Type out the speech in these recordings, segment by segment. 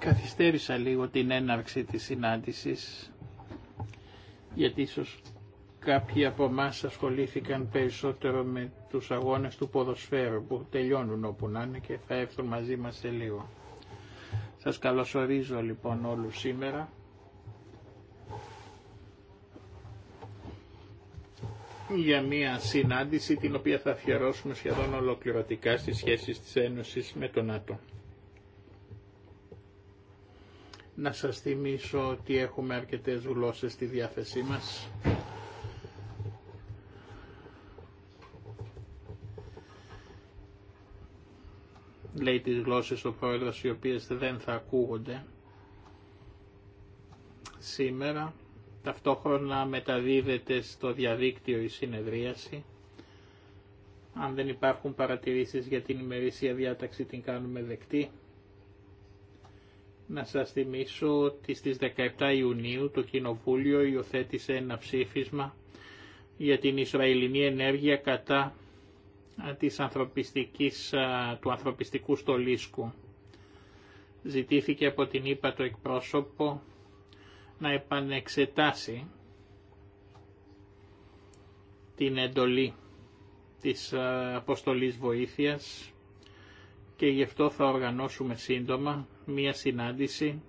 Καθυστέρησα λίγο την έναρξη της συνάντησης, γιατί ίσως κάποιοι από εμά ασχολήθηκαν περισσότερο με τους αγώνες του ποδοσφαίρου που τελειώνουν όπου να είναι και θα έρθουν μαζί μας σε λίγο. Σας καλωσορίζω λοιπόν όλους σήμερα. για μια συνάντηση την οποία θα αφιερώσουμε σχεδόν ολοκληρωτικά στις σχέσεις της Ένωσης με τον ΝΑΤΟ. Να σας θυμίσω ότι έχουμε αρκετές γλώσσες στη διάθεσή μας. Λέει τις γλώσσες ο πρόεδρος οι οποίες δεν θα ακούγονται σήμερα. Ταυτόχρονα μεταδίδεται στο διαδίκτυο η συνεδρίαση. Αν δεν υπάρχουν παρατηρήσεις για την ημερήσια διάταξη την κάνουμε δεκτή. Να σας θυμίσω ότι στις 17 Ιουνίου το Κοινοβούλιο υιοθέτησε ένα ψήφισμα για την Ισραηλινή ενέργεια κατά της ανθρωπιστικής, του ανθρωπιστικού στολίσκου. Ζητήθηκε από την ΥΠΑ το εκπρόσωπο να επανεξετάσει την εντολή της ε, αποστολής βοήθειας και γι' αυτό θα οργανώσουμε σύντομα μία συνάντηση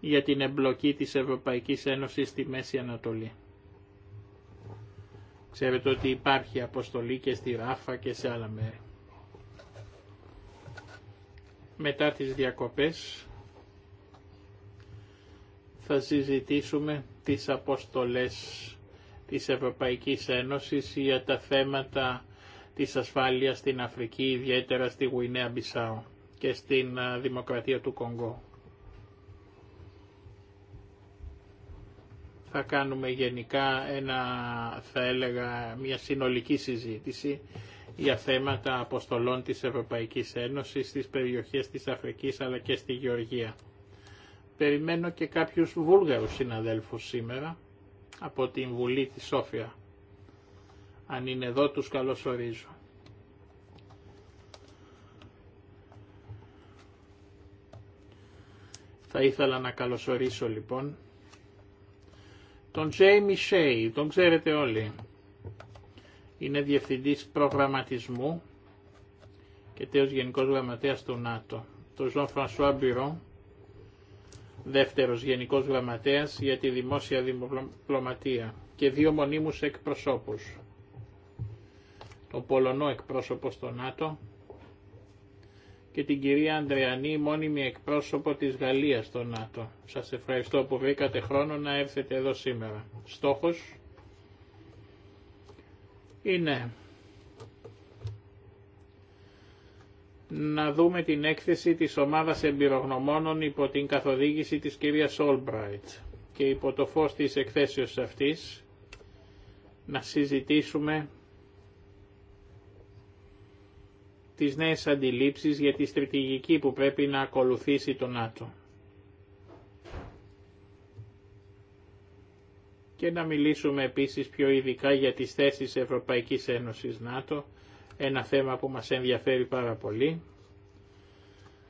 για την εμπλοκή της Ευρωπαϊκής Ένωσης στη Μέση Ανατολή. Ξέρετε ότι υπάρχει αποστολή και στη Ράφα και σε άλλα μέρη. Μετά τις διακοπές θα συζητήσουμε τις αποστολές της Ευρωπαϊκής Ένωσης για τα θέματα της ασφάλειας στην Αφρική, ιδιαίτερα στη Γουινέα Μπισάου και στην Δημοκρατία του Κονγκό. Θα κάνουμε γενικά ένα, θα έλεγα, μια συνολική συζήτηση για θέματα αποστολών της Ευρωπαϊκής Ένωσης στις περιοχές της Αφρικής αλλά και στη Γεωργία. Περιμένω και κάποιους Βούλγαρους συναδέλφους σήμερα από την Βουλή της Σόφια. Αν είναι εδώ τους καλωσορίζω. Θα ήθελα να καλωσορίσω λοιπόν τον Τζέιμι Σέι, τον ξέρετε όλοι. Είναι διευθυντής προγραμματισμού και τέος γενικός γραμματέας του ΝΑΤΟ. Το Ζων Φρανσουά Μπυρό δεύτερος γενικός γραμματέας για τη δημόσια διπλωματία και δύο μονίμους εκπροσώπους. Το Πολωνό εκπρόσωπο στο ΝΑΤΟ και την κυρία Ανδρεανή, μόνιμη εκπρόσωπο της Γαλλίας στο ΝΑΤΟ. Σας ευχαριστώ που βρήκατε χρόνο να έρθετε εδώ σήμερα. Στόχος είναι να δούμε την έκθεση της ομάδας εμπειρογνωμόνων υπό την καθοδήγηση της κυρίας Όλμπραιτ και υπό το φως της εκθέσεως αυτής να συζητήσουμε τις νέες αντιλήψεις για τη στρατηγική που πρέπει να ακολουθήσει το ΝΑΤΟ. Και να μιλήσουμε επίσης πιο ειδικά για τις θέσεις Ευρωπαϊκής Ένωσης ΝΑΤΟ ένα θέμα που μας ενδιαφέρει πάρα πολύ,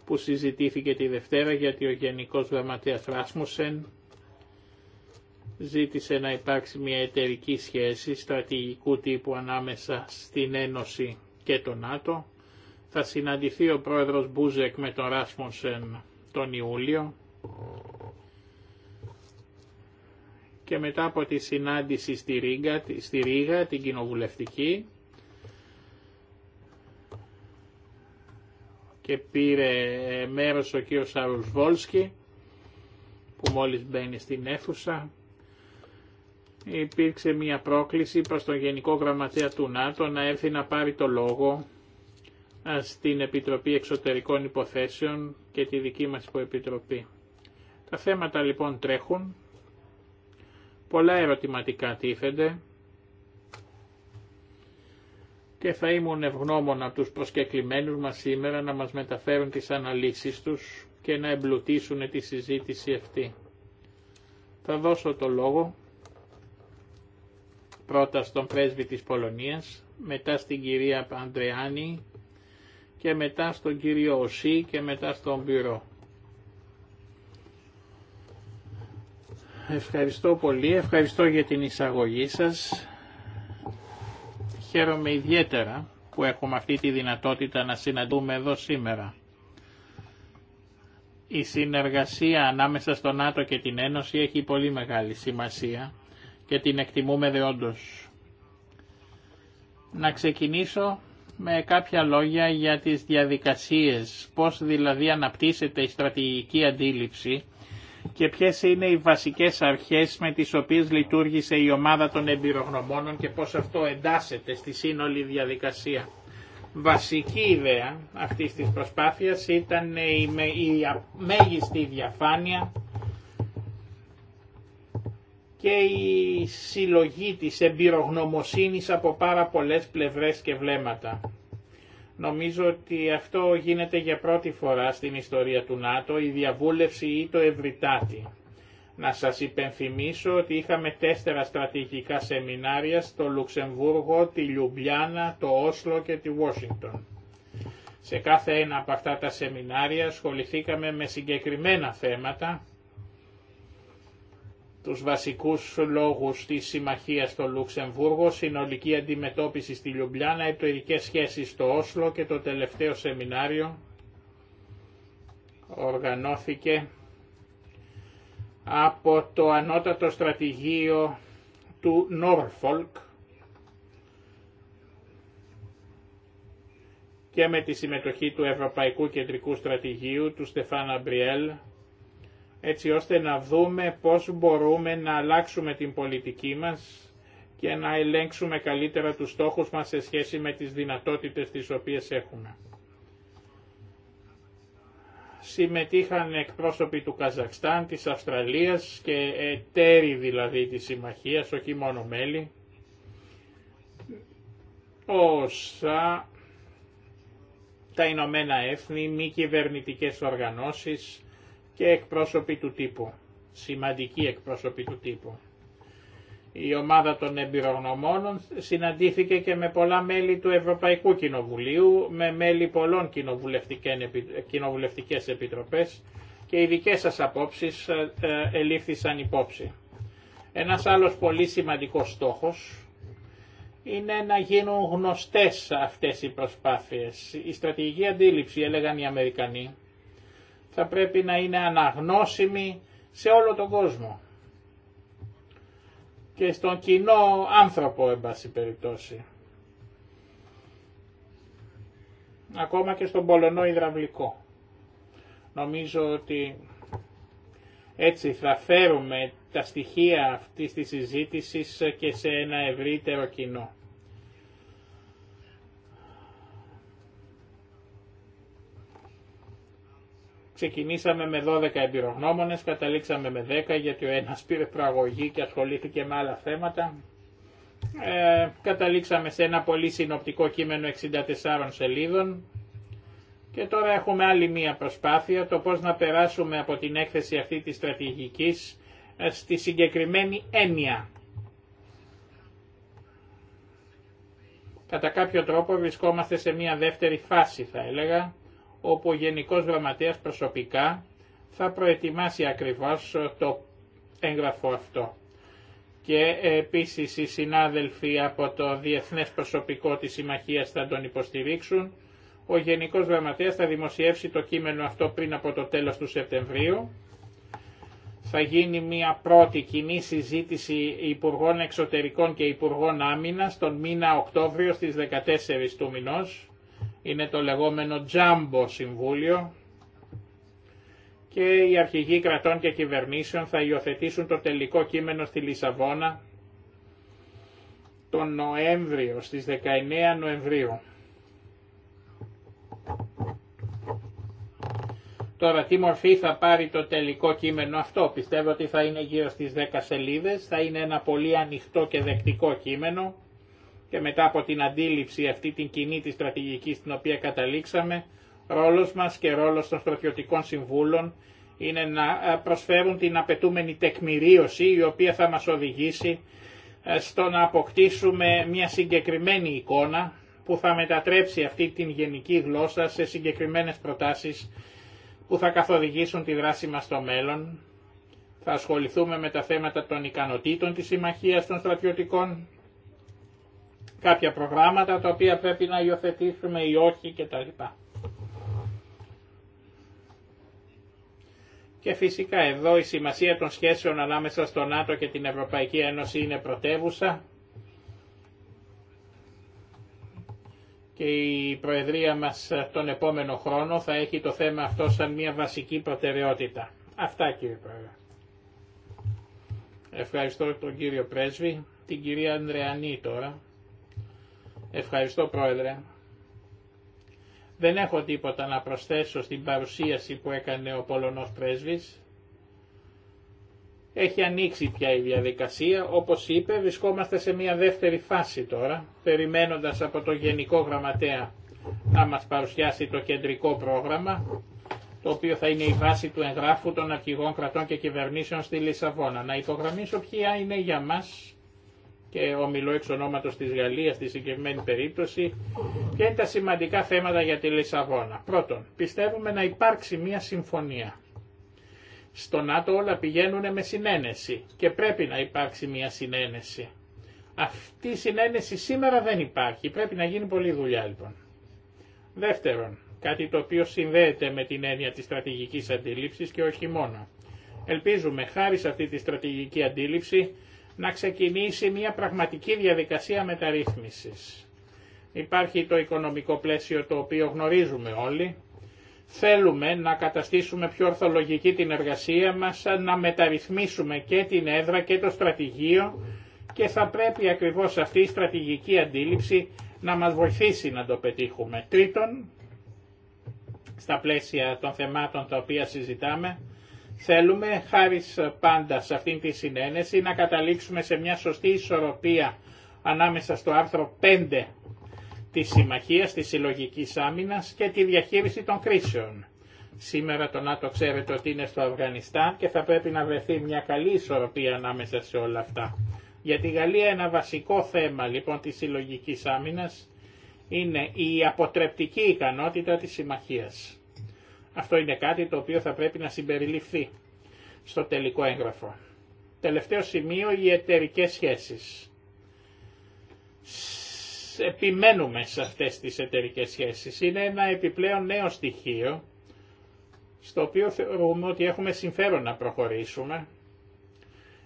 που συζητήθηκε τη Δευτέρα γιατί ο Γενικός Γραμματέας Ράσμουσεν ζήτησε να υπάρξει μια εταιρική σχέση στρατηγικού τύπου ανάμεσα στην Ένωση και το ΝΑΤΟ. Θα συναντηθεί ο πρόεδρος Μπούζεκ με τον Ράσμουσεν τον Ιούλιο και μετά από τη συνάντηση στη Ρίγα, στη Ρίγα την κοινοβουλευτική και πήρε ε, μέρος ο κύριος Σαρουσβόλσκι που μόλις μπαίνει στην αίθουσα. Υπήρξε μια πρόκληση προς τον Γενικό Γραμματέα του ΝΑΤΟ να έρθει να πάρει το λόγο στην Επιτροπή Εξωτερικών Υποθέσεων και τη δική μας υποεπιτροπή. Τα θέματα λοιπόν τρέχουν, πολλά ερωτηματικά τίθενται, και θα ήμουν ευγνώμων από τους προσκεκλημένους μας σήμερα να μας μεταφέρουν τις αναλύσεις τους και να εμπλουτίσουν τη συζήτηση αυτή. Θα δώσω το λόγο πρώτα στον πρέσβη της Πολωνίας, μετά στην κυρία Ανδρεάνη και μετά στον κύριο Οσί και μετά στον Πυρό. Ευχαριστώ πολύ, ευχαριστώ για την εισαγωγή σας. Χαίρομαι ιδιαίτερα που έχουμε αυτή τη δυνατότητα να συναντούμε εδώ σήμερα. Η συνεργασία ανάμεσα στο ΝΑΤΟ και την Ένωση έχει πολύ μεγάλη σημασία και την εκτιμούμε δεόντως. Να ξεκινήσω με κάποια λόγια για τις διαδικασίες, πώς δηλαδή αναπτύσσεται η στρατηγική αντίληψη και ποιες είναι οι βασικές αρχές με τις οποίες λειτουργήσε η ομάδα των εμπειρογνωμόνων και πώς αυτό εντάσσεται στη σύνολη διαδικασία. Βασική ιδέα αυτής της προσπάθειας ήταν η μέγιστη διαφάνεια και η συλλογή της εμπειρογνωμοσύνης από πάρα πολλές πλευρές και βλέμματα. Νομίζω ότι αυτό γίνεται για πρώτη φορά στην ιστορία του ΝΑΤΟ, η διαβούλευση ή το ευρυτάτη. Να σας υπενθυμίσω ότι είχαμε τέσσερα στρατηγικά σεμινάρια στο Λουξεμβούργο, τη Λιουμπλιάνα, το Όσλο και τη Βόσινγκτον. Σε κάθε ένα από αυτά τα σεμινάρια ασχοληθήκαμε με συγκεκριμένα θέματα τους βασικούς λόγους της συμμαχίας στο Λουξεμβούργο, συνολική αντιμετώπιση στη Λιουμπλιάνα, εταιρικές σχέσεις στο Όσλο και το τελευταίο σεμινάριο οργανώθηκε από το ανώτατο στρατηγείο του Νόρφολκ και με τη συμμετοχή του Ευρωπαϊκού Κεντρικού Στρατηγείου του Στεφάν Αμπριέλ έτσι ώστε να δούμε πώς μπορούμε να αλλάξουμε την πολιτική μας και να ελέγξουμε καλύτερα τους στόχους μας σε σχέση με τις δυνατότητες τις οποίες έχουμε. Συμμετείχαν εκπρόσωποι του Καζακστάν, της Αυστραλίας και εταίροι δηλαδή της συμμαχίας, όχι μόνο μέλη. Όσα τα Ηνωμένα Έθνη, μη κυβερνητικές οργανώσεις, και εκπρόσωποι του τύπου, σημαντικοί εκπρόσωποι του τύπου. Η ομάδα των εμπειρογνωμόνων συναντήθηκε και με πολλά μέλη του Ευρωπαϊκού Κοινοβουλίου, με μέλη πολλών κοινοβουλευτικές επιτροπές και οι δικές σας απόψεις ε, ε, ελήφθησαν υπόψη. Ένας άλλος πολύ σημαντικός στόχος είναι να γίνουν γνωστές αυτές οι προσπάθειες. Η στρατηγική αντίληψη, έλεγαν οι Αμερικανοί, θα πρέπει να είναι αναγνώσιμη σε όλο τον κόσμο και στον κοινό άνθρωπο, εν πάση περιπτώσει. Ακόμα και στον Πολωνό υδραυλικό. Νομίζω ότι έτσι θα φέρουμε τα στοιχεία αυτής της συζήτησης και σε ένα ευρύτερο κοινό. Ξεκινήσαμε με 12 εμπειρογνώμονε, καταλήξαμε με 10 γιατί ο ένα πήρε προαγωγή και ασχολήθηκε με άλλα θέματα. Ε, καταλήξαμε σε ένα πολύ συνοπτικό κείμενο 64 σελίδων και τώρα έχουμε άλλη μία προσπάθεια το πώς να περάσουμε από την έκθεση αυτή της στρατηγικής ε, στη συγκεκριμένη έννοια. Κατά κάποιο τρόπο βρισκόμαστε σε μία δεύτερη φάση θα έλεγα όπου ο Γενικός Γραμματέας προσωπικά θα προετοιμάσει ακριβώς το έγγραφο αυτό. Και επίσης οι συνάδελφοι από το Διεθνές Προσωπικό της Συμμαχίας θα τον υποστηρίξουν. Ο Γενικός Γραμματέας θα δημοσιεύσει το κείμενο αυτό πριν από το τέλος του Σεπτεμβρίου. Θα γίνει μια πρώτη κοινή συζήτηση Υπουργών Εξωτερικών και Υπουργών Άμυνας τον μήνα Οκτώβριο στις 14 του μηνός είναι το λεγόμενο Τζάμπο Συμβούλιο και οι αρχηγοί κρατών και κυβερνήσεων θα υιοθετήσουν το τελικό κείμενο στη Λισαβόνα τον Νοέμβριο, στις 19 Νοεμβρίου. Τώρα τι μορφή θα πάρει το τελικό κείμενο αυτό. Πιστεύω ότι θα είναι γύρω στις 10 σελίδες, θα είναι ένα πολύ ανοιχτό και δεκτικό κείμενο και μετά από την αντίληψη αυτή την κοινή της στρατηγικής στην οποία καταλήξαμε, ρόλος μας και ρόλος των στρατιωτικών συμβούλων είναι να ε, προσφέρουν την απαιτούμενη τεκμηρίωση η οποία θα μας οδηγήσει ε, στο να αποκτήσουμε μια συγκεκριμένη εικόνα που θα μετατρέψει αυτή την γενική γλώσσα σε συγκεκριμένες προτάσεις που θα καθοδηγήσουν τη δράση μας στο μέλλον. Θα ασχοληθούμε με τα θέματα των ικανοτήτων της Συμμαχίας των Στρατιωτικών, κάποια προγράμματα τα οποία πρέπει να υιοθετήσουμε ή όχι κτλ. Και φυσικά εδώ η σημασία των σχέσεων ανάμεσα στο ΝΑΤΟ και την Ευρωπαϊκή Ένωση είναι πρωτεύουσα και η Προεδρία μας τον επόμενο χρόνο θα έχει το θέμα αυτό σαν μια βασική προτεραιότητα. Αυτά κύριε Πρόεδρε. Ευχαριστώ τον κύριο Πρέσβη, την κυρία Ανδρεανή τώρα. Ευχαριστώ Πρόεδρε. Δεν έχω τίποτα να προσθέσω στην παρουσίαση που έκανε ο Πολωνός πρέσβης. Έχει ανοίξει πια η διαδικασία. Όπως είπε βρισκόμαστε σε μια δεύτερη φάση τώρα, περιμένοντας από το Γενικό Γραμματέα να μας παρουσιάσει το κεντρικό πρόγραμμα, το οποίο θα είναι η βάση του εγγράφου των αρχηγών κρατών και κυβερνήσεων στη Λισαβόνα. Να υπογραμμίσω ποια είναι για μας και ομιλώ εξ ονόματος της Γαλλίας στη συγκεκριμένη περίπτωση, και είναι τα σημαντικά θέματα για τη Λισαβόνα. Πρώτον, πιστεύουμε να υπάρξει μια συμφωνία. Στο ΝΑΤΟ όλα πηγαίνουν με συνένεση και πρέπει να υπάρξει μια συνένεση. Αυτή η συνένεση σήμερα δεν υπάρχει, πρέπει να γίνει πολλή δουλειά λοιπόν. Δεύτερον, κάτι το οποίο συνδέεται με την έννοια της στρατηγικής αντίληψης και όχι μόνο. Ελπίζουμε χάρη σε αυτή τη στρατηγική αντίληψη να ξεκινήσει μια πραγματική διαδικασία μεταρρύθμισης. Υπάρχει το οικονομικό πλαίσιο το οποίο γνωρίζουμε όλοι. Θέλουμε να καταστήσουμε πιο ορθολογική την εργασία μας, να μεταρρυθμίσουμε και την έδρα και το στρατηγείο και θα πρέπει ακριβώς αυτή η στρατηγική αντίληψη να μας βοηθήσει να το πετύχουμε. Τρίτον, στα πλαίσια των θεμάτων τα οποία συζητάμε, Θέλουμε, χάρη πάντα σε αυτήν τη συνένεση, να καταλήξουμε σε μια σωστή ισορροπία ανάμεσα στο άρθρο 5 της Συμμαχίας της συλλογική Άμυνας και τη διαχείριση των κρίσεων. Σήμερα το ΝΑΤΟ ξέρετε ότι είναι στο Αφγανιστάν και θα πρέπει να βρεθεί μια καλή ισορροπία ανάμεσα σε όλα αυτά. Για τη Γαλλία ένα βασικό θέμα λοιπόν της συλλογική άμυνας είναι η αποτρεπτική ικανότητα της συμμαχίας. Αυτό είναι κάτι το οποίο θα πρέπει να συμπεριληφθεί στο τελικό έγγραφο. Τελευταίο σημείο, οι εταιρικέ σχέσεις. Επιμένουμε σε αυτές τις εταιρικέ σχέσεις. Είναι ένα επιπλέον νέο στοιχείο, στο οποίο θεωρούμε ότι έχουμε συμφέρον να προχωρήσουμε.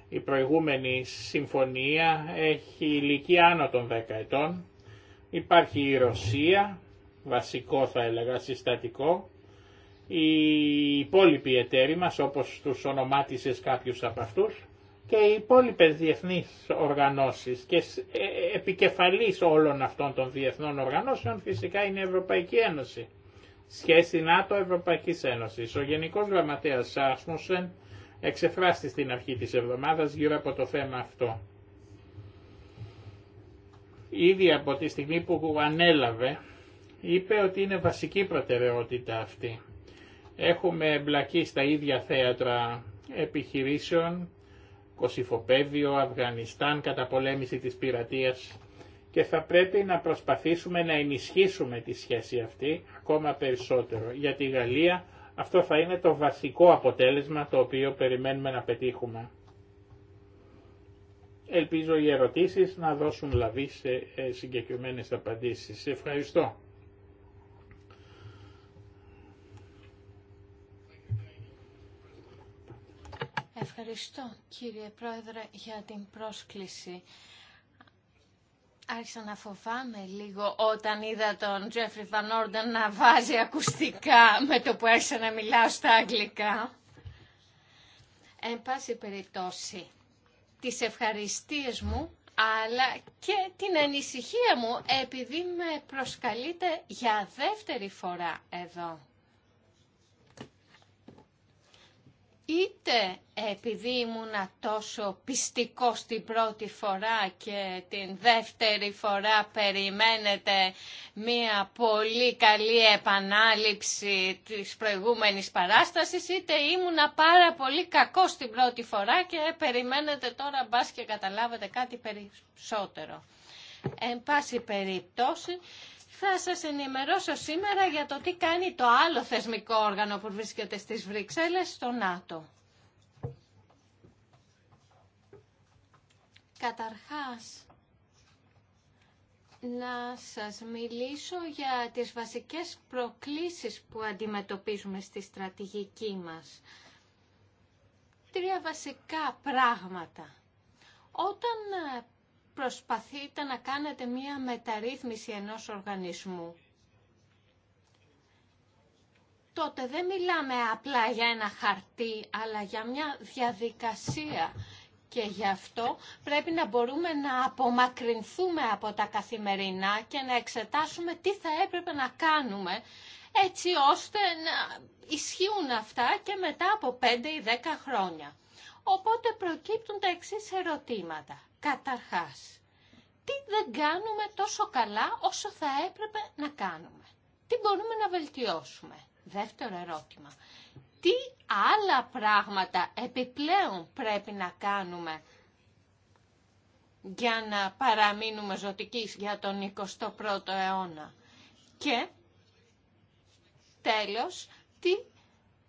Η προηγούμενη συμφωνία έχει ηλικία άνω των 10 ετών. Υπάρχει η Ρωσία, βασικό θα έλεγα συστατικό, οι υπόλοιποι εταίροι μας, όπως τους ονομάτισες κάποιους από αυτούς, και οι υπόλοιπε διεθνείς οργανώσεις και ε, ε, επικεφαλής όλων αυτών των διεθνών οργανώσεων φυσικά είναι η Ευρωπαϊκή Ένωση. Σχέση ΝΑΤΟ ευρωπαϊκή ένωση Ο Γενικός Γραμματέας Σάσμουσεν εξεφράστη στην αρχή της εβδομάδας γύρω από το θέμα αυτό. Ήδη από τη στιγμή που ανέλαβε είπε ότι είναι βασική προτεραιότητα αυτή Έχουμε εμπλακεί στα ίδια θέατρα επιχειρήσεων, Κωσυφοπέδιο, Αφγανιστάν, καταπολέμηση της πειρατείας και θα πρέπει να προσπαθήσουμε να ενισχύσουμε τη σχέση αυτή ακόμα περισσότερο. Για τη Γαλλία αυτό θα είναι το βασικό αποτέλεσμα το οποίο περιμένουμε να πετύχουμε. Ελπίζω οι ερωτήσεις να δώσουν λαβή σε ε, συγκεκριμένες απαντήσεις. Ευχαριστώ. Ευχαριστώ κύριε Πρόεδρε για την πρόσκληση. Άρχισα να φοβάμαι λίγο όταν είδα τον Τζέφρι Βαν Όρντεν να βάζει ακουστικά με το που άρχισα να μιλάω στα αγγλικά. Εν πάση περιπτώσει, τις ευχαριστίες μου, αλλά και την ανησυχία μου επειδή με προσκαλείτε για δεύτερη φορά εδώ. είτε επειδή ήμουνα τόσο πιστικό την πρώτη φορά και την δεύτερη φορά περιμένετε μία πολύ καλή επανάληψη της προηγούμενης παράστασης, είτε ήμουνα πάρα πολύ κακό την πρώτη φορά και περιμένετε τώρα μπας και καταλάβετε κάτι περισσότερο. Εν πάση περιπτώσει, θα σας ενημερώσω σήμερα για το τι κάνει το άλλο θεσμικό όργανο που βρίσκεται στις Βρυξέλλες, στο ΝΑΤΟ. Καταρχάς, να σας μιλήσω για τις βασικές προκλήσεις που αντιμετωπίζουμε στη στρατηγική μας. Τρία βασικά πράγματα. Όταν προσπαθείτε να κάνετε μία μεταρρύθμιση ενός οργανισμού. Τότε δεν μιλάμε απλά για ένα χαρτί, αλλά για μια διαδικασία. Και γι' αυτό πρέπει να μπορούμε να απομακρυνθούμε από τα καθημερινά και να εξετάσουμε τι θα έπρεπε να κάνουμε, έτσι ώστε να ισχύουν αυτά και μετά από 5 ή 10 χρόνια. Οπότε προκύπτουν τα εξής ερωτήματα. Καταρχάς, τι δεν κάνουμε τόσο καλά όσο θα έπρεπε να κάνουμε. Τι μπορούμε να βελτιώσουμε. Δεύτερο ερώτημα. Τι άλλα πράγματα επιπλέον πρέπει να κάνουμε για να παραμείνουμε ζωτικοί για τον 21ο αιώνα. Και τέλος, τι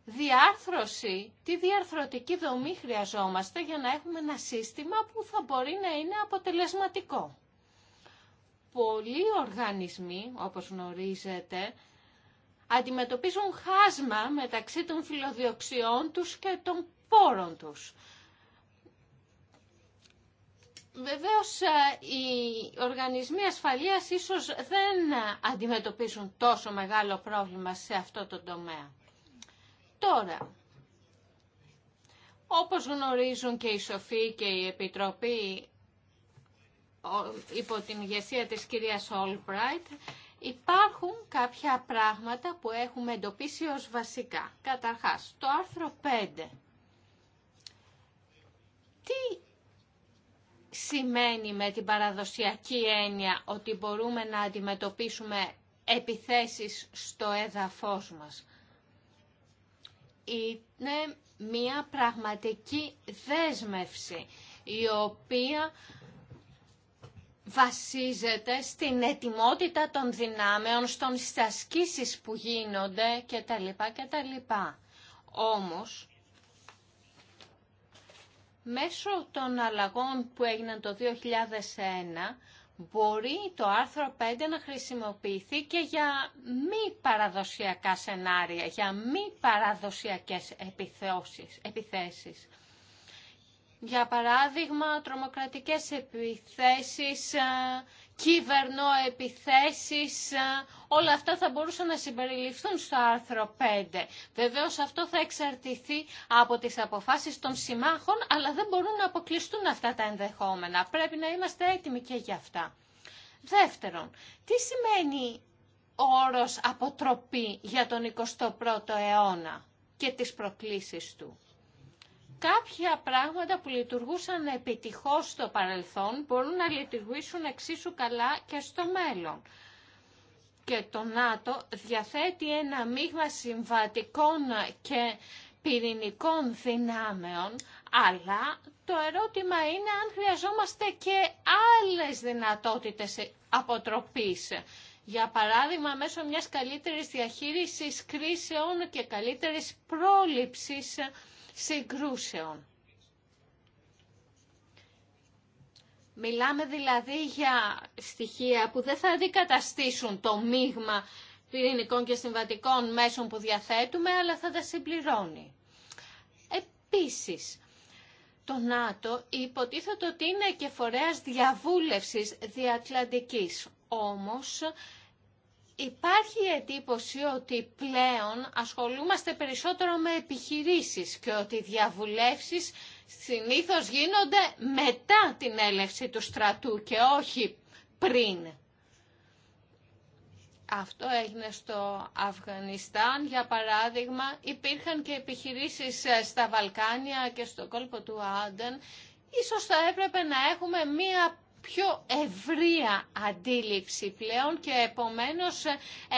διάρθρωση, τι διαρθρωτική δομή χρειαζόμαστε για να έχουμε ένα σύστημα που θα μπορεί να είναι αποτελεσματικό. Πολλοί οργανισμοί, όπως γνωρίζετε, αντιμετωπίζουν χάσμα μεταξύ των φιλοδιοξιών τους και των πόρων τους. Βεβαίως, ε, οι οργανισμοί ασφαλείας ίσως δεν αντιμετωπίζουν τόσο μεγάλο πρόβλημα σε αυτό το τομέα. Τώρα, όπως γνωρίζουν και οι Σοφοί και η Επιτροπή υπό την ηγεσία της κυρίας Όλμπραϊτ, υπάρχουν κάποια πράγματα που έχουμε εντοπίσει ως βασικά. Καταρχάς, το άρθρο 5. Τι σημαίνει με την παραδοσιακή έννοια ότι μπορούμε να αντιμετωπίσουμε επιθέσεις στο έδαφος μας είναι μια πραγματική δέσμευση η οποία βασίζεται στην ετοιμότητα των δυνάμεων, στον ασκήσεις που γίνονται κτλ. κτλ. Όμως, μέσω των αλλαγών που έγιναν το 2001, μπορεί το άρθρο 5 να χρησιμοποιηθεί και για μη παραδοσιακά σενάρια, για μη παραδοσιακές επιθέσεις. Για παράδειγμα, τρομοκρατικές επιθέσεις ε, κυβερνοεπιθέσεις, ε, όλα αυτά θα μπορούσαν να συμπεριληφθούν στο άρθρο 5. Βεβαίως αυτό θα εξαρτηθεί από τις αποφάσεις των συμμάχων, αλλά δεν μπορούν να αποκλειστούν αυτά τα ενδεχόμενα. Πρέπει να είμαστε έτοιμοι και για αυτά. Δεύτερον, τι σημαίνει ο όρος αποτροπή για τον 21ο αιώνα και τις προκλήσεις του κάποια πράγματα που λειτουργούσαν επιτυχώς στο παρελθόν μπορούν να λειτουργήσουν εξίσου καλά και στο μέλλον. Και το ΝΑΤΟ διαθέτει ένα μείγμα συμβατικών και πυρηνικών δυνάμεων, αλλά το ερώτημα είναι αν χρειαζόμαστε και άλλες δυνατότητες αποτροπής. Για παράδειγμα, μέσω μιας καλύτερης διαχείρισης κρίσεων και καλύτερης πρόληψης συγκρούσεων. Μιλάμε δηλαδή για στοιχεία που δεν θα αντικαταστήσουν το μείγμα πυρηνικών και συμβατικών μέσων που διαθέτουμε, αλλά θα τα συμπληρώνει. Επίσης, το ΝΑΤΟ υποτίθεται ότι είναι και φορέας διαβούλευσης διατλαντικής. Όμως, Υπάρχει η εντύπωση ότι πλέον ασχολούμαστε περισσότερο με επιχειρήσεις και ότι οι διαβουλεύσεις συνήθως γίνονται μετά την έλευση του στρατού και όχι πριν. Αυτό έγινε στο Αφγανιστάν, για παράδειγμα. Υπήρχαν και επιχειρήσεις ε, στα Βαλκάνια και στο κόλπο του Άντεν. Ίσως θα έπρεπε να έχουμε μία πιο ευρία αντίληψη πλέον και επομένως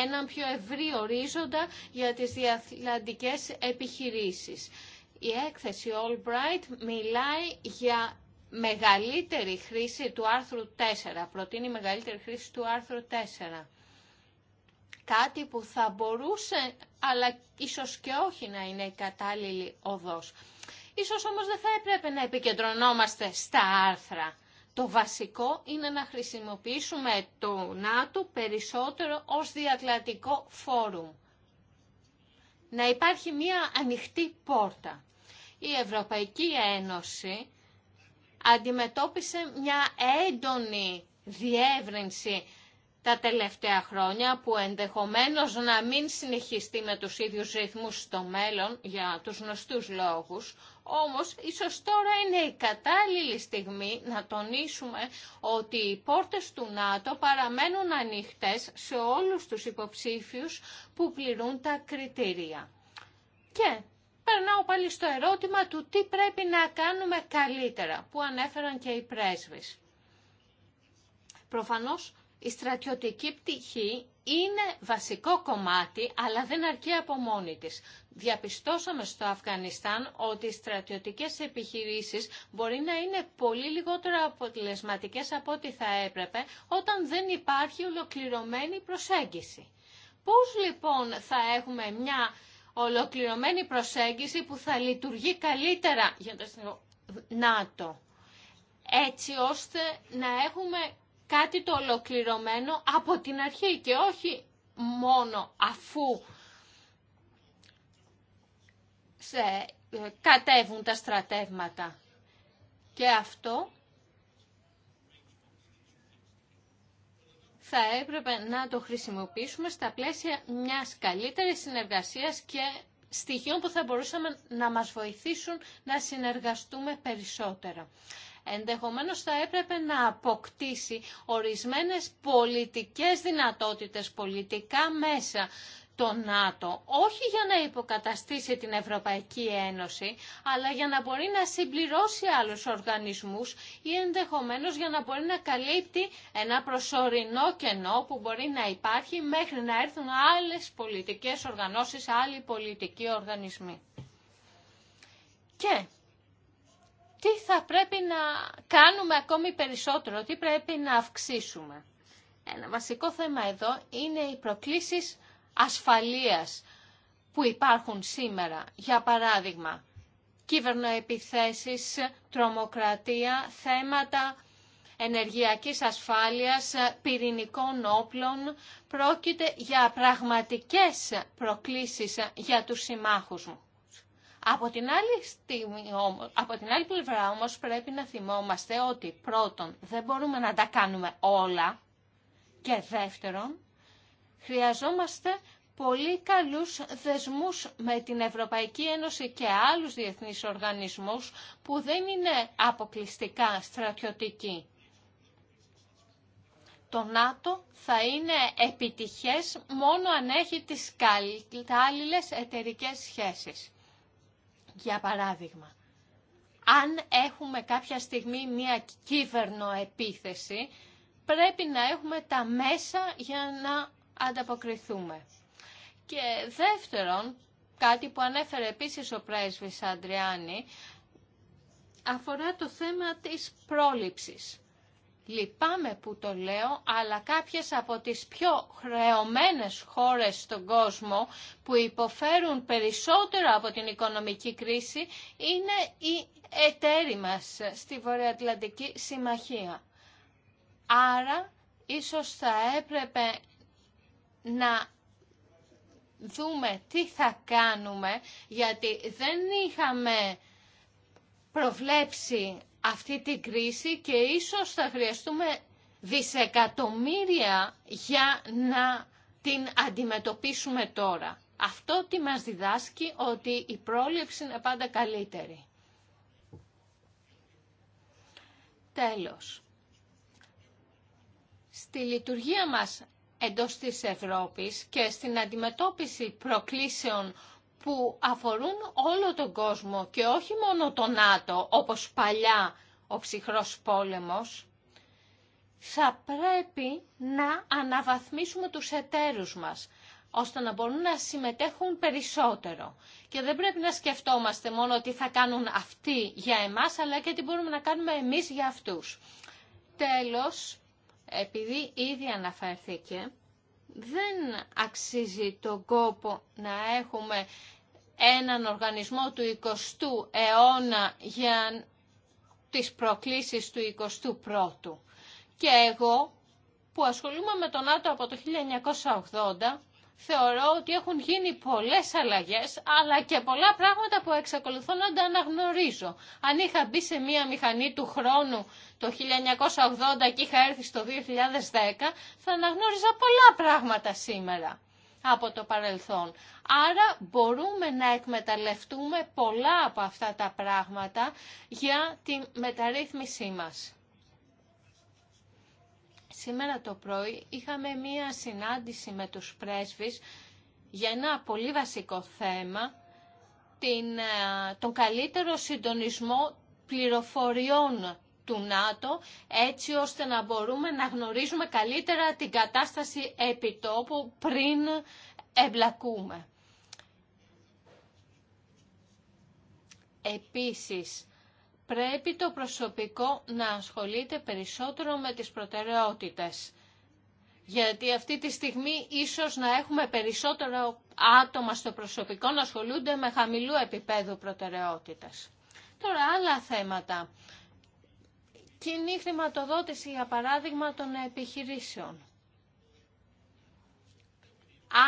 έναν πιο ευρύ ορίζοντα για τις διαθλαντικές επιχειρήσεις. Η έκθεση Albright μιλάει για μεγαλύτερη χρήση του άρθρου 4, προτείνει μεγαλύτερη χρήση του άρθρου 4. Κάτι που θα μπορούσε, αλλά ίσως και όχι να είναι η κατάλληλη οδός. Ίσως όμως δεν θα έπρεπε να επικεντρωνόμαστε στα άρθρα. Το βασικό είναι να χρησιμοποιήσουμε το ΝΑΤΟ περισσότερο ως διακλατικό φόρουμ. Να υπάρχει μία ανοιχτή πόρτα. Η Ευρωπαϊκή Ένωση αντιμετώπισε μια έντονη διεύρυνση τα τελευταία χρόνια που ενδεχομένως να μην συνεχιστεί με τους ίδιους ρυθμούς στο μέλλον για τους γνωστούς λόγους, όμως, ίσως τώρα είναι η κατάλληλη στιγμή να τονίσουμε ότι οι πόρτες του ΝΑΤΟ παραμένουν ανοιχτές σε όλους τους υποψήφιους που πληρούν τα κριτήρια. Και περνάω πάλι στο ερώτημα του τι πρέπει να κάνουμε καλύτερα, που ανέφεραν και οι πρέσβεις. Προφανώς, η στρατιωτική πτυχή είναι βασικό κομμάτι, αλλά δεν αρκεί από μόνη της. Διαπιστώσαμε στο Αφγανιστάν ότι οι στρατιωτικές επιχειρήσεις μπορεί να είναι πολύ λιγότερο αποτελεσματικές από ό,τι θα έπρεπε όταν δεν υπάρχει ολοκληρωμένη προσέγγιση. Πώς λοιπόν θα έχουμε μια ολοκληρωμένη προσέγγιση που θα λειτουργεί καλύτερα για το ΝΑΤΟ, έτσι ώστε να έχουμε κάτι το ολοκληρωμένο από την αρχή και όχι μόνο αφού σε ε, κατέβουν τα στρατεύματα. Και αυτό θα έπρεπε να το χρησιμοποιήσουμε στα πλαίσια μιας καλύτερης συνεργασίας και στοιχείων που θα μπορούσαμε να μας βοηθήσουν να συνεργαστούμε περισσότερο ενδεχομένως θα έπρεπε να αποκτήσει ορισμένες πολιτικές δυνατότητες, πολιτικά μέσα το ΝΑΤΟ, όχι για να υποκαταστήσει την Ευρωπαϊκή Ένωση, αλλά για να μπορεί να συμπληρώσει άλλους οργανισμούς ή ενδεχομένως για να μπορεί να καλύπτει ένα προσωρινό κενό που μπορεί να υπάρχει μέχρι να έρθουν άλλες πολιτικές οργανώσεις, άλλοι πολιτικοί οργανισμοί. Και τι θα πρέπει να κάνουμε ακόμη περισσότερο, τι πρέπει να αυξήσουμε. Ένα βασικό θέμα εδώ είναι οι προκλήσεις ασφαλείας που υπάρχουν σήμερα. Για παράδειγμα, κυβερνοεπιθέσεις, τρομοκρατία, θέματα ενεργειακής ασφάλειας, πυρηνικών όπλων, πρόκειται για πραγματικές προκλήσεις για τους συμμάχους μου. Από την άλλη, στιγμή, από την άλλη πλευρά όμως πρέπει να θυμόμαστε ότι πρώτον δεν μπορούμε να τα κάνουμε όλα και δεύτερον χρειαζόμαστε πολύ καλούς δεσμούς με την Ευρωπαϊκή Ένωση και άλλους διεθνείς οργανισμούς που δεν είναι αποκλειστικά στρατιωτικοί. Το ΝΑΤΟ θα είναι επιτυχές μόνο αν έχει τις κατάλληλε εταιρικές σχέσεις για παράδειγμα. Αν έχουμε κάποια στιγμή μια κύβερνο επίθεση, πρέπει να έχουμε τα μέσα για να ανταποκριθούμε. Και δεύτερον, κάτι που ανέφερε επίσης ο πρέσβης Αντριάνη, αφορά το θέμα της πρόληψης. Λυπάμαι που το λέω, αλλά κάποιες από τις πιο χρεωμένες χώρες στον κόσμο που υποφέρουν περισσότερο από την οικονομική κρίση είναι οι εταίροι μας στη Βορειοατλαντική Συμμαχία. Άρα, ίσως θα έπρεπε να δούμε τι θα κάνουμε, γιατί δεν είχαμε προβλέψει αυτή την κρίση και ίσως θα χρειαστούμε δισεκατομμύρια για να την αντιμετωπίσουμε τώρα. Αυτό τι μας διδάσκει ότι η πρόληψη είναι πάντα καλύτερη. Τέλος. Στη λειτουργία μας εντός της Ευρώπης και στην αντιμετώπιση προκλήσεων που αφορούν όλο τον κόσμο και όχι μόνο τον ΝΑΤΟ, όπως παλιά ο ψυχρός πόλεμος, θα πρέπει να αναβαθμίσουμε τους εταίρους μας, ώστε να μπορούν να συμμετέχουν περισσότερο. Και δεν πρέπει να σκεφτόμαστε μόνο τι θα κάνουν αυτοί για εμάς, αλλά και τι μπορούμε να κάνουμε εμείς για αυτούς. Τέλος, επειδή ήδη αναφέρθηκε, δεν αξίζει τον κόπο να έχουμε έναν οργανισμό του 20ου αιώνα για τις προκλήσεις του 21ου. Και εγώ που ασχολούμαι με τον ΝΑΤΟ από το 1980, θεωρώ ότι έχουν γίνει πολλές αλλαγές, αλλά και πολλά πράγματα που εξακολουθώ να τα αναγνωρίζω. Αν είχα μπει σε μία μηχανή του χρόνου το 1980 και είχα έρθει στο 2010, θα αναγνώριζα πολλά πράγματα σήμερα από το παρελθόν. Άρα μπορούμε να εκμεταλλευτούμε πολλά από αυτά τα πράγματα για τη μεταρρύθμισή μας. Σήμερα το πρωί είχαμε μία συνάντηση με τους πρέσβεις για ένα πολύ βασικό θέμα, την, ε, τον καλύτερο συντονισμό πληροφοριών του ΝΑΤΟ έτσι ώστε να μπορούμε να γνωρίζουμε καλύτερα την κατάσταση επιτόπου πριν εμπλακούμε. Επίσης, πρέπει το προσωπικό να ασχολείται περισσότερο με τις προτεραιότητες. Γιατί αυτή τη στιγμή ίσως να έχουμε περισσότερο άτομα στο προσωπικό να ασχολούνται με χαμηλού επίπεδου προτεραιότητες. Τώρα άλλα θέματα κοινή χρηματοδότηση, για παράδειγμα, των επιχειρήσεων.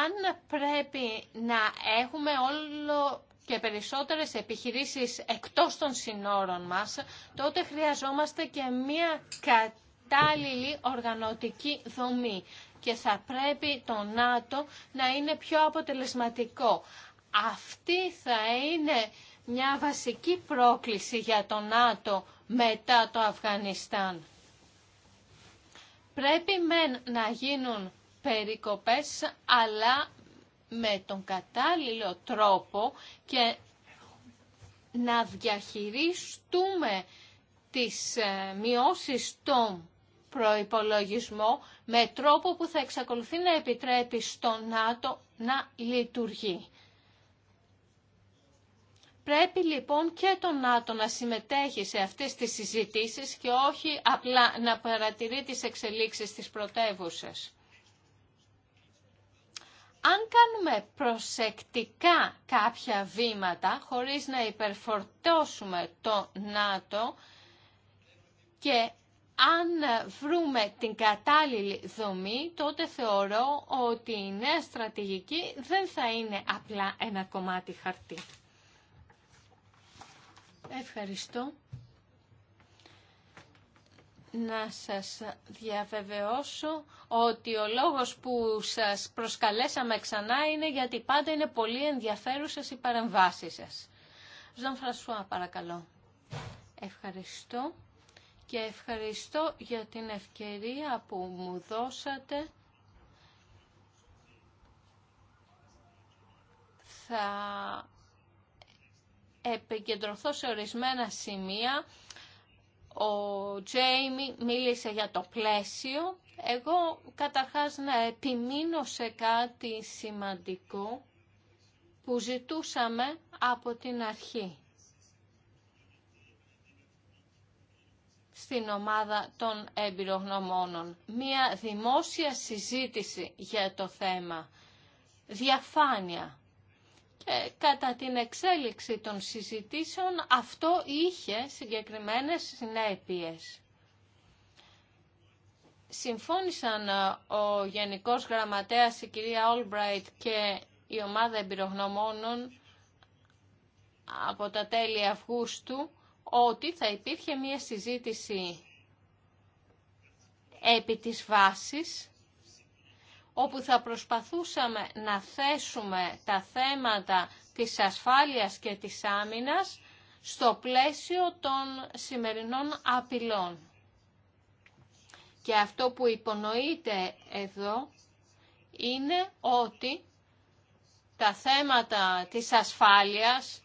Αν πρέπει να έχουμε όλο και περισσότερες επιχειρήσεις εκτός των συνόρων μας, τότε χρειαζόμαστε και μία κατάλληλη οργανωτική δομή και θα πρέπει το ΝΑΤΟ να είναι πιο αποτελεσματικό. Αυτή θα είναι μια βασική πρόκληση για το ΝΑΤΟ μετά το Αφγανιστάν. Πρέπει μεν να γίνουν περικοπές, αλλά με τον κατάλληλο τρόπο και να διαχειριστούμε τις ε, μειώσεις των προϋπολογισμό με τρόπο που θα εξακολουθεί να επιτρέπει στο ΝΑΤΟ να λειτουργεί. Πρέπει λοιπόν και το ΝΑΤΟ να συμμετέχει σε αυτές τις συζητήσεις και όχι απλά να παρατηρεί τις εξελίξεις της πρωτεύουσα. Αν κάνουμε προσεκτικά κάποια βήματα, χωρίς να υπερφορτώσουμε το ΝΑΤΟ και αν βρούμε την κατάλληλη δομή, τότε θεωρώ ότι η νέα στρατηγική δεν θα είναι απλά ένα κομμάτι χαρτί. Ευχαριστώ. Να σας διαβεβαιώσω ότι ο λόγος που σας προσκαλέσαμε ξανά είναι γιατί πάντα είναι πολύ ενδιαφέρουσες οι παρεμβάσεις σας. Ζαν Φρασουά, παρακαλώ. Ευχαριστώ και ευχαριστώ για την ευκαιρία που μου δώσατε. Θα επικεντρωθώ σε ορισμένα σημεία. Ο Τζέιμι μίλησε για το πλαίσιο. Εγώ καταρχάς να επιμείνω σε κάτι σημαντικό που ζητούσαμε από την αρχή. στην ομάδα των εμπειρογνωμόνων. Μία δημόσια συζήτηση για το θέμα. Διαφάνεια. Ε, κατά την εξέλιξη των συζητήσεων αυτό είχε συγκεκριμένες συνέπειες. Συμφώνησαν ε, ο Γενικός Γραμματέας, η κυρία Όλμπραϊτ και η ομάδα εμπειρογνωμόνων από τα τέλη Αυγούστου ότι θα υπήρχε μία συζήτηση επί της βάσης όπου θα προσπαθούσαμε να θέσουμε τα θέματα της ασφάλειας και της άμυνας στο πλαίσιο των σημερινών απειλών. Και αυτό που υπονοείται εδώ είναι ότι τα θέματα της ασφάλειας,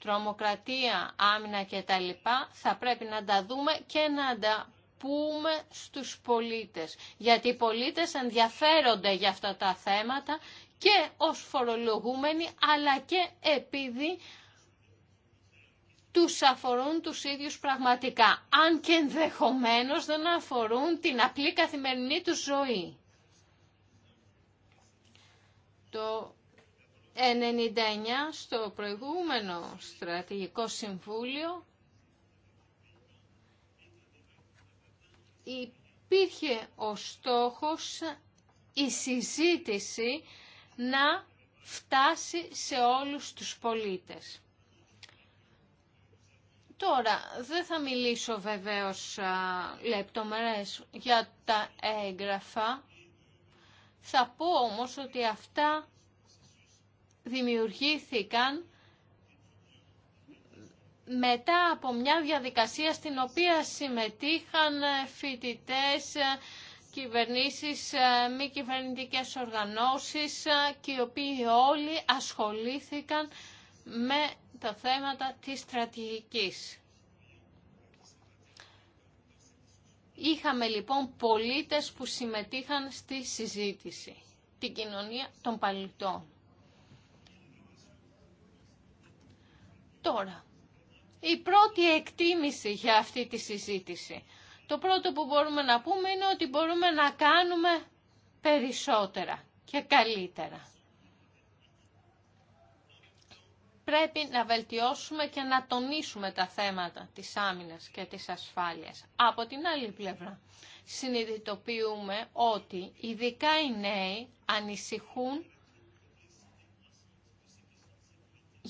τρομοκρατία, άμυνα κτλ. θα πρέπει να τα δούμε και να τα πούμε στους πολίτες. Γιατί οι πολίτες ενδιαφέρονται για αυτά τα θέματα και ως φορολογούμενοι, αλλά και επειδή τους αφορούν τους ίδιους πραγματικά, αν και ενδεχομένω δεν αφορούν την απλή καθημερινή τους ζωή. Το 99 στο προηγούμενο στρατηγικό συμβούλιο υπήρχε ο στόχος η συζήτηση να φτάσει σε όλους τους πολίτες. Τώρα, δεν θα μιλήσω βεβαίως α, λεπτομερές για τα έγγραφα. Θα πω όμως ότι αυτά δημιουργήθηκαν μετά από μια διαδικασία στην οποία συμμετείχαν ε, φοιτητές, ε, κυβερνήσεις, ε, μη κυβερνητικές οργανώσεις και οι οποίοι όλοι ασχολήθηκαν με τα θέματα της στρατηγικής. Είχαμε λοιπόν πολίτες που συμμετείχαν στη συζήτηση, την κοινωνία των παλιτών. Τώρα, η πρώτη εκτίμηση για αυτή τη συζήτηση. Το πρώτο που μπορούμε να πούμε είναι ότι μπορούμε να κάνουμε περισσότερα και καλύτερα. Πρέπει να βελτιώσουμε και να τονίσουμε τα θέματα της άμυνας και της ασφάλειας. Από την άλλη πλευρά, συνειδητοποιούμε ότι ειδικά οι νέοι ανησυχούν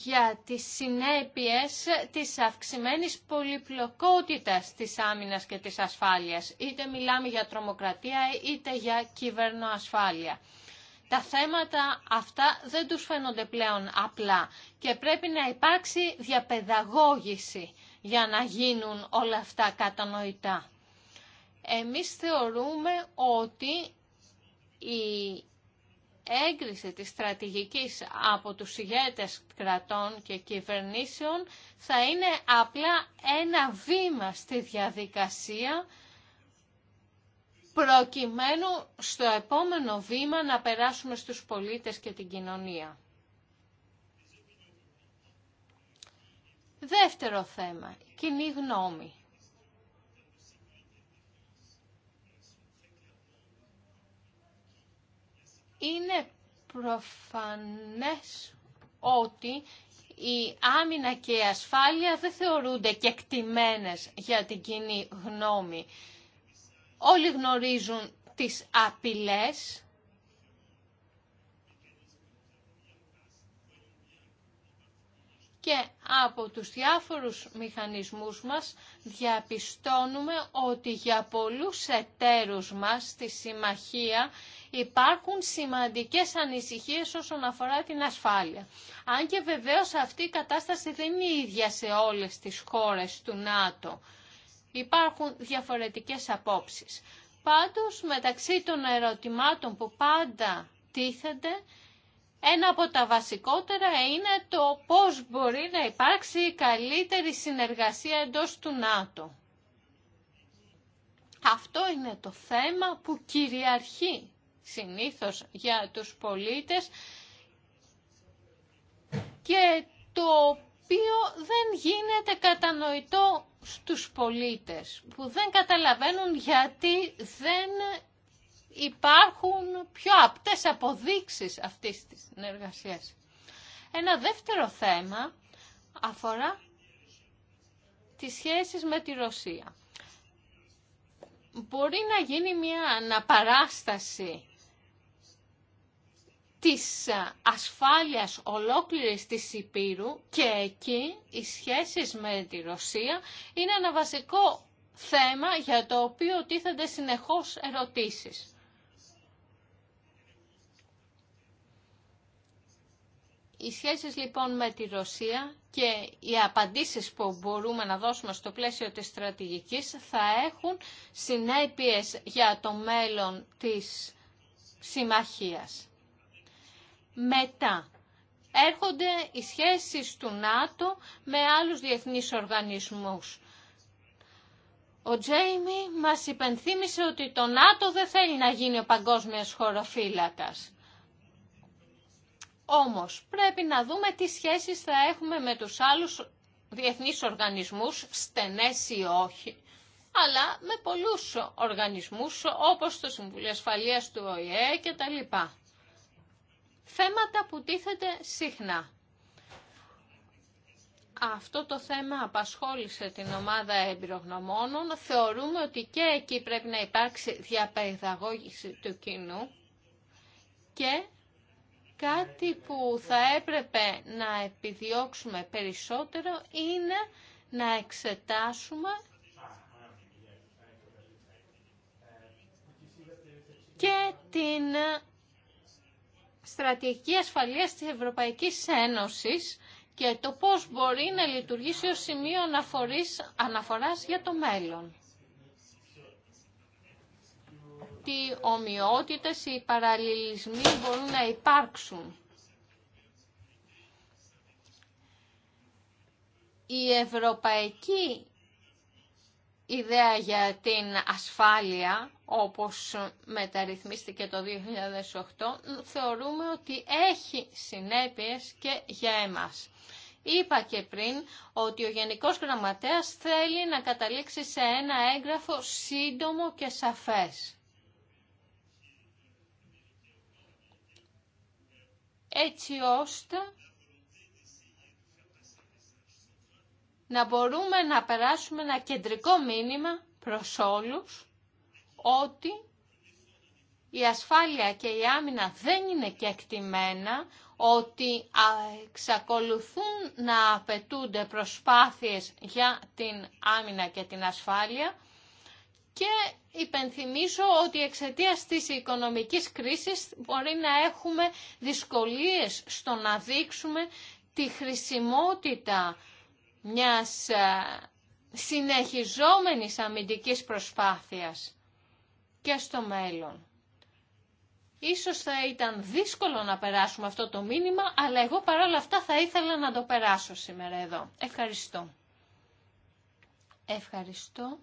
για τις συνέπειες της αυξημένης πολυπλοκότητας της άμυνας και της ασφάλειας. Είτε μιλάμε για τρομοκρατία, είτε για κυβερνοασφάλεια. Τα θέματα αυτά δεν τους φαίνονται πλέον απλά και πρέπει να υπάρξει διαπαιδαγώγηση για να γίνουν όλα αυτά κατανοητά. Εμείς θεωρούμε ότι η έγκριση τη στρατηγικής από τους ηγέτες κρατών και κυβερνήσεων θα είναι απλά ένα βήμα στη διαδικασία προκειμένου στο επόμενο βήμα να περάσουμε στους πολίτες και την κοινωνία. Δεύτερο θέμα, κοινή γνώμη. είναι προφανές ότι η άμυνα και η ασφάλεια δεν θεωρούνται και για την κοινή γνώμη. Όλοι γνωρίζουν τις απειλές και από τους διάφορους μηχανισμούς μας διαπιστώνουμε ότι για πολλούς εταίρους μας στη συμμαχία υπάρχουν σημαντικές ανησυχίες όσον αφορά την ασφάλεια. Αν και βεβαίως αυτή η κατάσταση δεν είναι ίδια σε όλες τις χώρες του ΝΑΤΟ. Υπάρχουν διαφορετικές απόψεις. Πάντως, μεταξύ των ερωτημάτων που πάντα τίθενται, ένα από τα βασικότερα είναι το πώς μπορεί να υπάρξει η καλύτερη συνεργασία εντός του ΝΑΤΟ. Αυτό είναι το θέμα που κυριαρχεί συνήθως για τους πολίτες και το οποίο δεν γίνεται κατανοητό στους πολίτες που δεν καταλαβαίνουν γιατί δεν υπάρχουν πιο απτές αποδείξεις αυτής της συνεργασίας. Ένα δεύτερο θέμα αφορά τις σχέσεις με τη Ρωσία. Μπορεί να γίνει μια αναπαράσταση της ε, ασφάλειας ολόκληρης της Υπήρου και εκεί οι σχέσεις με τη Ρωσία είναι ένα βασικό θέμα για το οποίο τίθενται συνεχώς ερωτήσεις. Οι σχέσεις λοιπόν με τη Ρωσία και οι απαντήσεις που μπορούμε να δώσουμε στο πλαίσιο της στρατηγικής θα έχουν συνέπειες για το μέλλον της συμμαχίας μετά. Έρχονται οι σχέσεις του ΝΑΤΟ με άλλους διεθνείς οργανισμούς. Ο Τζέιμι μας υπενθύμησε ότι το ΝΑΤΟ δεν θέλει να γίνει ο παγκόσμιος χωροφύλακας. Όμως πρέπει να δούμε τι σχέσεις θα έχουμε με τους άλλους διεθνείς οργανισμούς, στενές ή όχι, αλλά με πολλούς οργανισμούς όπως το Συμβουλίο Ασφαλείας του ΟΗΕ και τα θέματα που τίθεται συχνά. Αυτό το θέμα απασχόλησε την ομάδα εμπειρογνωμόνων. Θεωρούμε ότι και εκεί πρέπει να υπάρξει διαπαιδαγώγηση του κοινού και κάτι που θα έπρεπε να επιδιώξουμε περισσότερο είναι να εξετάσουμε και την στρατηγική ασφαλεία της Ευρωπαϊκής Ένωσης και το πώς μπορεί να λειτουργήσει ως σημείο αναφοράς για το μέλλον. Τι ομοιότητες ή παραλληλισμοί μπορούν να υπάρξουν. Η ευρωπαϊκή ιδέα για την ασφάλεια όπως μεταρρυθμίστηκε το 2008, θεωρούμε ότι έχει συνέπειες και για εμάς. Είπα και πριν ότι ο Γενικός Γραμματέας θέλει να καταλήξει σε ένα έγγραφο σύντομο και σαφές. Έτσι ώστε να μπορούμε να περάσουμε ένα κεντρικό μήνυμα προς όλους ότι η ασφάλεια και η άμυνα δεν είναι κεκτημένα, ότι εξακολουθούν να απαιτούνται προσπάθειες για την άμυνα και την ασφάλεια και υπενθυμίζω ότι εξαιτία της οικονομικής κρίσης μπορεί να έχουμε δυσκολίες στο να δείξουμε τη χρησιμότητα μιας ε, συνεχιζόμενης αμυντικής προσπάθειας και στο μέλλον. Ίσως θα ήταν δύσκολο να περάσουμε αυτό το μήνυμα, αλλά εγώ παρόλα αυτά θα ήθελα να το περάσω σήμερα εδώ. Ευχαριστώ. Ευχαριστώ.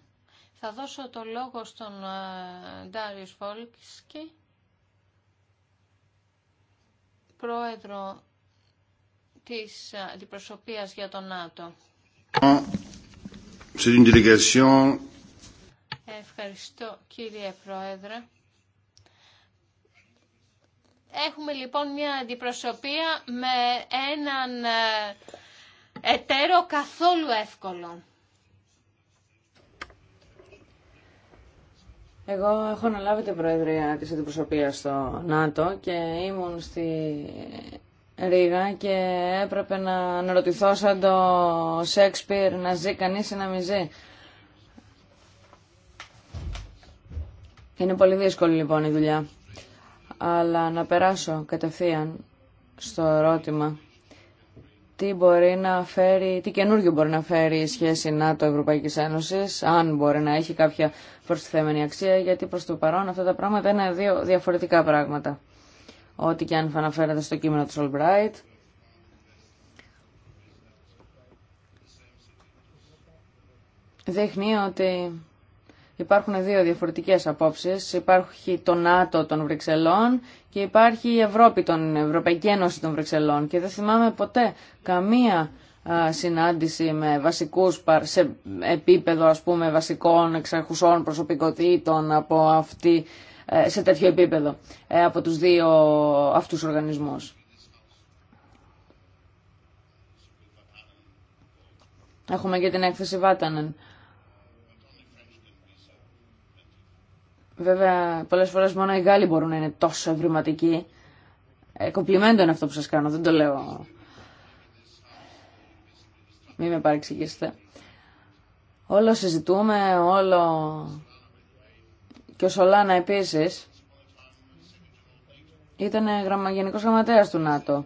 Θα δώσω το λόγο στον ε, Ντάριος Βόλκισκη, πρόεδρο της αντιπροσωπείας για τον ΝΑΤΟ. C'est une Ευχαριστώ κύριε Πρόεδρε. Έχουμε λοιπόν μια αντιπροσωπεία με έναν ε, εταίρο καθόλου εύκολο. Εγώ έχω αναλάβει την Προεδρία της Αντιπροσωπείας στο ΝΑΤΟ και ήμουν στη Ρίγα και έπρεπε να αναρωτηθώ σαν το Σέξπιρ να ζει κανείς ή να μην ζει. Είναι πολύ δύσκολη λοιπόν η δουλειά. Αλλά να περάσω κατευθείαν στο ερώτημα τι μπορεί να φέρει, τι καινούργιο μπορεί να φέρει η σχέση ΝΑΤΟ-Ευρωπαϊκής Ένωσης, αν μπορεί να έχει κάποια προστιθέμενη αξία, γιατί προς το παρόν αυτά τα πράγματα είναι δύο διαφορετικά πράγματα. Ό,τι και αν αναφέρεται στο κείμενο του Σολμπράιτ. Δείχνει ότι Υπάρχουν δύο διαφορετικές απόψεις. Υπάρχει το ΝΑΤΟ των Βρυξελών και υπάρχει η Ευρώπη, τον Ευρωπαϊκή Ένωση των Βρυξελών. Και δεν θυμάμαι ποτέ καμία συνάντηση με βασικούς, σε επίπεδο ας πούμε βασικών εξαρχουσών προσωπικότητων από αυτή, ε, σε τέτοιο επίπεδο ε, από τους δύο αυτούς οργανισμούς. Έχουμε και την έκθεση Βάτανεν Βέβαια, πολλέ φορέ μόνο οι Γάλλοι μπορούν να είναι τόσο ευρηματικοί. Ε, είναι αυτό που σα κάνω, δεν το λέω. Μην με παρεξηγήσετε. Όλο συζητούμε, όλο. Και ο Σολάνα επίση ήταν γενικό γραμματέα του ΝΑΤΟ.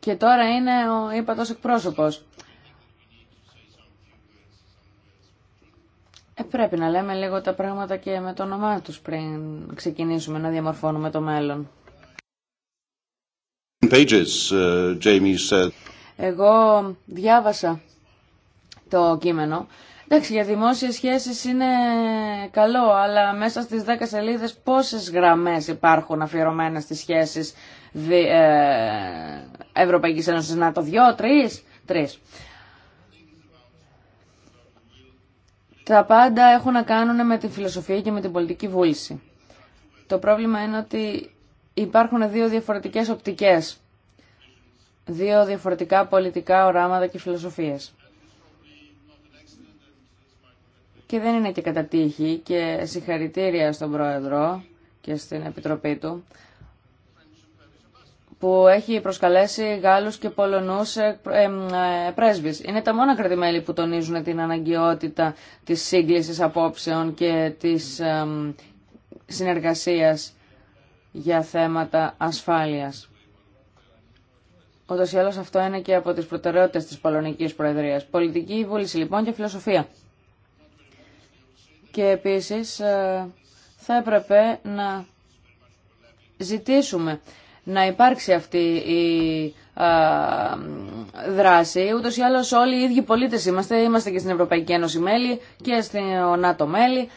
Και τώρα είναι ο ύπατος εκπρόσωπο. Ε, πρέπει να λέμε λίγο τα πράγματα και με το όνομά τους πριν ξεκινήσουμε να διαμορφώνουμε το μέλλον. Uh, Εγώ διάβασα το κείμενο. Εντάξει, για δημόσιες σχέσεις είναι καλό, αλλά μέσα στις δέκα σελίδες πόσες γραμμές υπάρχουν αφιερωμένες στις σχέσεις ε, Ευρωπαϊκής Ένωσης, να το δυο, τρεις, τρεις. Τα πάντα έχουν να κάνουν με τη φιλοσοφία και με την πολιτική βούληση. Το πρόβλημα είναι ότι υπάρχουν δύο διαφορετικές οπτικές, δύο διαφορετικά πολιτικά οράματα και φιλοσοφίες. Και δεν είναι και κατά τύχη και συγχαρητήρια στον Πρόεδρο και στην Επιτροπή του, που έχει προσκαλέσει Γάλλους και Πολωνούς ε, ε, ε, πρέσβεις. Είναι τα μόνα κρατημέλη που τονίζουν την αναγκαιότητα της σύγκλησης απόψεων και της συνεργασίας για θέματα ασφάλειας. Ούτως ή άλλως αυτό είναι και από τις προτεραιότητες της Πολωνικής Προεδρίας. Πολιτική βούληση λοιπόν και φιλοσοφία. Και επίσης θα έπρεπε να ζητήσουμε να υπάρξει αυτή η δράση. Ούτω ή άλλω όλοι οι ίδιοι πολίτε είμαστε. Είμαστε και στην Ευρωπαϊκή Ένωση μέλη και στην ΝΑΤΟ μέλη.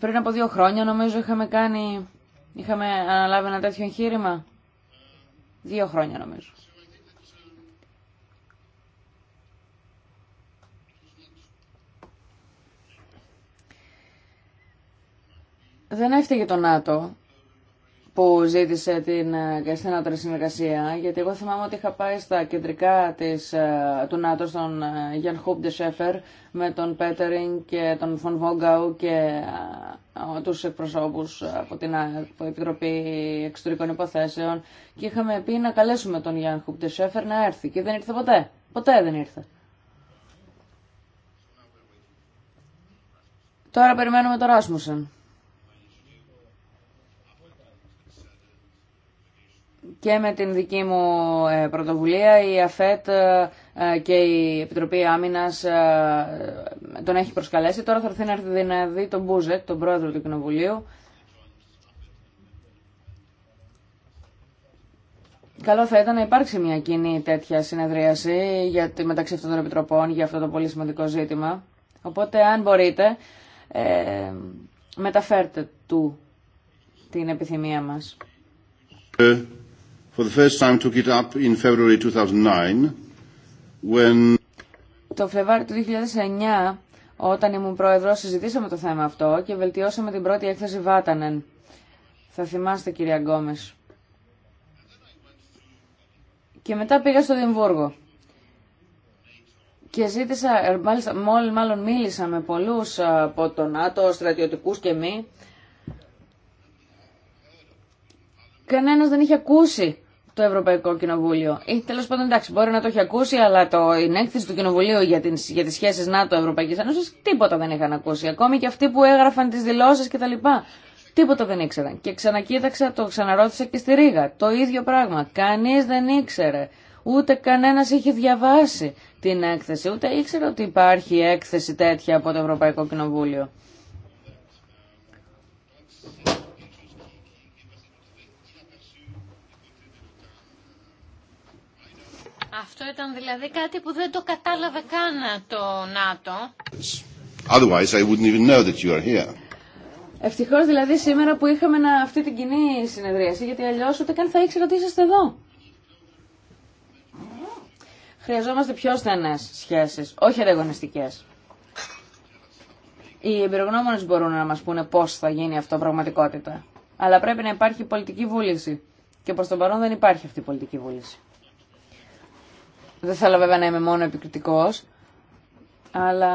Πριν από δύο χρόνια νομίζω είχαμε κάνει, είχαμε αναλάβει ένα τέτοιο εγχείρημα. Δύο χρόνια νομίζω. δεν έφταιγε το ΝΑΤΟ που ζήτησε την στενότερη ε, συνεργασία, γιατί εγώ θυμάμαι ότι είχα πάει στα κεντρικά της, ε, του ΝΑΤΟ στον ε, Γιάνν Χούμπ Σέφερ με τον Πέτεριν και τον Φον Βόγκαου και τους εκπροσώπους από την Επιτροπή Εξωτερικών Υποθέσεων και είχαμε πει να καλέσουμε τον Γιάνν Χούμπ Σέφερ να έρθει και δεν ήρθε ποτέ. Ποτέ δεν ήρθε. Τώρα περιμένουμε τον Ράσμουσεν. και με την δική μου ε, πρωτοβουλία η ΑΦΕΤ ε, και η Επιτροπή Άμυνας ε, τον έχει προσκαλέσει. Τώρα θα έρθει να έρθει να δει τον Μπούζετ, τον πρόεδρο του Κοινοβουλίου. Καλό θα ήταν να υπάρξει μια κοινή τέτοια συνεδρίαση για, μεταξύ αυτών των επιτροπών για αυτό το πολύ σημαντικό ζήτημα. Οπότε αν μπορείτε ε, του την επιθυμία μας το Φλεβάριο του 2009 όταν ήμουν πρόεδρο, συζητήσαμε το θέμα αυτό και βελτιώσαμε την πρώτη έκθεση Βάτανεν. Θα θυμάστε κυρία Γκόμε. Και μετά πήγα στο Δημβούργο. Και ζήτησα, ε, μάλιστα, μάλλον μίλησα με πολλού ε, από τον ΝΑΤΟ, στρατιωτικού και μη. Κανένας δεν είχε ακούσει το Ευρωπαϊκό Κοινοβούλιο. Ή ε, τέλο πάντων εντάξει, μπορεί να το έχει ακούσει, αλλά το, η έκθεση του Κοινοβουλίου για, την, για τι σχέσει ΝΑΤΟ-Ευρωπαϊκή Ένωση τίποτα δεν είχαν ακούσει. Ακόμη και αυτοί που έγραφαν τι δηλώσει κτλ. Τίποτα δεν ήξεραν. Και ξανακοίταξα, το ξαναρώτησα και στη Ρήγα. Το ίδιο πράγμα. Κανεί δεν ήξερε. Ούτε κανένα είχε διαβάσει την έκθεση. Ούτε ήξερε ότι υπάρχει έκθεση τέτοια από το Ευρωπαϊκό Κοινοβούλιο. Αυτό ήταν δηλαδή κάτι που δεν το κατάλαβε καν το ΝΑΤΟ. Otherwise I wouldn't even know that you are here. Ευτυχώς δηλαδή σήμερα που είχαμε αυτή την κοινή συνεδρίαση, γιατί αλλιώς ούτε καν θα ήξερα ότι είσαστε εδώ. Χρειαζόμαστε πιο στενές σχέσεις, όχι ανταγωνιστικές. Οι εμπειρογνώμονες μπορούν να μας πούνε πώς θα γίνει αυτό πραγματικότητα. Αλλά πρέπει να υπάρχει πολιτική βούληση. Και προς τον παρόν δεν υπάρχει αυτή η πολιτική βούληση. Δεν θέλω βέβαια να είμαι μόνο επικριτικός, αλλά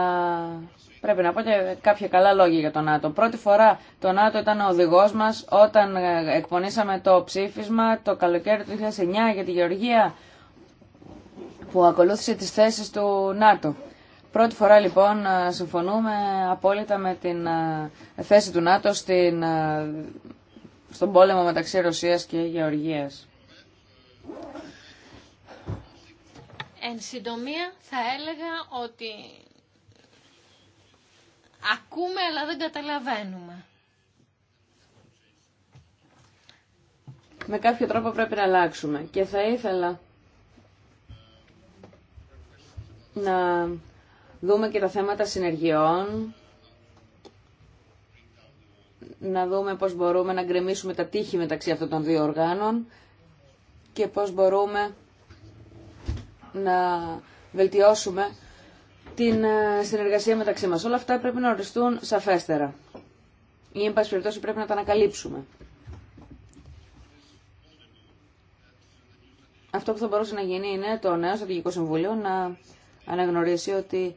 πρέπει να πω και κάποια καλά λόγια για το ΝΑΤΟ. Πρώτη φορά το ΝΑΤΟ ήταν ο οδηγός μας όταν ε, εκπονήσαμε το ψήφισμα το καλοκαίρι του 2009 για τη Γεωργία που ακολούθησε τις θέσεις του ΝΑΤΟ. Πρώτη φορά λοιπόν ε, συμφωνούμε απόλυτα με την ε, θέση του ΝΑΤΟ στην, στον πόλεμο μεταξύ Ρωσίας και Γεωργίας. Εν συντομία θα έλεγα ότι ακούμε αλλά δεν καταλαβαίνουμε. Με κάποιο τρόπο πρέπει να αλλάξουμε και θα ήθελα να δούμε και τα θέματα συνεργειών, να δούμε πώς μπορούμε να γκρεμίσουμε τα τείχη μεταξύ αυτών των δύο οργάνων και πώς μπορούμε να βελτιώσουμε την ε, συνεργασία μεταξύ μας. Όλα αυτά πρέπει να οριστούν σαφέστερα. Ή, εν πάση περιπτώσει, πρέπει να τα ανακαλύψουμε. Αυτό που θα μπορούσε να γίνει είναι το νέο στρατηγικό συμβούλιο να αναγνωρίσει ότι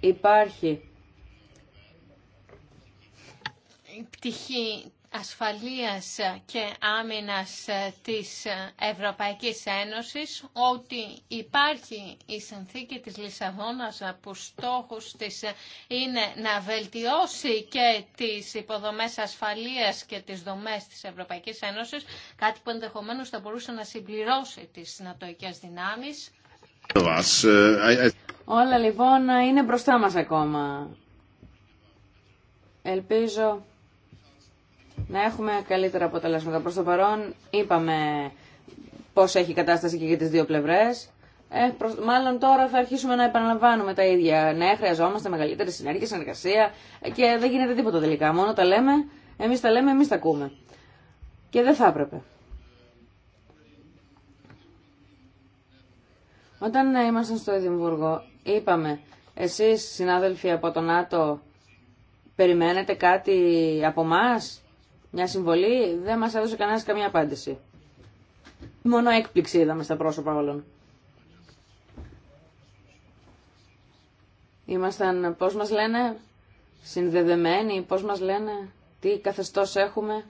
υπάρχει πτυχή ασφαλείας και άμυνας της Ευρωπαϊκής Ένωσης ότι υπάρχει η συνθήκη της Λισαβόνας που στόχος της είναι να βελτιώσει και τις υποδομές ασφαλείας και τις δομές της Ευρωπαϊκής Ένωσης, κάτι που ενδεχομένως θα μπορούσε να συμπληρώσει τις συνατοικές δυνάμεις. Όλα λοιπόν είναι μπροστά μας ακόμα. Ελπίζω να έχουμε καλύτερα αποτελέσματα. Προς το παρόν είπαμε πώς έχει η κατάσταση και για τις δύο πλευρές. Ε, μάλλον τώρα θα αρχίσουμε να επαναλαμβάνουμε τα ίδια. Ναι, χρειαζόμαστε μεγαλύτερη συνέργεια, συνεργασία ε, και δεν γίνεται τίποτα τελικά. Μόνο τα λέμε, εμείς τα λέμε, εμείς τα ακούμε. Και δεν θα έπρεπε. Όταν ε, ήμασταν στο Εδιμβούργο, είπαμε, εσείς συνάδελφοι από το ΝΑΤΟ, περιμένετε κάτι από μας μια συμβολή, δεν μας έδωσε κανένας καμία απάντηση. Μόνο έκπληξη είδαμε στα πρόσωπα όλων. Ήμασταν, πώς μας λένε, συνδεδεμένοι, πώς μας λένε, τι καθεστώς έχουμε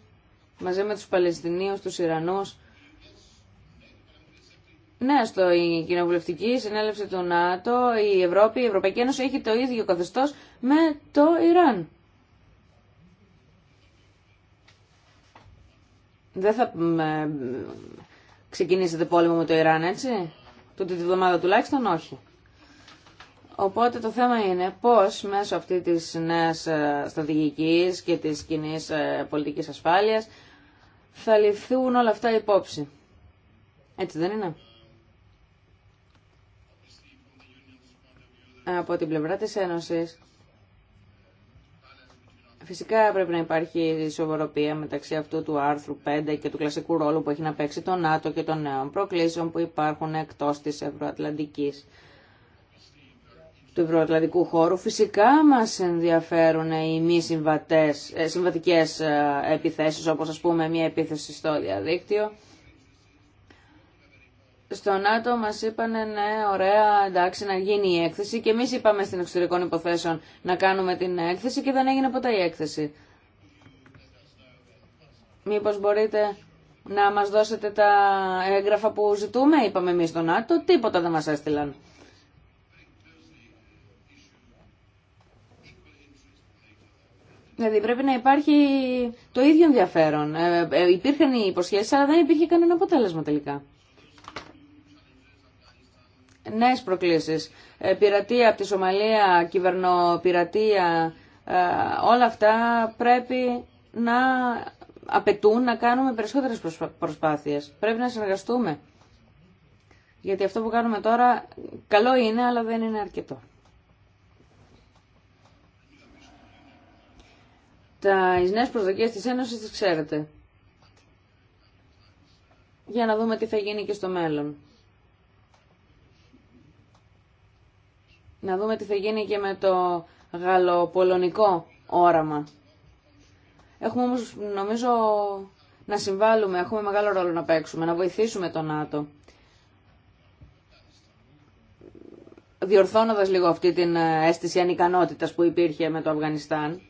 μαζί με τους Παλαιστινίους, τους Ιρανούς. Ναι, στο η κοινοβουλευτική συνέλευση του ΝΑΤΟ, η Ευρώπη, η Ευρωπαϊκή Ένωση έχει το ίδιο καθεστώς με το Ιράν. Δεν θα ε, ξεκινήσετε πόλεμο με το Ιράν, έτσι. Τούτη τη βδομάδα τουλάχιστον όχι. Οπότε το θέμα είναι πώς μέσω αυτή της νέας ε, στρατηγικής και της κοινή ε, πολιτικής ασφάλειας θα ληφθούν όλα αυτά υπόψη. Έτσι δεν είναι. Από την πλευρά της Ένωσης Φυσικά πρέπει να υπάρχει ισορροπία μεταξύ αυτού του άρθρου 5 και του κλασικού ρόλου που έχει να παίξει το ΝΑΤΟ και των νέων προκλήσεων που υπάρχουν εκτός της Ευρωατλαντικής του ευρωατλαντικού χώρου. Φυσικά μας ενδιαφέρουν οι μη συμβατές, ε, συμβατικές ε, επιθέσεις, όπως ας πούμε μια επίθεση στο διαδίκτυο στο ΝΑΤΟ μας είπανε ναι ωραία εντάξει να γίνει η έκθεση και εμεί είπαμε στην εξωτερικών υποθέσεων να κάνουμε την έκθεση και δεν έγινε ποτέ η έκθεση. Μήπως μπορείτε να μας δώσετε τα έγγραφα που ζητούμε, είπαμε εμεί στο ΝΑΤΟ, τίποτα δεν μας έστειλαν. Δηλαδή πρέπει να υπάρχει το ίδιο ενδιαφέρον. Ε, ε υπήρχαν οι υποσχέσεις, αλλά δεν υπήρχε κανένα αποτέλεσμα τελικά νέες προκλήσεις. Ε, πειρατεία από τη Σομαλία, κυβερνοπειρατεία, ε, όλα αυτά πρέπει να απαιτούν να κάνουμε περισσότερες προσπάθειες. Πρέπει να συνεργαστούμε. Γιατί αυτό που κάνουμε τώρα καλό είναι, αλλά δεν είναι αρκετό. Τα νέες προσδοκίες της Ένωσης τις ξέρετε. Για να δούμε τι θα γίνει και στο μέλλον. να δούμε τι θα γίνει και με το γαλλοπολωνικό όραμα. Έχουμε όμως, νομίζω, να συμβάλλουμε, έχουμε μεγάλο ρόλο να παίξουμε, να βοηθήσουμε τον ΝΑΤΟ. Διορθώνοντας λίγο αυτή την ε, αίσθηση ανικανότητας που υπήρχε με το Αφγανιστάν,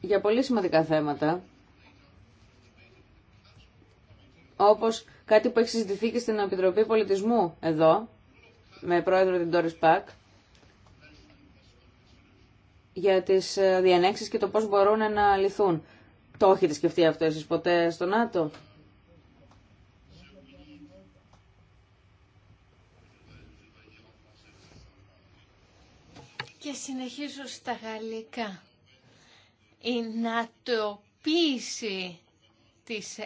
για πολύ σημαντικά θέματα, όπως κάτι που έχει συζητηθεί και στην Επιτροπή Πολιτισμού εδώ, με πρόεδρο την Doris Πακ για τις ε, διανέξεις και το πώς μπορούν να λυθούν. Το έχετε σκεφτεί αυτό εσείς ποτέ στο ΝΑΤΟ. Και συνεχίζω στα γαλλικά. Η νατοποίηση της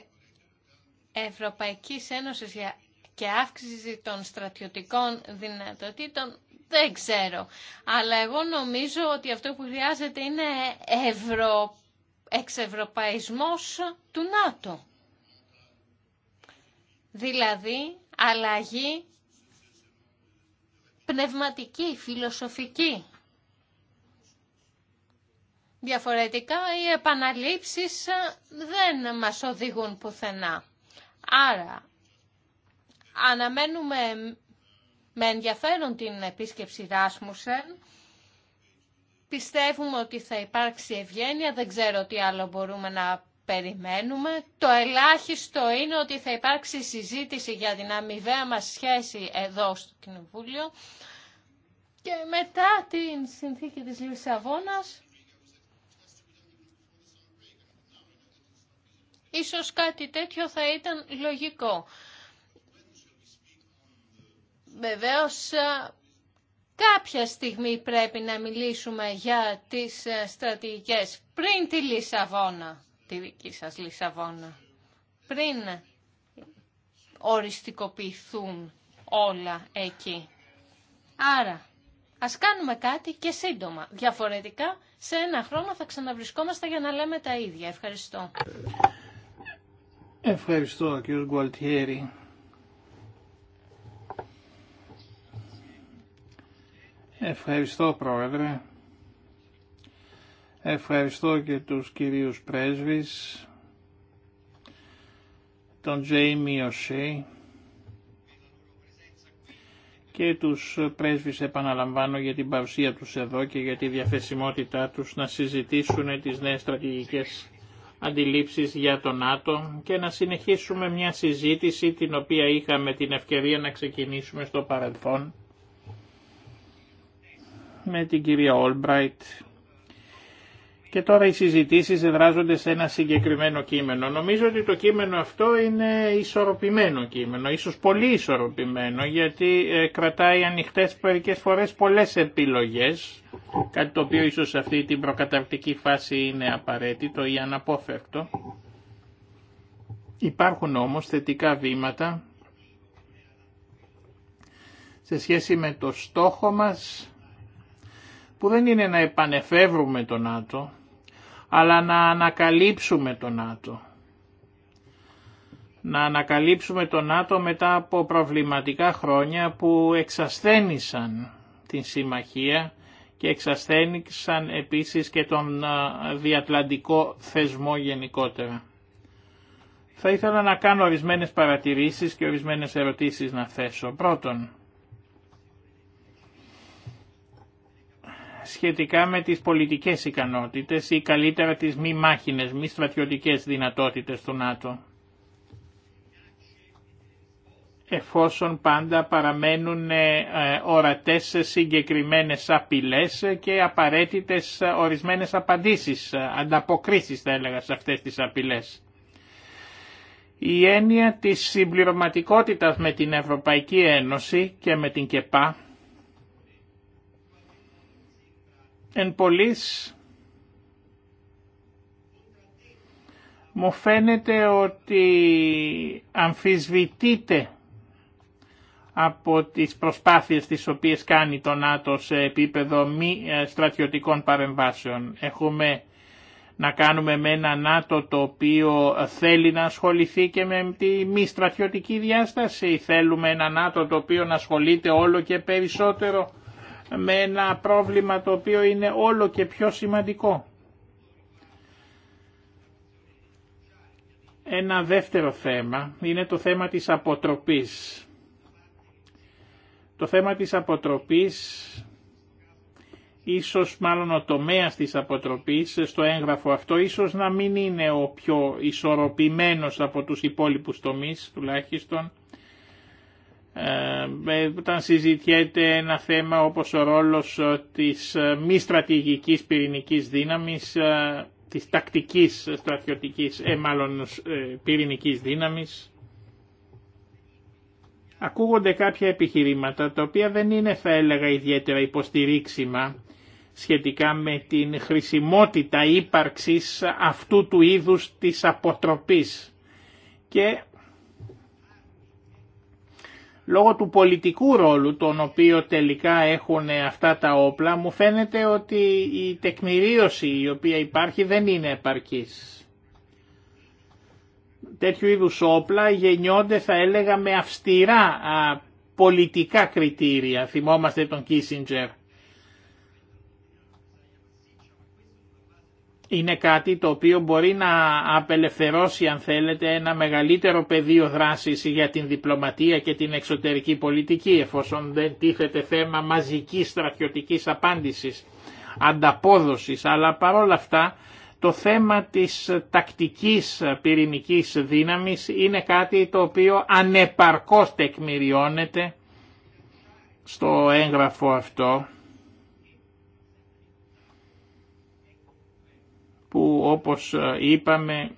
Ευρωπαϊκής Ένωσης για και αύξηση των στρατιωτικών δυνατοτήτων, δεν ξέρω. Αλλά εγώ νομίζω ότι αυτό που χρειάζεται είναι ευρω... εξευρωπαϊσμός του ΝΑΤΟ. Δηλαδή, αλλαγή πνευματική, φιλοσοφική. Διαφορετικά οι επαναλήψεις δεν μας οδηγούν πουθενά. Άρα Αναμένουμε με ενδιαφέρον την επίσκεψη Ράσμουσεν. Πιστεύουμε ότι θα υπάρξει ευγένεια, δεν ξέρω τι άλλο μπορούμε να περιμένουμε. Το ελάχιστο είναι ότι θα υπάρξει συζήτηση για την αμοιβαία μας σχέση εδώ στο Κοινοβούλιο. Και μετά την συνθήκη της Λισαβόνας, ίσως κάτι τέτοιο θα ήταν λογικό. Βεβαίως ε, κάποια στιγμή πρέπει να μιλήσουμε για τις ε, στρατηγικές πριν τη Λισαβόνα, τη δική σας Λισαβόνα, πριν οριστικοποιηθούν όλα εκεί. Άρα, ας κάνουμε κάτι και σύντομα. Διαφορετικά, σε ένα χρόνο θα ξαναβρισκόμαστε για να λέμε τα ίδια. Ευχαριστώ. Ευχαριστώ, κύριε Γκουαλτιέρη. Ευχαριστώ Πρόεδρε. Ευχαριστώ και τους κυρίους πρέσβεις, τον Τζέιμι Οσέι και τους πρέσβεις επαναλαμβάνω για την παρουσία τους εδώ και για τη διαθεσιμότητά τους να συζητήσουν τις νέες στρατηγικές αντιλήψεις για τον ΝΑΤΟ και να συνεχίσουμε μια συζήτηση την οποία είχαμε την ευκαιρία να ξεκινήσουμε στο παρελθόν με την κυρία Όλμπραϊτ και τώρα οι συζητήσεις δράζονται σε ένα συγκεκριμένο κείμενο. Νομίζω ότι το κείμενο αυτό είναι ισορροπημένο κείμενο, ίσως πολύ ισορροπημένο, γιατί ε, κρατάει ανοιχτές περικές φορές πολλές επιλογές, κάτι το οποίο ίσως σε αυτή την προκαταρκτική φάση είναι απαραίτητο ή αναπόφευκτο. Υπάρχουν όμως θετικά βήματα σε σχέση με το στόχο μας, που δεν είναι να επανεφεύρουμε τον ΝΑΤΟ, αλλά να ανακαλύψουμε τον ΝΑΤΟ. Να ανακαλύψουμε τον ΝΑΤΟ μετά από προβληματικά χρόνια που εξασθένησαν την συμμαχία και εξασθένησαν επίσης και τον διατλαντικό θεσμό γενικότερα. Θα ήθελα να κάνω ορισμένες παρατηρήσεις και ορισμένες ερωτήσεις να θέσω. Πρώτον, σχετικά με τις πολιτικές ικανότητες ή καλύτερα τις μη μάχινες, μη στρατιωτικές δυνατότητες του ΝΑΤΟ. Εφόσον πάντα παραμένουν ε, ε, ορατές συγκεκριμένες απειλές και απαραίτητες ορισμένες απαντήσεις, ε, ανταποκρίσεις θα έλεγα σε αυτές τις απειλές. Η έννοια της συμπληρωματικότητας με την Ευρωπαϊκή Ένωση και με την ΚΕΠΑ Εν πολλής μου φαίνεται ότι αμφισβητείται από τις προσπάθειες τις οποίες κάνει το ΝΑΤΟ σε επίπεδο μη ε, στρατιωτικών παρεμβάσεων. Έχουμε να κάνουμε με ένα ΝΑΤΟ το οποίο θέλει να ασχοληθεί και με τη μη στρατιωτική διάσταση. Θέλουμε ένα ΝΑΤΟ το οποίο να ασχολείται όλο και περισσότερο με ένα πρόβλημα το οποίο είναι όλο και πιο σημαντικό. Ένα δεύτερο θέμα είναι το θέμα της αποτροπής. Το θέμα της αποτροπής, ίσως μάλλον ο τομέας της αποτροπής στο έγγραφο αυτό, ίσως να μην είναι ο πιο ισορροπημένος από τους υπόλοιπους τομείς τουλάχιστον, ε, όταν συζητιέται ένα θέμα όπως ο ρόλος ε, της ε, μη στρατηγικής πυρηνικής δύναμης, της τακτικής στρατιωτικής, ε, μάλλον πυρηνικής δύναμης, ακούγονται κάποια επιχειρήματα τα οποία δεν είναι θα έλεγα ιδιαίτερα υποστηρίξιμα σχετικά με την χρησιμότητα ύπαρξης αυτού του είδους της αποτροπής και λόγω του πολιτικού ρόλου τον οποίο τελικά έχουν αυτά τα όπλα μου φαίνεται ότι η τεκμηρίωση η οποία υπάρχει δεν είναι επαρκής. Τέτοιου είδους όπλα γεννιόνται θα έλεγα με αυστηρά πολιτικά κριτήρια, θυμόμαστε τον Κίσιντζερ είναι κάτι το οποίο μπορεί να απελευθερώσει αν θέλετε ένα μεγαλύτερο πεδίο δράσης για την διπλωματία και την εξωτερική πολιτική εφόσον δεν τίθεται θέμα μαζικής στρατιωτικής απάντησης, ανταπόδοσης αλλά παρόλα αυτά το θέμα της τακτικής πυρηνικής δύναμης είναι κάτι το οποίο ανεπαρκώς τεκμηριώνεται στο έγγραφο αυτό που όπως ε, είπαμε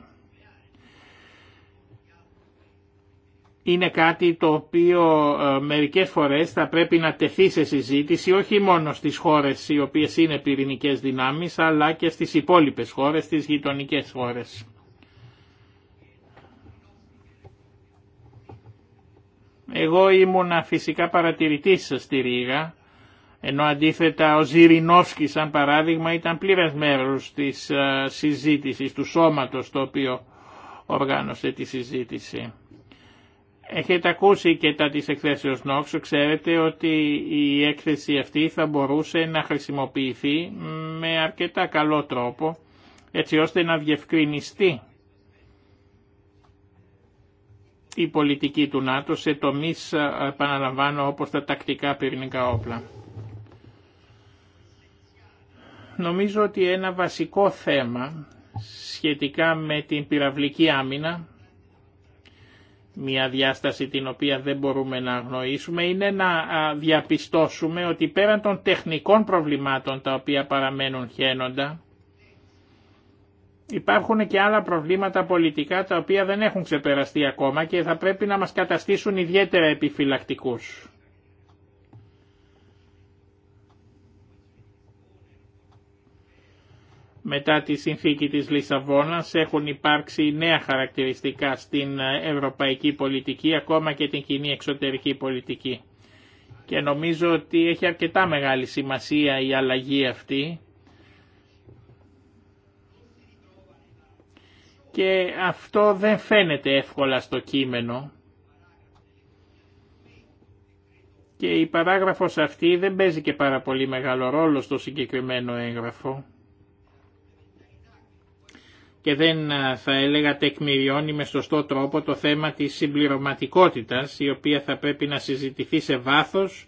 είναι κάτι το οποίο ε, μερικές φορές θα πρέπει να τεθεί σε συζήτηση όχι μόνο στις χώρες οι οποίες είναι πυρηνικές δυνάμεις αλλά και στις υπόλοιπες χώρες, στις γειτονικές χώρες. Εγώ ήμουνα φυσικά παρατηρητής στη Ρήγα ενώ αντίθετα ο Ζιρινόφσκι σαν παράδειγμα ήταν πλήρες μέρους της ε, συζήτησης, του σώματος το οποίο οργάνωσε τη συζήτηση. Έχετε ακούσει και τα της εκθέσεως Νόξου, ξέρετε ότι η έκθεση αυτή θα μπορούσε να χρησιμοποιηθεί με αρκετά καλό τρόπο, έτσι ώστε να διευκρινιστεί η πολιτική του ΝΑΤΟ σε τομείς, ε, επαναλαμβάνω, όπως τα τακτικά πυρηνικά όπλα. Νομίζω ότι ένα βασικό θέμα σχετικά με την πυραυλική άμυνα, μια διάσταση την οποία δεν μπορούμε να αγνοήσουμε, είναι να διαπιστώσουμε ότι πέραν των τεχνικών προβλημάτων τα οποία παραμένουν χαίνοντα, υπάρχουν και άλλα προβλήματα πολιτικά τα οποία δεν έχουν ξεπεραστεί ακόμα και θα πρέπει να μας καταστήσουν ιδιαίτερα επιφυλακτικούς. μετά τη συνθήκη της Λισαβόνας έχουν υπάρξει νέα χαρακτηριστικά στην ε, ευρωπαϊκή πολιτική, ακόμα και την κοινή εξωτερική πολιτική. Και νομίζω ότι έχει αρκετά μεγάλη σημασία η αλλαγή αυτή και αυτό δεν φαίνεται εύκολα στο κείμενο. Και η παράγραφος αυτή δεν παίζει και πάρα πολύ μεγάλο ρόλο στο συγκεκριμένο έγγραφο και δεν θα έλεγα τεκμηριώνει με σωστό τρόπο το θέμα της συμπληρωματικότητας η οποία θα πρέπει να συζητηθεί σε βάθος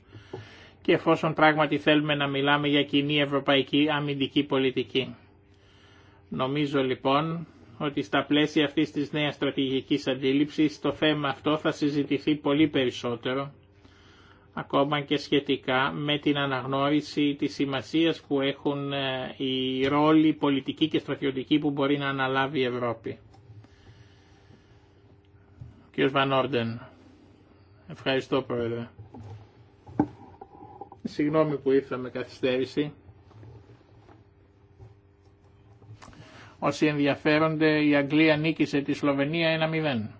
και εφόσον πράγματι θέλουμε να μιλάμε για κοινή ευρωπαϊκή αμυντική πολιτική. Νομίζω λοιπόν ότι στα πλαίσια αυτής της νέας στρατηγικής αντίληψης το θέμα αυτό θα συζητηθεί πολύ περισσότερο ακόμα και σχετικά με την αναγνώριση της σημασίας που έχουν ε, οι ρόλοι πολιτικοί και στρατιωτικοί που μπορεί να αναλάβει η Ευρώπη. Κύριος Βανόρντεν, ευχαριστώ Πρόεδρε. Συγγνώμη που ήρθα με καθυστέρηση. Όσοι ενδιαφέρονται, η Αγγλία νίκησε τη Σλοβενία 1-0.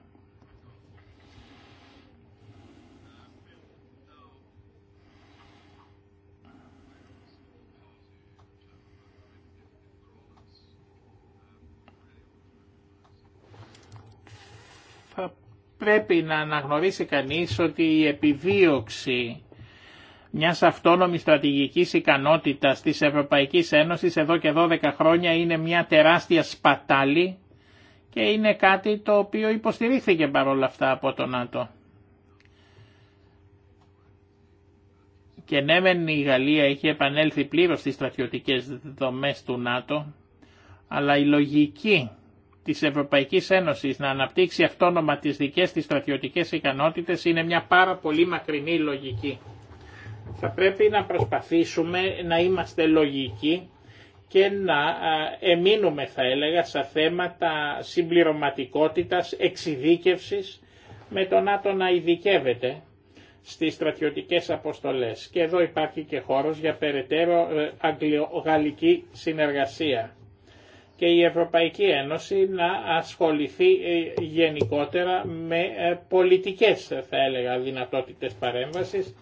θα πρέπει να αναγνωρίσει κανείς ότι η επιδίωξη μιας αυτόνομης στρατηγικής ικανότητας της Ευρωπαϊκής Ένωσης εδώ και 12 χρόνια είναι μια τεράστια σπατάλη και είναι κάτι το οποίο υποστηρίχθηκε παρόλα αυτά από το ΝΑΤΟ. Και ναι η Γαλλία έχει επανέλθει πλήρως στις στρατιωτικές δομές του ΝΑΤΟ, αλλά η λογική της Ευρωπαϊκής Ένωσης να αναπτύξει αυτόνομα τις δικές της στρατιωτικές ικανότητες είναι μια πάρα πολύ μακρινή λογική. Θα πρέπει να προσπαθήσουμε να είμαστε λογικοί και να εμείνουμε θα έλεγα σε θέματα συμπληρωματικότητας, εξειδίκευσης με το ΝΑΤΟ να ειδικεύεται στις στρατιωτικές αποστολές. Και εδώ υπάρχει και χώρος για περαιτέρω ε, αγγλιογαλλική συνεργασία και η Ευρωπαϊκή Ένωση να ασχοληθεί ε, γενικότερα με ε, πολιτικές θα έλεγα δυνατότητες παρέμβασης.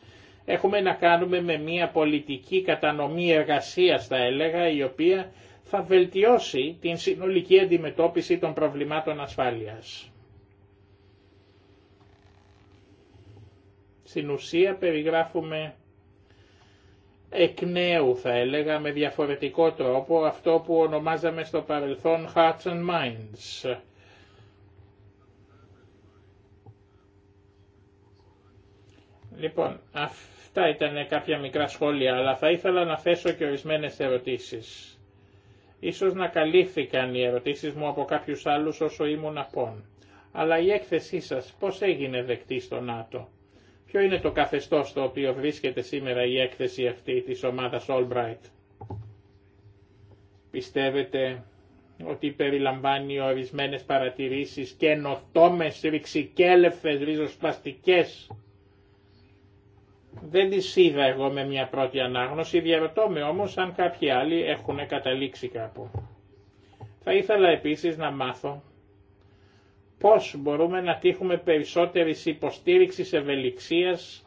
Έχουμε να κάνουμε με μια πολιτική κατανομή εργασίας θα έλεγα η οποία θα βελτιώσει την συνολική αντιμετώπιση των προβλημάτων ασφάλειας. Στην ουσία περιγράφουμε εκ νέου θα έλεγα με διαφορετικό τρόπο αυτό που ονομάζαμε στο παρελθόν Hearts and Minds. Λοιπόν, αυτά ήταν κάποια μικρά σχόλια, αλλά θα ήθελα να θέσω και ορισμένες ερωτήσεις. Ίσως να καλύφθηκαν οι ερωτήσεις μου από κάποιους άλλους όσο ήμουν απόν. Αλλά η έκθεσή σας πώς έγινε δεκτή στο ΝΑΤΟ. Ποιο είναι το καθεστώς στο οποίο βρίσκεται σήμερα η έκθεση αυτή της ομάδας Albright. Πιστεύετε ότι περιλαμβάνει ορισμένες παρατηρήσεις και νοτόμες, ρηξικέλευθες, ριζοσπαστικές. Δεν τις είδα εγώ με μια πρώτη ανάγνωση, διαρωτώ με όμως αν κάποιοι άλλοι έχουν καταλήξει κάπου. Θα ήθελα επίσης να μάθω πώς μπορούμε να τύχουμε περισσότερης υποστήριξης ευελιξίας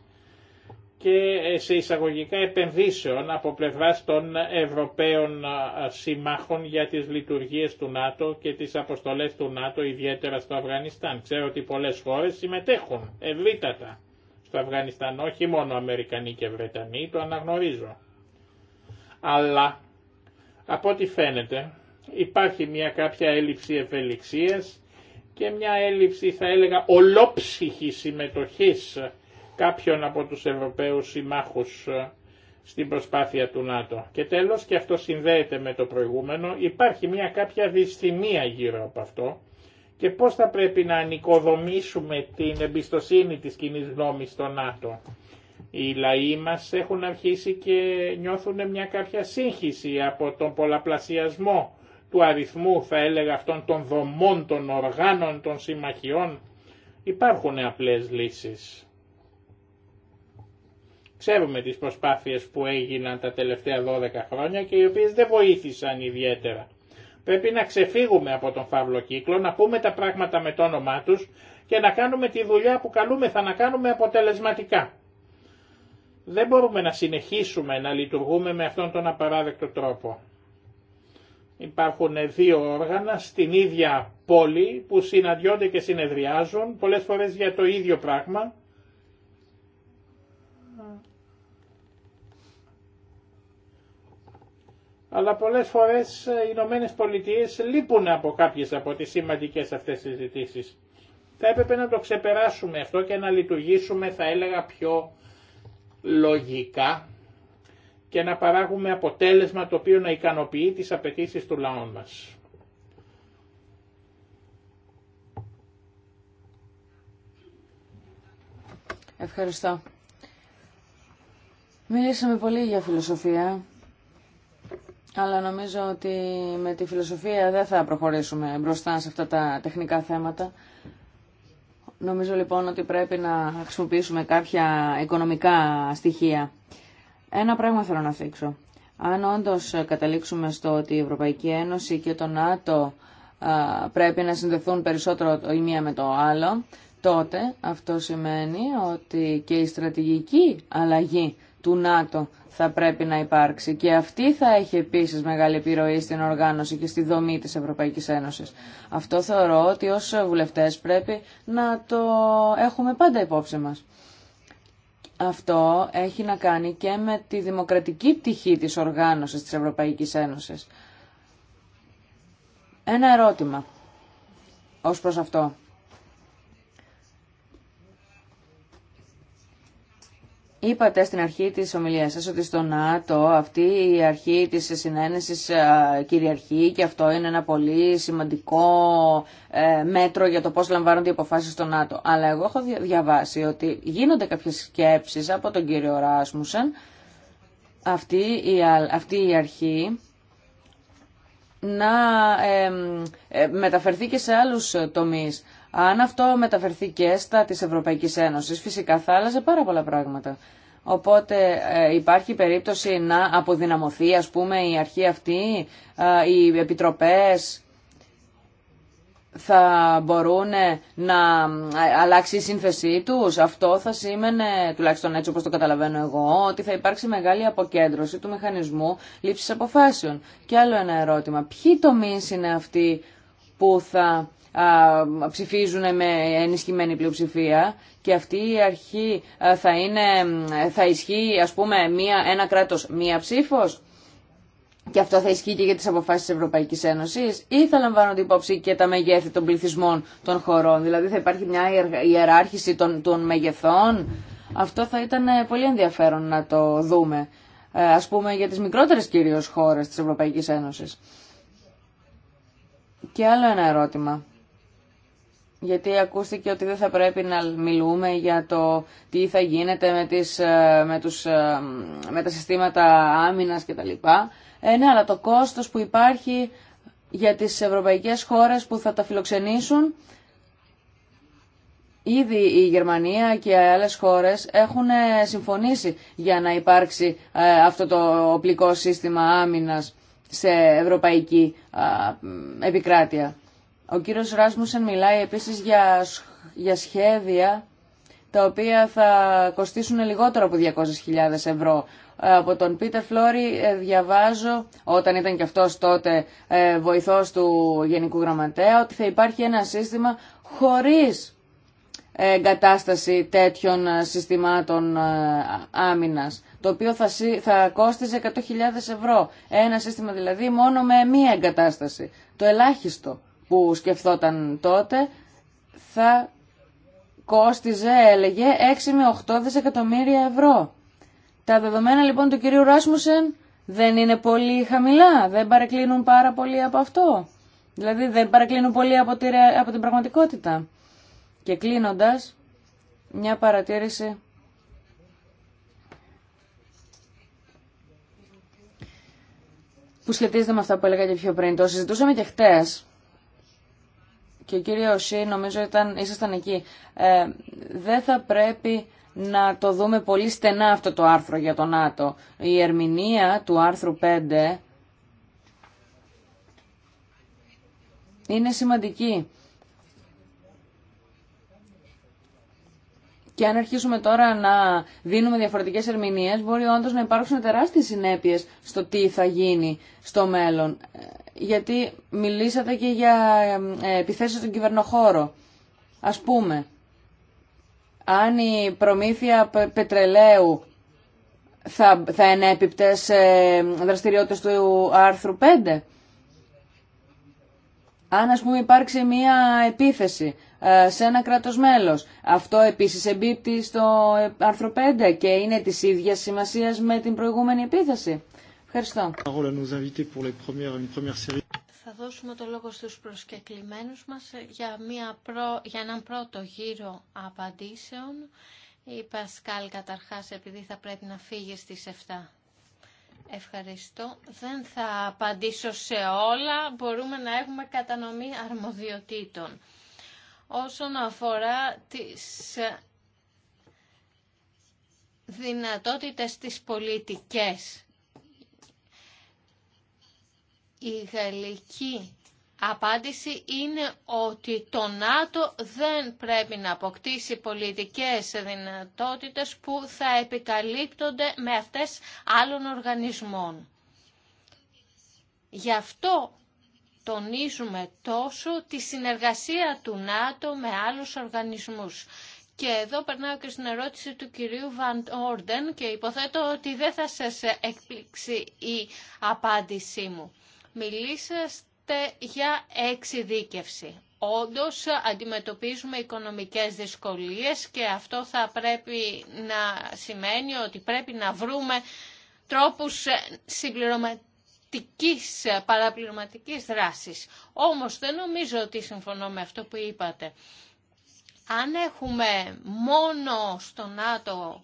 και ε, σε εισαγωγικά επενδύσεων από πλευράς των Ευρωπαίων συμμάχων για τις λειτουργίες του ΝΑΤΟ και τις αποστολές του ΝΑΤΟ ιδιαίτερα στο Αφγανιστάν. Ξέρω ότι πολλές χώρες συμμετέχουν ευρύτατα στο Αφγανιστάν, όχι μόνο Αμερικανοί και Βρετανοί, το αναγνωρίζω. Αλλά από ό,τι φαίνεται υπάρχει μια κάποια έλλειψη ευελιξίας και μια έλλειψη θα έλεγα ολόψυχη συμμετοχής κάποιων από τους Ευρωπαίους συμμάχους ε, στην προσπάθεια του ΝΑΤΟ. Και τέλος, και αυτό συνδέεται με το προηγούμενο, υπάρχει μια κάποια δυσθυμία γύρω από αυτό και πώς θα πρέπει να ανοικοδομήσουμε την εμπιστοσύνη της κοινή γνώμη στο ΝΑΤΟ. Οι λαοί μας έχουν αρχίσει και νιώθουν μια κάποια σύγχυση από τον πολλαπλασιασμό του αριθμού θα έλεγα αυτών των δομών, των οργάνων, των συμμαχιών, υπάρχουν απλές λύσεις. Ξέρουμε τις προσπάθειες που έγιναν τα τελευταία 12 χρόνια και οι οποίες δεν βοήθησαν ιδιαίτερα. Πρέπει να ξεφύγουμε από τον φαύλο κύκλο, να πούμε τα πράγματα με το όνομά τους και να κάνουμε τη δουλειά που καλούμεθα να κάνουμε αποτελεσματικά. Δεν μπορούμε να συνεχίσουμε να λειτουργούμε με αυτόν τον απαράδεκτο τρόπο. Υπάρχουν δύο όργανα στην ίδια πόλη που συναντιόνται και συνεδριάζουν, πολλές φορές για το ίδιο πράγμα. Αλλά πολλές φορές οι Ηνωμένε Πολιτείε λείπουν από κάποιες από τις σημαντικές αυτές συζητήσεις. Θα έπρεπε να το ξεπεράσουμε αυτό και να λειτουργήσουμε θα έλεγα πιο λογικά και να παράγουμε αποτέλεσμα το οποίο να ικανοποιεί τις απαιτήσεις του λαού μας. Ευχαριστώ. Μιλήσαμε πολύ για φιλοσοφία, αλλά νομίζω ότι με τη φιλοσοφία δεν θα προχωρήσουμε μπροστά σε αυτά τα τεχνικά θέματα. Νομίζω λοιπόν ότι πρέπει να χρησιμοποιήσουμε κάποια οικονομικά στοιχεία ένα πράγμα θέλω να θίξω. Αν όντως καταλήξουμε στο ότι η Ευρωπαϊκή Ένωση και το ΝΑΤΟ πρέπει να συνδεθούν περισσότερο η μία με το άλλο, τότε αυτό σημαίνει ότι και η στρατηγική αλλαγή του ΝΑΤΟ θα πρέπει να υπάρξει και αυτή θα έχει επίσης μεγάλη επιρροή στην οργάνωση και στη δομή της Ευρωπαϊκής Ένωσης. Αυτό θεωρώ ότι ως βουλευτές πρέπει να το έχουμε πάντα υπόψη μας αυτό έχει να κάνει και με τη δημοκρατική πτυχή της οργάνωσης της Ευρωπαϊκής Ένωσης. Ένα ερώτημα ως προς αυτό. Είπατε στην αρχή της ομιλίας σας ότι στο ΝΑΤΟ αυτή η αρχή της συνένεσης κυριαρχεί και αυτό είναι ένα πολύ σημαντικό ε, μέτρο για το πώς λαμβάνονται οι αποφάσεις στο ΝΑΤΟ. Αλλά εγώ έχω διαβάσει ότι γίνονται κάποιες σκέψεις από τον κύριο Ράσμουσεν αυτή η, αυτή η αρχή να ε, μεταφερθεί και σε άλλους τομείς. Αν αυτό μεταφερθεί και στα τη Ευρωπαϊκή Ένωση, φυσικά θα άλλαζε πάρα πολλά πράγματα. Οπότε ε, υπάρχει περίπτωση να αποδυναμωθεί ας πούμε η αρχή αυτή, ε, οι επιτροπές θα μπορούν ε, να αλλάξει η σύνθεσή τους. Αυτό θα σήμαινε, τουλάχιστον έτσι όπως το καταλαβαίνω εγώ, ότι θα υπάρξει μεγάλη αποκέντρωση του μηχανισμού λήψης αποφάσεων. Και άλλο ένα ερώτημα. Ποιοι τομείς είναι αυτοί που θα ψηφίζουν με ενισχυμένη πλειοψηφία και αυτή η αρχή θα, είναι, θα ισχύει ας πούμε μία, ένα κράτος μία ψήφος και αυτό θα ισχύει και για τις αποφάσεις της Ευρωπαϊκής Ένωσης ή θα λαμβάνονται υπόψη και τα μεγέθη των πληθυσμών των χωρών δηλαδή θα υπάρχει μια ιεράρχηση των, των μεγεθών αυτό θα ήταν ε, πολύ ενδιαφέρον να το δούμε ε, ας πούμε για τις μικρότερες κυρίως χώρες της Ευρωπαϊκής Ένωσης και άλλο ένα ερώτημα γιατί ακούστηκε ότι δεν θα πρέπει να μιλούμε για το τι θα γίνεται με, τις, ε, με, τους, ε, με τα συστήματα άμυνας κτλ. Ε, ναι, αλλά το κόστος που υπάρχει για τις ευρωπαϊκές χώρες που θα τα φιλοξενήσουν Ήδη η Γερμανία και άλλες χώρες έχουν ε, συμφωνήσει για να υπάρξει αυτό το οπλικό σύστημα άμυνας σε ευρωπαϊκή επικράτεια. Ο κύριος Ράσμουσεν μιλάει επίσης για, για σχέδια τα οποία θα κοστίσουν λιγότερο από 200.000 ευρώ. Από τον Πίτερ Φλόρι ε, διαβάζω, όταν ήταν και αυτός τότε ε, βοηθός του Γενικού Γραμματέα, ότι θα υπάρχει ένα σύστημα χωρίς εγκατάσταση τέτοιων ε, συστημάτων άμυνας, το οποίο θα, θα κόστιζε 100.000 ευρώ. Ένα σύστημα δηλαδή μόνο με μία εγκατάσταση, το ελάχιστο που σκεφτόταν τότε θα κόστιζε, έλεγε, 6 με 8 δισεκατομμύρια ευρώ. Τα δεδομένα λοιπόν του κυρίου Ράσμουσεν δεν είναι πολύ χαμηλά, δεν παρακλίνουν πάρα πολύ από αυτό. Δηλαδή δεν παρεκκλίνουν πολύ από, από την πραγματικότητα. Και κλείνοντας, μια παρατήρηση που σχετίζεται με αυτά που έλεγα και πιο πριν. Το συζητούσαμε και χτες και ο κύριο Σι νομίζω ήταν, ήσασταν εκεί. Ε, δεν θα πρέπει να το δούμε πολύ στενά αυτό το άρθρο για τον ΝΑΤΟ. Η ερμηνεία του άρθρου 5 είναι σημαντική. Και αν αρχίσουμε τώρα να δίνουμε διαφορετικές ερμηνείες, μπορεί όντως να υπάρξουν τεράστιες συνέπειες στο τι θα γίνει στο μέλλον γιατί μιλήσατε και για ε, επιθέσεις στον κυβερνοχώρο. Ας πούμε, αν η προμήθεια πετρελαίου θα, θα ενέπιπτε σε δραστηριότητες του άρθρου 5. Αν ας πούμε υπάρξει μία επίθεση ε, σε ένα κράτος μέλος, αυτό επίσης εμπίπτει στο ε, άρθρο 5 και είναι της ίδιας σημασίας με την προηγούμενη επίθεση. Θα δώσουμε το λόγο στους προσκεκλημένους μας για, μια προ... για έναν πρώτο γύρο απαντήσεων. Η Πασκάλ καταρχάς επειδή θα πρέπει να φύγει στις 7. Ευχαριστώ. Δεν θα απαντήσω σε όλα. Μπορούμε να έχουμε κατανομή αρμοδιοτήτων. Όσον αφορά τις ε, δυνατότητες της πολιτικές η γαλλική απάντηση είναι ότι το ΝΑΤΟ δεν πρέπει να αποκτήσει πολιτικές δυνατότητες που θα επικαλύπτονται με αυτές άλλων οργανισμών. Γι' αυτό τονίζουμε τόσο τη συνεργασία του ΝΑΤΟ με άλλους οργανισμούς. Και εδώ περνάω και στην ερώτηση του κυρίου Βαν Όρντεν και υποθέτω ότι δεν θα σας εκπλήξει η απάντησή μου μιλήσατε για εξειδίκευση. Όντως αντιμετωπίζουμε οικονομικές δυσκολίες και αυτό θα πρέπει να σημαίνει ότι πρέπει να βρούμε τρόπους συμπληρωματικής, παραπληρωματικής δράσης. Όμως δεν νομίζω ότι συμφωνώ με αυτό που είπατε. Αν έχουμε μόνο στον ΝΑΤΟ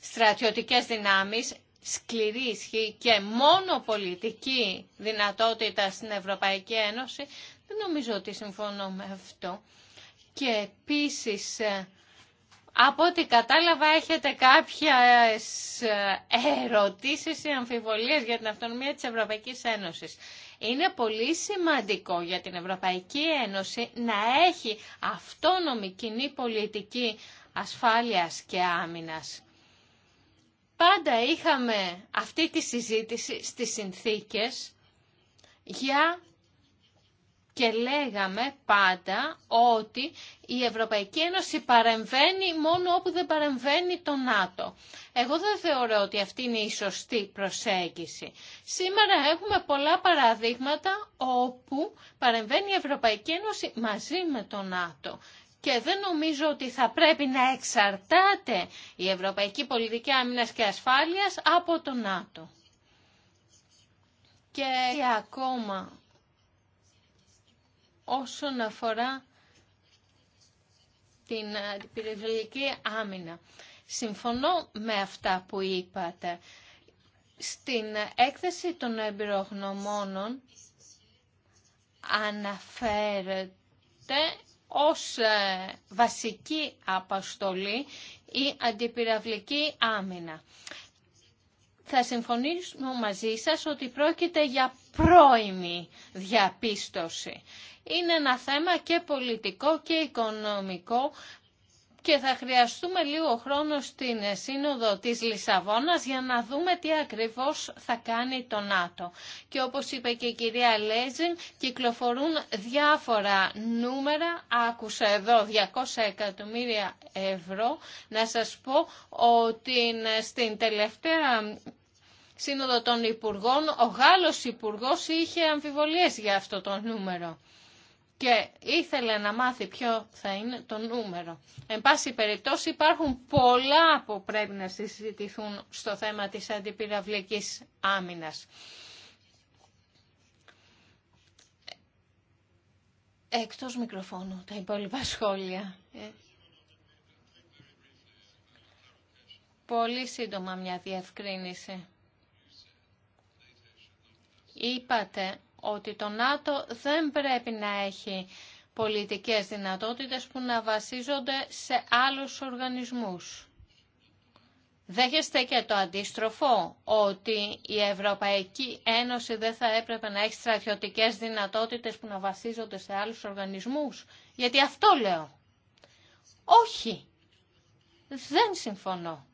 στρατιωτικές δυνάμεις, σκληρή ισχύ και μόνο πολιτική δυνατότητα στην Ευρωπαϊκή Ένωση, δεν νομίζω ότι συμφωνώ με αυτό. Και επίσης, ε, από ό,τι κατάλαβα, έχετε κάποιες ε, ερωτήσεις ή αμφιβολίες για την αυτονομία της Ευρωπαϊκής Ένωσης. Είναι πολύ σημαντικό για την Ευρωπαϊκή Ένωση να έχει αυτόνομη κοινή πολιτική ασφάλειας και άμυνας πάντα είχαμε αυτή τη συζήτηση στις συνθήκες για και λέγαμε πάντα ότι η Ευρωπαϊκή Ένωση παρεμβαίνει μόνο όπου δεν παρεμβαίνει το ΝΑΤΟ. Εγώ δεν θεωρώ ότι αυτή είναι η σωστή προσέγγιση. Σήμερα έχουμε πολλά παραδείγματα όπου παρεμβαίνει η Ευρωπαϊκή Ένωση μαζί με το ΝΑΤΟ και δεν νομίζω ότι θα πρέπει να εξαρτάται η Ευρωπαϊκή Πολιτική Άμυνας και Ασφάλειας από το ΝΑΤΟ. Και ακόμα όσον αφορά την ε, περιβαλλική άμυνα. Συμφωνώ με αυτά που είπατε. Στην έκθεση των εμπειρογνωμόνων αναφέρεται ως ε, βασική απαστολή η αντιπυραυλική άμυνα. Θα συμφωνήσω μαζί σας ότι πρόκειται για πρώιμη διαπίστωση. Είναι ένα θέμα και πολιτικό και οικονομικό και θα χρειαστούμε λίγο χρόνο στην σύνοδο της Λισαβόνας για να δούμε τι ακριβώς θα κάνει το ΝΑΤΟ. Και όπως είπε και η κυρία Λέζιν, κυκλοφορούν διάφορα νούμερα, άκουσα εδώ 200 εκατομμύρια ευρώ, να σας πω ότι στην τελευταία σύνοδο των Υπουργών ο Γάλλος Υπουργός είχε αμφιβολίες για αυτό το νούμερο και ήθελε να μάθει ποιο θα είναι το νούμερο. Εν πάση περιπτώσει υπάρχουν πολλά που πρέπει να συζητηθούν στο θέμα της αντιπυραυλικής άμυνας. Εκτός μικροφώνου τα υπόλοιπα σχόλια. Ε. Πολύ σύντομα μια διευκρίνηση. Είπατε ότι το ΝΑΤΟ δεν πρέπει να έχει πολιτικές δυνατότητες που να βασίζονται σε άλλους οργανισμούς. Δέχεστε και το αντίστροφο, ότι η Ευρωπαϊκή Ένωση δεν θα έπρεπε να έχει στρατιωτικές δυνατότητες που να βασίζονται σε άλλους οργανισμούς. Γιατί αυτό λέω. Όχι. Δεν συμφωνώ.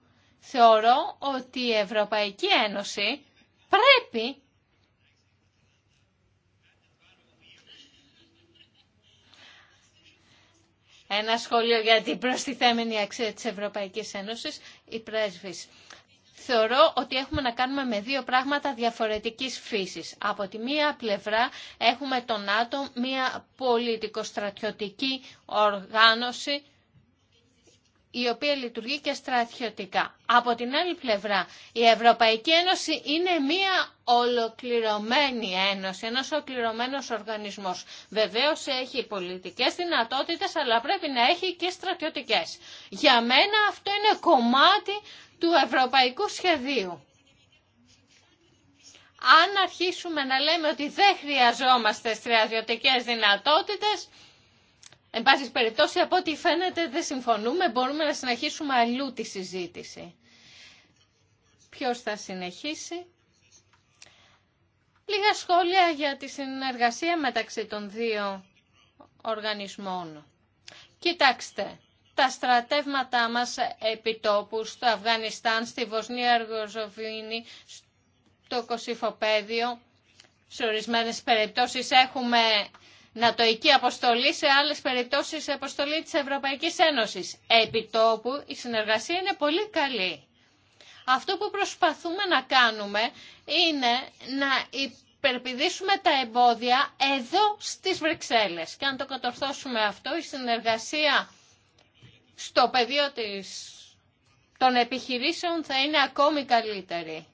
Θεωρώ ότι η Ευρωπαϊκή Ένωση πρέπει ένα σχόλιο για την προστιθέμενη αξία της Ευρωπαϊκής Ένωσης, η πρέσβης. Θεωρώ ότι έχουμε να κάνουμε με δύο πράγματα διαφορετικής φύσης. Από τη μία πλευρά έχουμε τον ατομο μια πολιτικοστρατιωτική οργάνωση η οποία λειτουργεί και στρατιωτικά. Από την άλλη πλευρά, η Ευρωπαϊκή Ένωση είναι μία ολοκληρωμένη ένωση, ένας ολοκληρωμένος οργανισμός. Βεβαίως έχει πολιτικές δυνατότητες, αλλά πρέπει να έχει και στρατιωτικές. Για μένα αυτό είναι κομμάτι του ευρωπαϊκού σχεδίου. Αν αρχίσουμε να λέμε ότι δεν χρειαζόμαστε στρατιωτικές δυνατότητες, Εν πάση περιπτώσει, από ό,τι φαίνεται δεν συμφωνούμε, μπορούμε να συνεχίσουμε αλλού τη συζήτηση. Ποιος θα συνεχίσει. Λίγα σχόλια για τη συνεργασία μεταξύ των δύο οργανισμών. Κοιτάξτε, τα στρατεύματά μας επιτόπου στο Αφγανιστάν, στη Βοσνία Αργοζοβίνη, στο Κωσυφοπαίδιο, σε ορισμένες περιπτώσεις έχουμε νατοϊκή αποστολή σε άλλες περιπτώσεις αποστολή της Ευρωπαϊκής Ένωσης. Επί τόπου η συνεργασία είναι πολύ καλή. Αυτό που προσπαθούμε να κάνουμε είναι να υπερπηδήσουμε τα εμπόδια εδώ στις Βρυξέλλες. Και αν το κατορθώσουμε αυτό, η συνεργασία στο πεδίο της των επιχειρήσεων θα είναι ακόμη καλύτερη.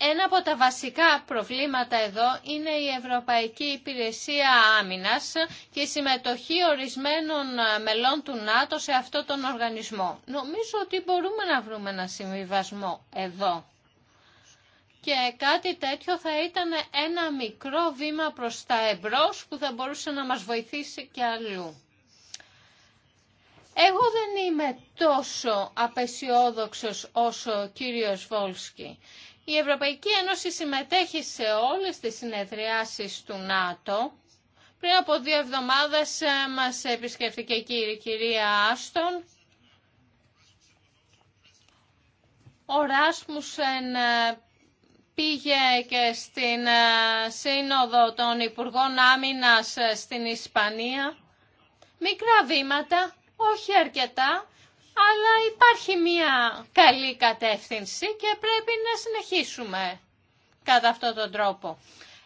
Ένα από τα βασικά προβλήματα εδώ είναι η Ευρωπαϊκή Υπηρεσία Άμυνας και η συμμετοχή ορισμένων μελών του ΝΑΤΟ σε αυτόν τον οργανισμό. Νομίζω ότι μπορούμε να βρούμε ένα συμβιβασμό εδώ. Και κάτι τέτοιο θα ήταν ένα μικρό βήμα προς τα εμπρός που θα μπορούσε να μας βοηθήσει και αλλού. Εγώ δεν είμαι τόσο απεσιόδοξος όσο ο κύριος Βόλσκι. Η Ευρωπαϊκή Ένωση συμμετέχει σε όλες τις συνεδριάσεις του ΝΑΤΟ. Πριν από δύο εβδομάδες ε, μας επισκέφθηκε η κυρία Άστον. Ο Ράσμουσεν ε, πήγε και στην ε, Σύνοδο των Υπουργών Άμυνας στην Ισπανία. Μικρά βήματα, όχι αρκετά, αλλά υπάρχει μια καλή κατεύθυνση και πρέπει να συνεχίσουμε κατά αυτόν τον τρόπο.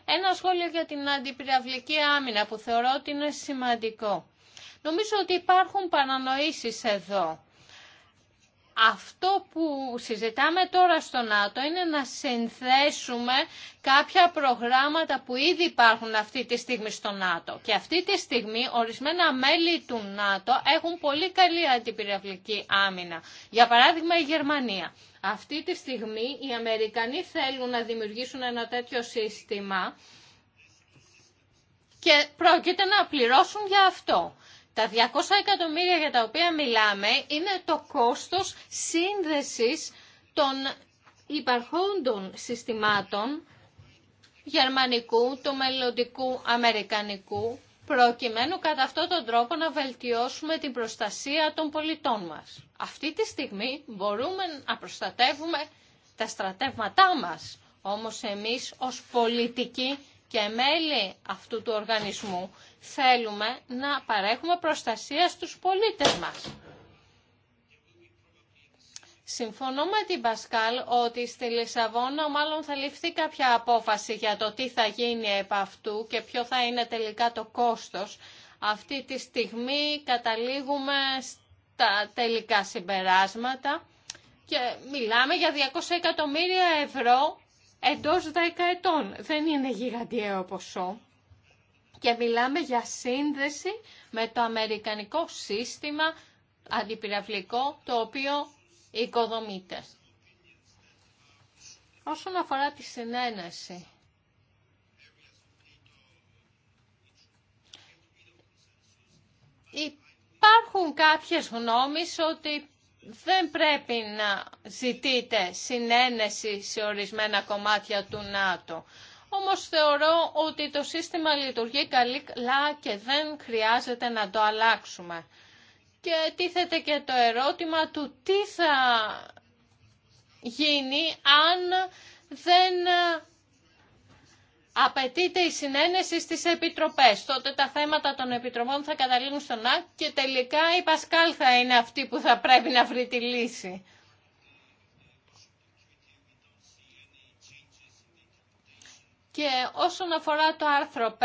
Ένα σχόλιο για την αντιπυραυλική άμυνα που θεωρώ ότι είναι σημαντικό. Νομίζω ότι υπάρχουν παρανοήσεις εδώ αυτό που συζητάμε τώρα στο ΝΑΤΟ είναι να συνθέσουμε κάποια προγράμματα που ήδη υπάρχουν αυτή τη στιγμή στο ΝΑΤΟ. Και αυτή τη στιγμή ορισμένα μέλη του ΝΑΤΟ έχουν πολύ καλή αντιπυραυλική άμυνα. Για παράδειγμα η Γερμανία. Αυτή τη στιγμή οι Αμερικανοί θέλουν να δημιουργήσουν ένα τέτοιο σύστημα και πρόκειται να πληρώσουν για αυτό. Τα 200 εκατομμύρια για τα οποία μιλάμε είναι το κόστος σύνδεσης των υπαρχόντων συστημάτων γερμανικού, το μελλοντικού, αμερικανικού, προκειμένου κατά αυτόν τον τρόπο να βελτιώσουμε την προστασία των πολιτών μας. Αυτή τη στιγμή μπορούμε να προστατεύουμε τα στρατεύματά μας, όμως εμείς ως πολιτικοί και μέλη αυτού του οργανισμού θέλουμε να παρέχουμε προστασία στους πολίτες μας. Συμφωνώ με την Πασκάλ ότι στη Λισαβόνα μάλλον θα ληφθεί κάποια απόφαση για το τι θα γίνει επ' αυτού και ποιο θα είναι τελικά το κόστος. Αυτή τη στιγμή καταλήγουμε στα τελικά συμπεράσματα και μιλάμε για 200 εκατομμύρια ευρώ εντός 10 ετών. Δεν είναι γιγαντιαίο ποσό και μιλάμε για σύνδεση με το αμερικανικό σύστημα αντιπυραυλικό το οποίο οικοδομείται. Όσον αφορά τη συνένεση, υπάρχουν κάποιες γνώμεις ότι δεν πρέπει να ζητείτε συνένεση σε ορισμένα κομμάτια του ΝΑΤΟ. Όμως θεωρώ ότι το σύστημα λειτουργεί καλά και δεν χρειάζεται να το αλλάξουμε. Και τίθεται και το ερώτημα του τι θα γίνει αν δεν απαιτείται η συνένεση στις επιτροπές. Τότε τα θέματα των επιτροπών θα καταλήγουν στον ΑΚ και τελικά η Πασκάλ θα είναι αυτή που θα πρέπει να βρει τη λύση. Και όσον αφορά το άρθρο 5,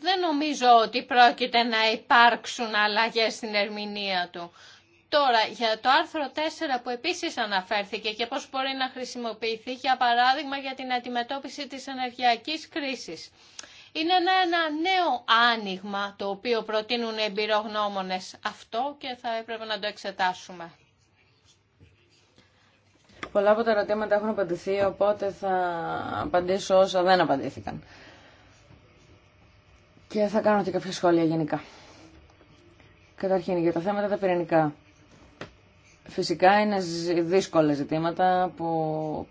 δεν νομίζω ότι πρόκειται να υπάρξουν αλλαγές στην ερμηνεία του. Τώρα, για το άρθρο 4 που επίσης αναφέρθηκε και πώς μπορεί να χρησιμοποιηθεί, για παράδειγμα, για την αντιμετώπιση της ενεργειακής κρίσης. Είναι ένα, νέο άνοιγμα το οποίο προτείνουν οι εμπειρογνώμονες αυτό και θα έπρεπε να το εξετάσουμε. Πολλά από τα ερωτήματα έχουν απαντηθεί, οπότε θα απαντήσω όσα δεν απαντήθηκαν. Και θα κάνω και κάποια σχόλια γενικά. Καταρχήν, για τα θέματα τα πυρηνικά. Φυσικά είναι δύσκολα ζητήματα που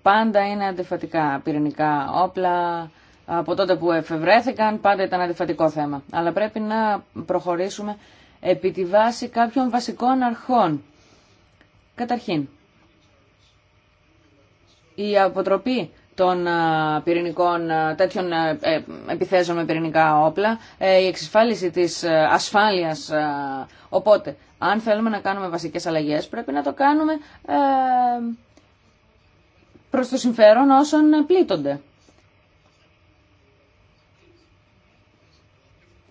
πάντα είναι αντιφατικά πυρηνικά όπλα. Από τότε που εφευρέθηκαν πάντα ήταν αντιφατικό θέμα. Αλλά πρέπει να προχωρήσουμε επί τη βάση κάποιων βασικών αρχών. Καταρχήν, η αποτροπή των ε, πυρηνικών, ε, τέτοιων ε, επιθέσεων με πυρηνικά όπλα, η εξασφάλιση της ασφάλειας. Οπότε, αν θέλουμε να κάνουμε βασικές αλλαγές, πρέπει να το κάνουμε προς το συμφέρον όσων πλήττονται.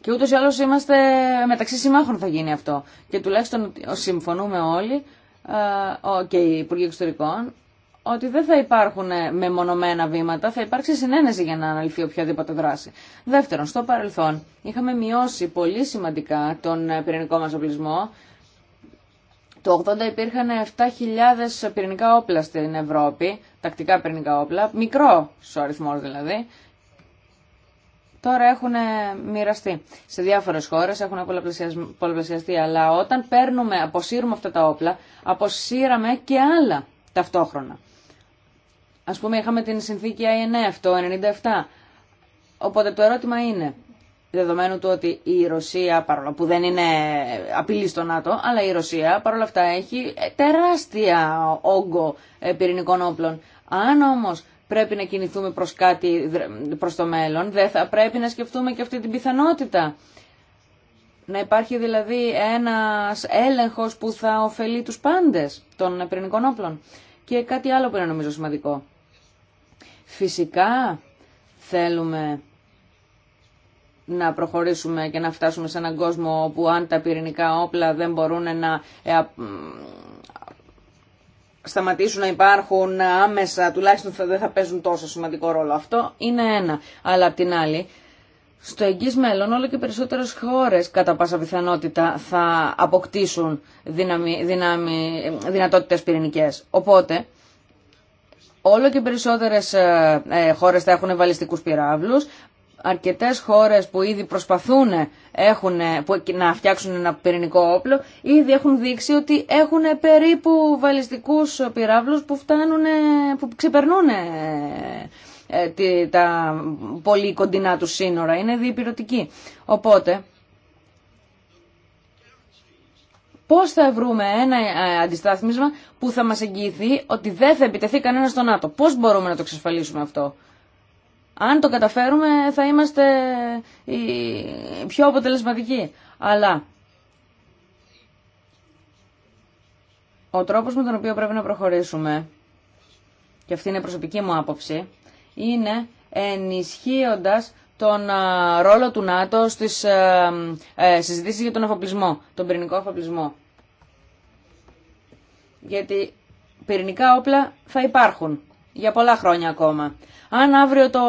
Και ούτως ή άλλως είμαστε μεταξύ συμμάχων θα γίνει αυτό. Και τουλάχιστον συμφωνούμε όλοι και οι Υπουργοί Εξωτερικών ότι δεν θα υπάρχουν μεμονωμένα βήματα, θα υπάρξει συνένεση για να αναλυθεί οποιαδήποτε δράση. Δεύτερον, στο παρελθόν είχαμε μειώσει πολύ σημαντικά τον πυρηνικό μας οπλισμό. Το 80 υπήρχαν 7.000 πυρηνικά όπλα στην Ευρώπη, τακτικά πυρηνικά όπλα, μικρό ο αριθμό δηλαδή. Τώρα έχουν μοιραστεί σε διάφορε χώρε, έχουν πολλαπλασιαστεί, αλλά όταν παίρνουμε, αποσύρουμε αυτά τα όπλα, αποσύραμε και άλλα ταυτόχρονα. Ας πούμε είχαμε την συνθήκη INF το 97. Οπότε το ερώτημα είναι, δεδομένου του ότι η Ρωσία, παρόλο που δεν είναι απειλή στο ΝΑΤΟ, αλλά η Ρωσία παρόλα αυτά έχει τεράστια όγκο πυρηνικών όπλων. Αν όμως πρέπει να κινηθούμε προς κάτι προς το μέλλον, δεν θα πρέπει να σκεφτούμε και αυτή την πιθανότητα. Να υπάρχει δηλαδή ένας έλεγχος που θα ωφελεί τους πάντες των πυρηνικών όπλων. Και κάτι άλλο που είναι νομίζω σημαντικό. Φυσικά θέλουμε να προχωρήσουμε και να φτάσουμε σε έναν κόσμο όπου αν τα πυρηνικά όπλα δεν μπορούν να ε, σταματήσουν να υπάρχουν άμεσα, τουλάχιστον δεν θα παίζουν τόσο σημαντικό ρόλο. Αυτό είναι ένα. Αλλά απ' την άλλη, στο εγγύς μέλλον όλο και περισσότερες χώρες κατά πάσα πιθανότητα θα αποκτήσουν δυναμι, δυναμι, δυνατότητες πυρηνικές. Οπότε Όλο και περισσότερες ε, ε, χώρες θα έχουν βαλιστικούς πυράβλους. Αρκετές χώρες που ήδη προσπαθούν ε, έχουν, που, να φτιάξουν ένα πυρηνικό όπλο ήδη έχουν δείξει ότι έχουν περίπου βαλιστικούς πυράβλους που, που ξεπερνούν τα πολύ κοντινά του σύνορα. Είναι διεπηρωτικοί. Οπότε Πώς θα βρούμε ένα ε, αντιστάθμισμα που θα μας εγγυηθεί ότι δεν θα επιτεθεί κανένα στον ΝΑΤΟ. Πώς μπορούμε να το εξασφαλίσουμε αυτό. Αν το καταφέρουμε θα είμαστε ε, οι πιο αποτελεσματικοί. Αλλά ο τρόπος με τον οποίο πρέπει να προχωρήσουμε, και αυτή είναι η προσωπική μου άποψη, είναι ενισχύοντας τον ρόλο του ΝΑΤΟ στις ε, συζητήσεις για τον αφοπλισμό, τον πυρηνικό αφοπλισμό. Γιατί πυρηνικά όπλα θα υπάρχουν για πολλά χρόνια ακόμα. Αν αύριο το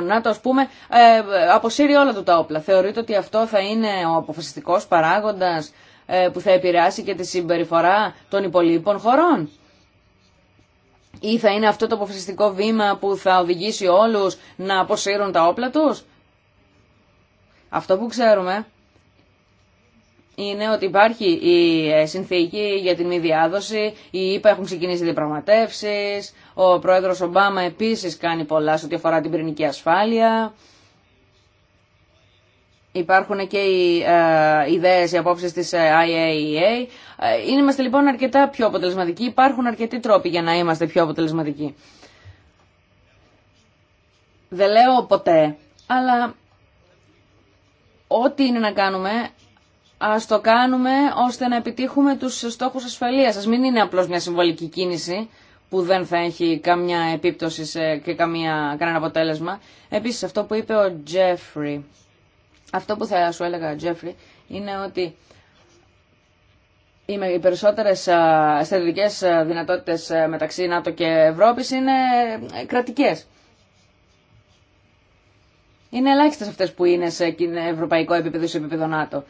ΝΑΤΟ, ας πούμε, ε, αποσύρει όλα του τα όπλα, θεωρείτε ότι αυτό θα είναι ο αποφασιστικός παράγοντας ε, που θα επηρεάσει και τη συμπεριφορά των υπολείπων χωρών ή θα είναι αυτό το αποφασιστικό βήμα που θα οδηγήσει όλους να αποσύρουν τα όπλα τους. Αυτό που ξέρουμε είναι ότι υπάρχει η ε, συνθήκη για την μη διάδοση, οι ΗΠΑ έχουν ξεκινήσει διαπραγματεύσει, ο πρόεδρος Ομπάμα επίσης κάνει πολλά σε ό,τι αφορά την πυρηνική ασφάλεια. Υπάρχουν και οι ε, ιδέες, οι απόψεις της ε, IAEA. E ε, είμαστε λοιπόν αρκετά πιο αποτελεσματικοί. Υπάρχουν αρκετοί τρόποι για να είμαστε πιο αποτελεσματικοί. Δεν λέω ποτέ, αλλά ό,τι είναι να κάνουμε, ας το κάνουμε ώστε να επιτύχουμε τους στόχους ασφαλείας. Ας μην είναι απλώς μια συμβολική κίνηση που δεν θα έχει καμιά επίπτωση και καμία, κανένα αποτέλεσμα. Επίσης αυτό που είπε ο Τζέφρι αυτό που θα σου έλεγα, Τζέφρι, είναι ότι οι περισσότερε στρατηγικέ δυνατότητε μεταξύ ΝΑΤΟ και Ευρώπη είναι ε, κρατικέ. Είναι ελάχιστε αυτέ που είναι σε ευρωπαϊκό επίπεδο ή σε επίπεδο ΝΑΤΟ.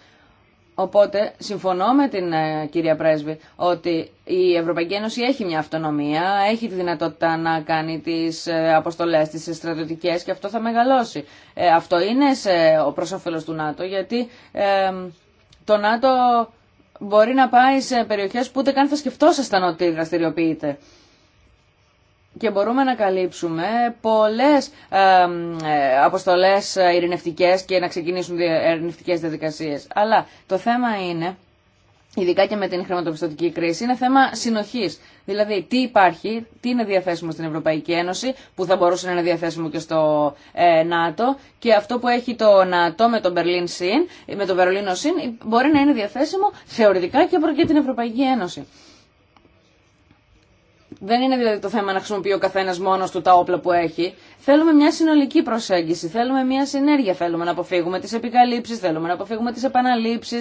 Οπότε συμφωνώ με την ε, κυρία Πρέσβη ότι η Ευρωπαϊκή Ένωση έχει μια αυτονομία, έχει τη δυνατότητα να κάνει τις ε, αποστολές τις στρατιωτικές και αυτό θα μεγαλώσει. Ε, αυτό είναι σε, ο του ΝΑΤΟ γιατί το ΝΑΤΟ μπορεί να πάει σε περιοχές που ούτε καν θα σκεφτόσασταν ότι δραστηριοποιείται και μπορούμε να καλύψουμε πολλές ε, αποστολές ε, ειρηνευτικές και να ξεκινήσουν ειρηνευτικές διαδικασίες. Αλλά το θέμα είναι, ειδικά και με την χρηματοπιστωτική κρίση, είναι θέμα συνοχής. Δηλαδή, τι υπάρχει, τι είναι διαθέσιμο στην Ευρωπαϊκή Ένωση, που θα μπορούσε να είναι διαθέσιμο και στο ε, ΝΑΤΟ, και αυτό που έχει το ΝΑΤΟ με τον Berlin Συν, με το Βερολίνο μπορεί να είναι διαθέσιμο θεωρητικά και προ την Ευρωπαϊκή Ένωση. Δεν είναι δηλαδή το θέμα να χρησιμοποιεί ο καθένα μόνο του τα όπλα που έχει. Θέλουμε μια συνολική προσέγγιση, θέλουμε μια συνέργεια. Θέλουμε να αποφύγουμε τι επικαλύψει, θέλουμε να αποφύγουμε τι επαναλήψει.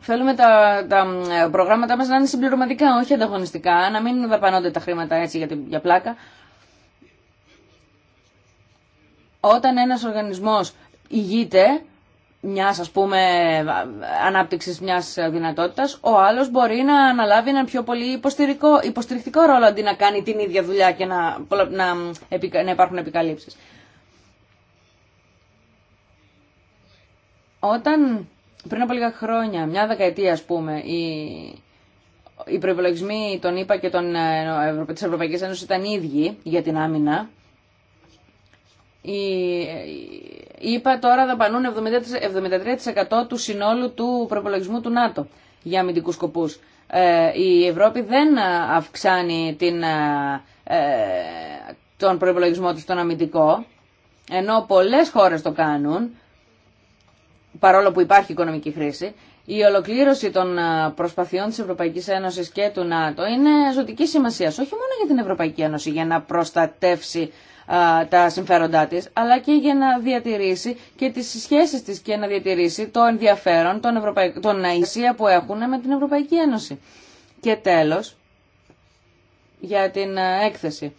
Θέλουμε τα, τα προγράμματα μα να είναι συμπληρωματικά, όχι ανταγωνιστικά, να μην δαπανώνται τα χρήματα έτσι για, την, για πλάκα. Όταν ένα οργανισμό ηγείται, μιας ας πούμε ανάπτυξης μιας δυνατότητας, ο άλλος μπορεί να αναλάβει έναν πιο πολύ υποστηρικτικό ρόλο αντί να κάνει την ίδια δουλειά και να, να, να υπάρχουν επικαλύψεις. Όταν πριν από λίγα χρόνια, μια δεκαετία ας πούμε, η, οι προπολογισμοί των ΗΠΑ και των, ε, Ευρωπαϊκής ήταν ίδιοι για την άμυνα, η, είπα τώρα δαπανούν 73% του συνόλου του προπολογισμού του ΝΑΤΟ για αμυντικούς σκοπούς. Ε, η Ευρώπη δεν αυξάνει την, ε, ε, τον προπολογισμό του στον αμυντικό, ενώ πολλές χώρες το κάνουν, παρόλο που υπάρχει οικονομική χρήση. Η ολοκλήρωση των προσπαθειών της Ευρωπαϊκής Ένωσης και του ΝΑΤΟ είναι ζωτική σημασία, όχι μόνο για την Ευρωπαϊκή Ένωση, για να προστατεύσει τα συμφέροντά της, αλλά και για να διατηρήσει και τις σχέσεις της και να διατηρήσει το ενδιαφέρον, τον, Ευρωπαϊ... αησία που έχουν με την Ευρωπαϊκή Ένωση. Και τέλος, για την έκθεση.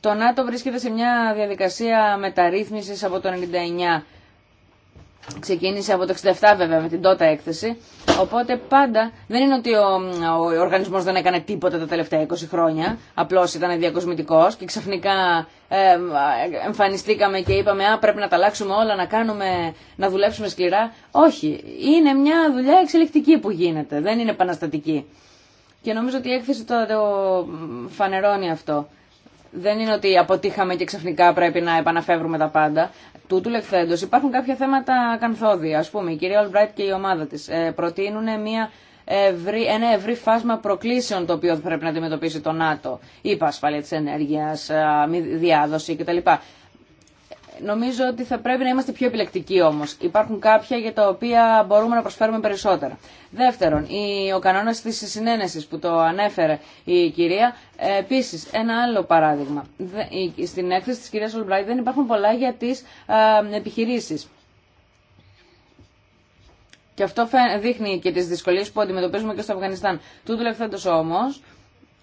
Το ΝΑΤΟ βρίσκεται σε μια διαδικασία μεταρρύθμισης από το 99 Ξεκίνησε από το 67 βέβαια με την τότε έκθεση. Οπότε πάντα δεν είναι ότι ο, ο οργανισμό δεν έκανε τίποτα τα τελευταία 20 χρόνια. Απλώ ήταν διακοσμητικό και ξαφνικά ε, εμφανιστήκαμε και είπαμε Α, πρέπει να τα αλλάξουμε όλα, να, κάνουμε, να δουλέψουμε σκληρά. Όχι. Είναι μια δουλειά εξελικτική που γίνεται. Δεν είναι επαναστατική. Και νομίζω ότι η έκθεση τώρα το φανερώνει αυτό δεν είναι ότι αποτύχαμε και ξαφνικά πρέπει να επαναφεύρουμε τα πάντα. Τούτου λεχθέντος υπάρχουν κάποια θέματα κανθόδια. Ας πούμε, η κυρία Ολμπράιτ και η ομάδα της ε, προτείνουν μια ευρύ, ένα ευρύ φάσμα προκλήσεων το οποίο πρέπει να αντιμετωπίσει το ΝΑΤΟ. Είπα ασφαλεία της ενέργειας, ε, διάδοση κτλ νομίζω ότι θα πρέπει να είμαστε πιο επιλεκτικοί όμως. Υπάρχουν κάποια για τα οποία μπορούμε να προσφέρουμε περισσότερα. Δεύτερον, ο κανόνα τη συνένεση που το ανέφερε η κυρία. Ε, επίσης, ένα άλλο παράδειγμα. Στην έκθεση της κυρίας Ολμπράιντ δεν υπάρχουν πολλά για τις επιχειρήσεις. Και αυτό δείχνει και τι δυσκολίε που αντιμετωπίζουμε και στο Αφγανιστάν. Τούτου λεφθέντο όμω.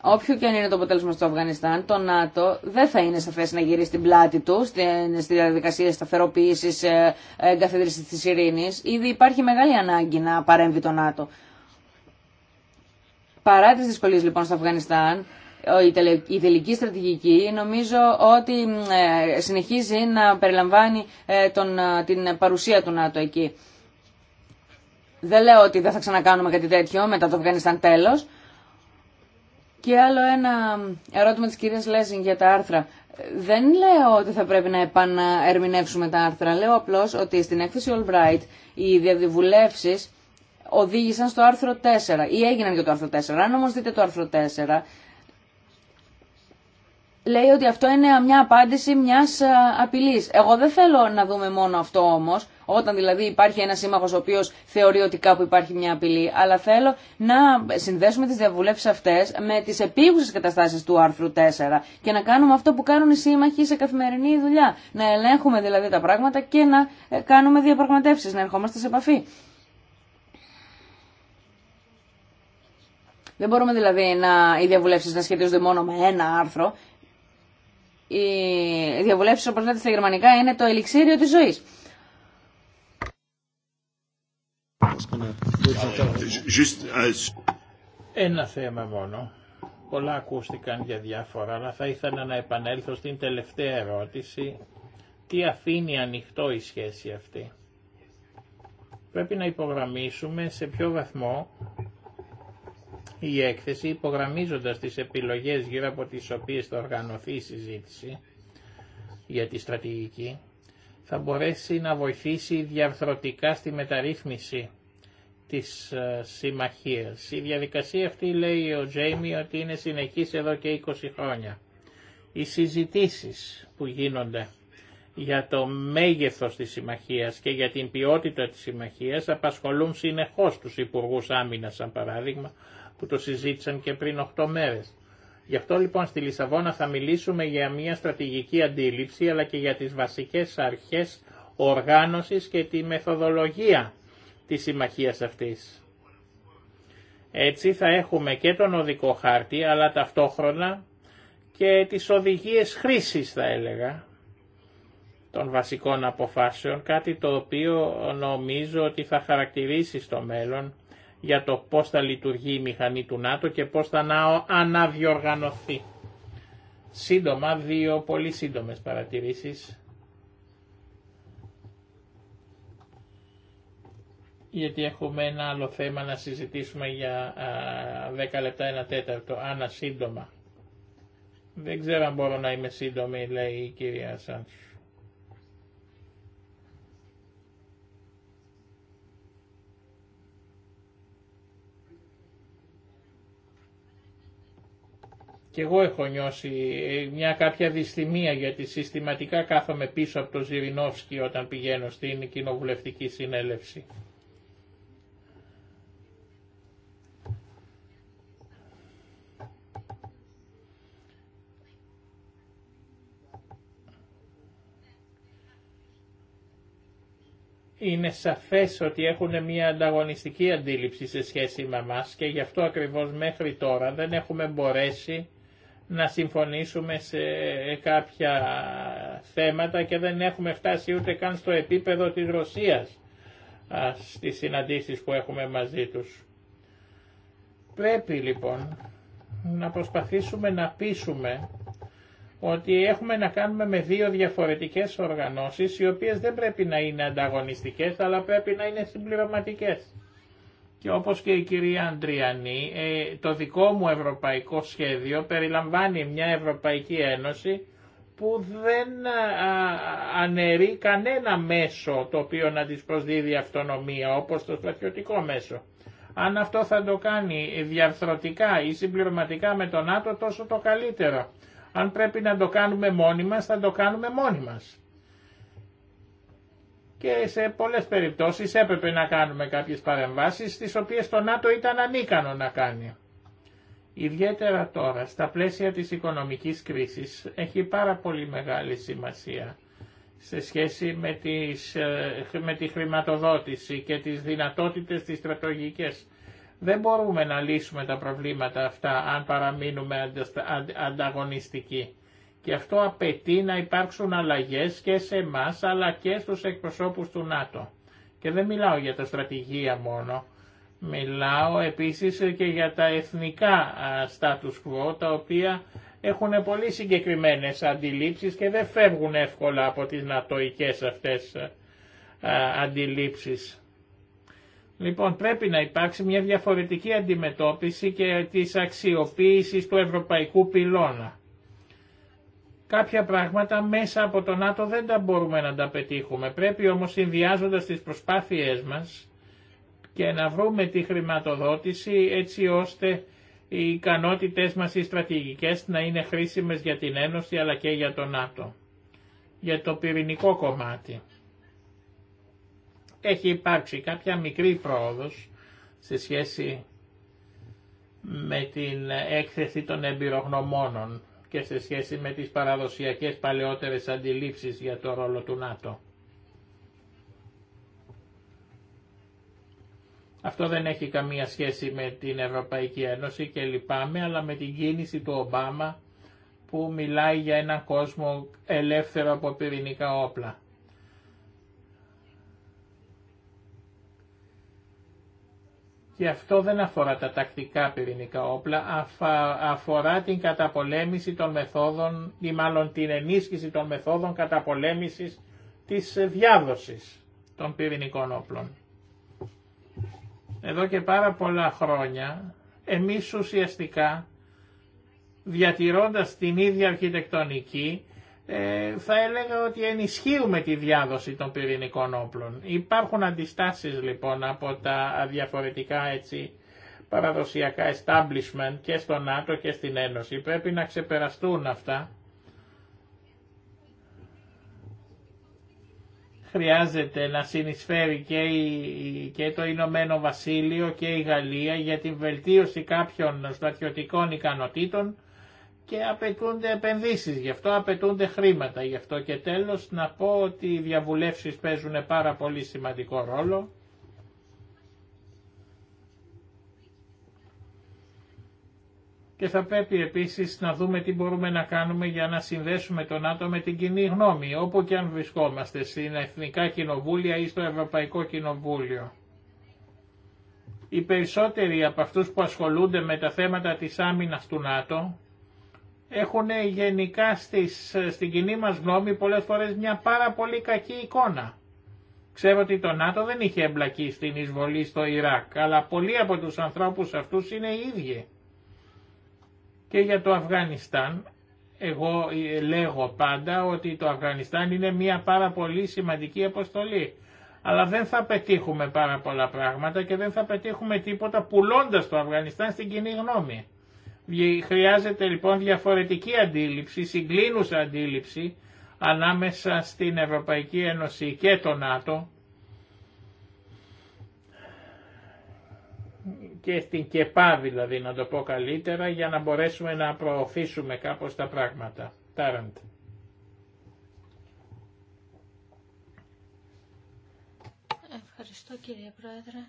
Όποιο και αν είναι το αποτέλεσμα στο Αφγανιστάν, το ΝΑΤΟ δεν θα είναι σε θέση να γυρίσει την πλάτη του στη διαδικασία σταθεροποίηση ε, ε, εγκαθίδρυση τη ειρήνη. Ήδη υπάρχει μεγάλη ανάγκη να παρέμβει το ΝΑΤΟ. Παρά τι δυσκολίε λοιπόν στο Αφγανιστάν, η τελική στρατηγική νομίζω ότι ε, συνεχίζει να περιλαμβάνει τον, την παρουσία του ΝΑΤΟ εκεί. Δεν λέω ότι δεν θα ξανακάνουμε κάτι τέτοιο μετά το Αφγανιστάν τέλος, και άλλο ένα ερώτημα της κυρίας Λέζιν για τα άρθρα. Δεν λέω ότι θα πρέπει να επαναερμηνεύσουμε τα άρθρα. Λέω απλώς ότι στην έκθεση Albright οι διαδιβουλεύσεις οδήγησαν στο άρθρο 4 ή έγιναν για το άρθρο 4. Αν όμως δείτε το άρθρο 4 λέει ότι αυτό είναι μια απάντηση μιας ε, απειλής. Εγώ δεν θέλω να δούμε μόνο αυτό όμως, όταν δηλαδή υπάρχει ένα σύμμαχος ο οποίος θεωρεί ότι κάπου υπάρχει μια απειλή, αλλά θέλω να συνδέσουμε τις διαβουλεύσεις αυτές με τις επίγουσες καταστάσεις του άρθρου 4 και να κάνουμε αυτό που κάνουν οι σύμμαχοι σε καθημερινή δουλειά. Να ελέγχουμε δηλαδή τα πράγματα και να ε, κάνουμε διαπραγματεύσεις, να ερχόμαστε σε επαφή. Δεν μπορούμε δηλαδή να, οι διαβουλεύσει να σχετίζονται μόνο με ένα άρθρο οι διαβουλεύσεις όπως λέτε στα γερμανικά είναι το ελιξίριο της ζωής. Ένα θέμα μόνο. Πολλά ακούστηκαν για διάφορα, αλλά θα ήθελα να επανέλθω στην τελευταία ερώτηση. Τι αφήνει ανοιχτό η σχέση αυτή. Πρέπει να υπογραμμίσουμε σε ποιο βαθμό η έκθεση υπογραμμίζοντας τις επιλογές γύρω από τις οποίες θα οργανωθεί η συζήτηση για τη στρατηγική, θα μπορέσει να βοηθήσει διαρθρωτικά στη μεταρρύθμιση της ε, συμμαχίας. Η διαδικασία αυτή λέει ο Τζέιμι ότι είναι συνεχής εδώ και 20 χρόνια. Οι συζητήσεις που γίνονται για το μέγεθος της συμμαχίας και για την ποιότητα της συμμαχίας απασχολούν συνεχώς τους Υπουργούς Άμυνας, σαν παράδειγμα, που το συζήτησαν και πριν 8 μέρες. Γι' αυτό λοιπόν στη Λισαβόνα θα μιλήσουμε για μια στρατηγική αντίληψη αλλά και για τις βασικές αρχές οργάνωσης και τη μεθοδολογία της συμμαχίας αυτής. Έτσι θα έχουμε και τον οδικό χάρτη αλλά ταυτόχρονα και τις οδηγίες χρήσης θα έλεγα των βασικών αποφάσεων, κάτι το οποίο νομίζω ότι θα χαρακτηρίσει στο μέλλον για το πώς θα λειτουργεί η μηχανή του ΝΑΤΟ και πώς θα αναδιοργανωθεί. Σύντομα, δύο πολύ σύντομες παρατηρήσεις. Γιατί έχουμε ένα άλλο θέμα να συζητήσουμε για 10 λεπτά, ένα τέταρτο, άνα σύντομα. Δεν ξέρω αν μπορώ να είμαι σύντομη, λέει η κυρία Σάντσου. Και εγώ έχω νιώσει ε, μια κάποια δυστημία γιατί συστηματικά κάθομαι πίσω από το Ζιρινόφσκι όταν πηγαίνω στην κοινοβουλευτική συνέλευση. είναι σαφές ότι έχουν μια ανταγωνιστική αντίληψη σε σχέση με μας και γι' αυτό ακριβώς μέχρι τώρα δεν έχουμε μπορέσει να συμφωνήσουμε σε κάποια θέματα και δεν έχουμε φτάσει ούτε καν στο επίπεδο της Ρωσίας στις συναντήσεις που έχουμε μαζί τους. Πρέπει λοιπόν να προσπαθήσουμε να πείσουμε ότι έχουμε να κάνουμε με δύο διαφορετικές οργανώσεις οι οποίες δεν πρέπει να είναι ανταγωνιστικές αλλά πρέπει να είναι συμπληρωματικές. Και όπως και η κυρία Αντριανή, ε, το δικό μου ευρωπαϊκό σχέδιο περιλαμβάνει μια Ευρωπαϊκή Ένωση που δεν αναιρεί κανένα μέσο το οποίο να της προσδίδει αυτονομία, όπως το στρατιωτικό μέσο. Αν αυτό θα το κάνει διαρθρωτικά ή συμπληρωματικά με τον Άτο, τόσο το καλύτερο. Αν πρέπει να το κάνουμε μόνοι μας, θα το κάνουμε μόνοι μας και σε πολλές περιπτώσεις έπρεπε να κάνουμε κάποιες παρεμβάσεις τις οποίες το ΝΑΤΟ ήταν ανίκανο να κάνει. Ιδιαίτερα τώρα, στα πλαίσια της οικονομικής κρίσης, έχει πάρα πολύ μεγάλη σημασία σε σχέση με, τις, ε, με τη χρηματοδότηση και τις δυνατότητες της στρατογικές. Δεν μπορούμε να λύσουμε τα προβλήματα αυτά αν παραμείνουμε ανταγωνιστικοί και αυτό απαιτεί να υπάρξουν αλλαγές και σε εμά αλλά και στους εκπροσώπους του ΝΑΤΟ. Και δεν μιλάω για τα στρατηγία μόνο, μιλάω επίσης και για τα εθνικά status quo τα οποία έχουν πολύ συγκεκριμένες αντιλήψεις και δεν φεύγουν εύκολα από τις νατοικές αυτές αντιλήψεις. Λοιπόν, πρέπει να υπάρξει μια διαφορετική αντιμετώπιση και της αξιοποίησης του ευρωπαϊκού πυλώνα. Κάποια πράγματα μέσα από το ΝΑΤΟ δεν τα μπορούμε να τα πετύχουμε. Πρέπει όμως συνδυάζοντας τις προσπάθειές μας και να βρούμε τη χρηματοδότηση έτσι ώστε οι ικανότητες μας οι στρατηγικές να είναι χρήσιμες για την Ένωση αλλά και για το ΝΑΤΟ. Για το πυρηνικό κομμάτι. Έχει υπάρξει κάποια μικρή πρόοδος σε σχέση με την έκθεση των εμπειρογνωμόνων και σε σχέση με τις παραδοσιακές παλαιότερες αντιλήψεις για το ρόλο του ΝΑΤΟ. Αυτό δεν έχει καμία σχέση με την Ευρωπαϊκή Ένωση και λυπάμαι, αλλά με την κίνηση του Ομπάμα που μιλάει για έναν κόσμο ελεύθερο από πυρηνικά όπλα. και αυτό δεν αφορά τα τακτικά πυρηνικά όπλα, αφορά την καταπολέμηση των μεθόδων ή μάλλον την ενίσχυση των μεθόδων καταπολέμησης της διάδοσης των πυρηνικών όπλων. Εδώ και πάρα πολλά χρόνια εμείς ουσιαστικά διατηρώντας την ίδια αρχιτεκτονική ε, θα έλεγα ότι ενισχύουμε τη διάδοση των πυρηνικών όπλων. Υπάρχουν αντιστάσεις λοιπόν από τα διαφορετικά έτσι παραδοσιακά establishment και στο ΝΑΤΟ και στην Ένωση. Πρέπει να ξεπεραστούν αυτά. Χρειάζεται να συνεισφέρει και, η, και το Ηνωμένο Βασίλειο και η Γαλλία για την βελτίωση κάποιων στρατιωτικών ικανοτήτων και απαιτούνται επενδύσεις, γι' αυτό απαιτούνται χρήματα. Γι' αυτό και τέλος να πω ότι οι διαβουλεύσεις παίζουν πάρα πολύ σημαντικό ρόλο. Και θα πρέπει επίσης να δούμε τι μπορούμε να κάνουμε για να συνδέσουμε τον άτομο με την κοινή γνώμη, όπου και αν βρισκόμαστε, στην Εθνικά Κοινοβούλια ή στο Ευρωπαϊκό Κοινοβούλιο. Οι περισσότεροι από αυτούς που ασχολούνται με τα θέματα της άμυνας του ΝΑΤΟ έχουν γενικά στις, στην κοινή μας γνώμη πολλές φορές μια πάρα πολύ κακή εικόνα. Ξέρω ότι το ΝΑΤΟ δεν είχε εμπλακεί στην εισβολή στο Ιράκ, αλλά πολλοί από τους ανθρώπους αυτούς είναι οι ίδιοι. Και για το Αφγανιστάν, εγώ ε, λέγω πάντα ότι το Αφγανιστάν είναι μια πάρα πολύ σημαντική αποστολή. Αλλά δεν θα πετύχουμε πάρα πολλά πράγματα και δεν θα πετύχουμε τίποτα πουλώντας το Αφγανιστάν στην κοινή γνώμη. Χρειάζεται λοιπόν διαφορετική αντίληψη, συγκλίνουσα αντίληψη ανάμεσα στην Ευρωπαϊκή Ένωση και το ΝΑΤΟ και στην ΚΕΠΑ δηλαδή να το πω καλύτερα για να μπορέσουμε να προωθήσουμε κάπως τα πράγματα. Τάραντ. Ευχαριστώ κύριε Πρόεδρε.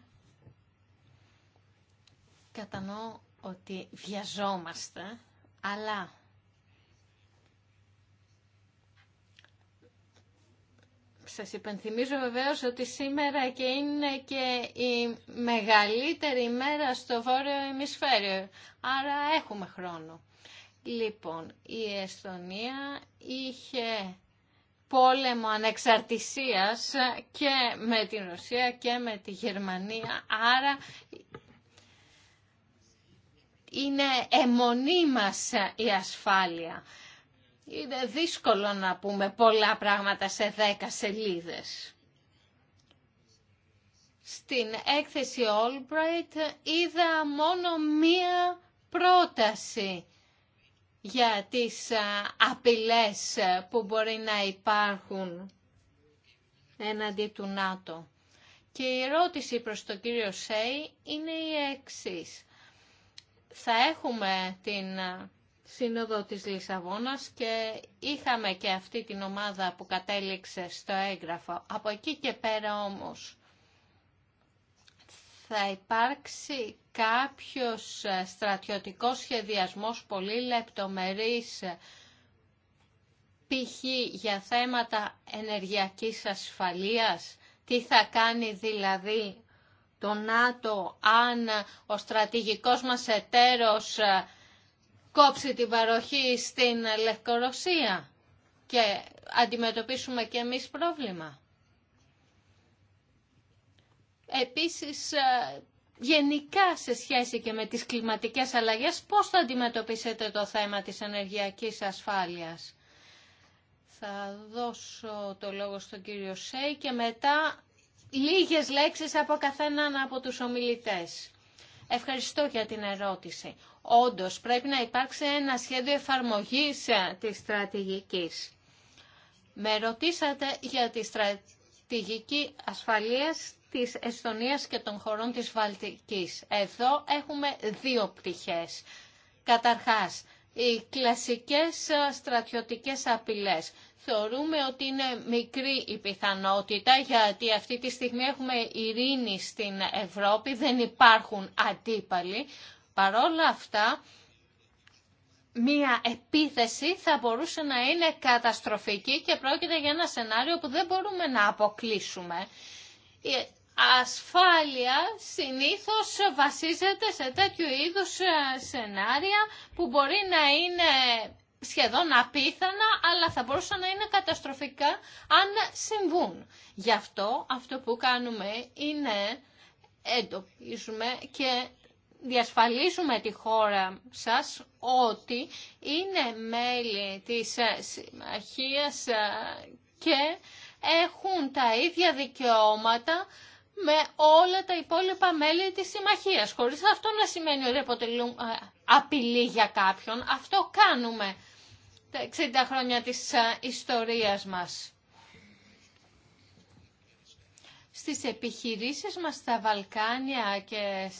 Κατανοώ ότι βιαζόμαστε, αλλά σας υπενθυμίζω βεβαίως ότι σήμερα και είναι και η μεγαλύτερη ημέρα στο βόρειο ημισφαίριο, άρα έχουμε χρόνο. Λοιπόν, η Εστονία είχε πόλεμο ανεξαρτησίας και με την Ρωσία και με τη Γερμανία, άρα είναι αιμονή μας η ασφάλεια. Είναι δύσκολο να πούμε πολλά πράγματα σε δέκα σελίδες. Στην έκθεση Albright είδα μόνο μία πρόταση για τις απειλές που μπορεί να υπάρχουν έναντι του ΝΑΤΟ. Και η ερώτηση προς τον κύριο Σέι είναι η εξής θα έχουμε την ε, Σύνοδο της Λισαβόνας και είχαμε και αυτή την ομάδα που κατέληξε στο έγγραφο. Από εκεί και πέρα όμως θα υπάρξει κάποιος ε, στρατιωτικός σχεδιασμός πολύ λεπτομερής ε, π.χ. για θέματα ενεργειακής ασφαλείας, τι θα κάνει δηλαδή το ΝΑΤΟ αν ο στρατηγικός μας εταίρος ε, κόψει την παροχή στην Λευκορωσία και αντιμετωπίσουμε και εμείς πρόβλημα. Επίσης, ε, γενικά σε σχέση και με τις κλιματικές αλλαγές, πώς θα αντιμετωπίσετε το θέμα της ενεργειακής ασφάλειας. Θα δώσω το λόγο στον κύριο Σέι και μετά λίγες λέξεις από καθέναν από τους ομιλητές. Ευχαριστώ για την ερώτηση. Όντως, πρέπει να υπάρξει ένα σχέδιο εφαρμογής ε, της στρατηγικής. Με ρωτήσατε για τη στρατηγική ασφαλείας της Εστονίας και των χωρών της Βαλτικής. Εδώ έχουμε δύο πτυχές. Καταρχάς, οι κλασικές ε, στρατιωτικές απειλές. Θεωρούμε ότι είναι μικρή η πιθανότητα γιατί αυτή τη στιγμή έχουμε ειρήνη στην Ευρώπη, δεν υπάρχουν αντίπαλοι. Παρόλα αυτά, μία επίθεση θα μπορούσε να είναι καταστροφική και πρόκειται για ένα σενάριο που δεν μπορούμε να αποκλείσουμε. Η ασφάλεια συνήθως βασίζεται σε τέτοιου είδους ε, σενάρια που μπορεί να είναι σχεδόν απίθανα, αλλά θα μπορούσαν να είναι καταστροφικά αν συμβούν. Γι' αυτό αυτό που κάνουμε είναι εντοπίζουμε και διασφαλίζουμε τη χώρα σας ότι είναι μέλη της συμμαχίας και έχουν τα ίδια δικαιώματα με όλα τα υπόλοιπα μέλη της συμμαχίας, χωρίς αυτό να σημαίνει ότι αποτελούν ε, απειλή για κάποιον. Αυτό κάνουμε τα 60 χρόνια της ε, ιστορίας μας. Στις επιχειρήσεις μας στα Βαλκάνια και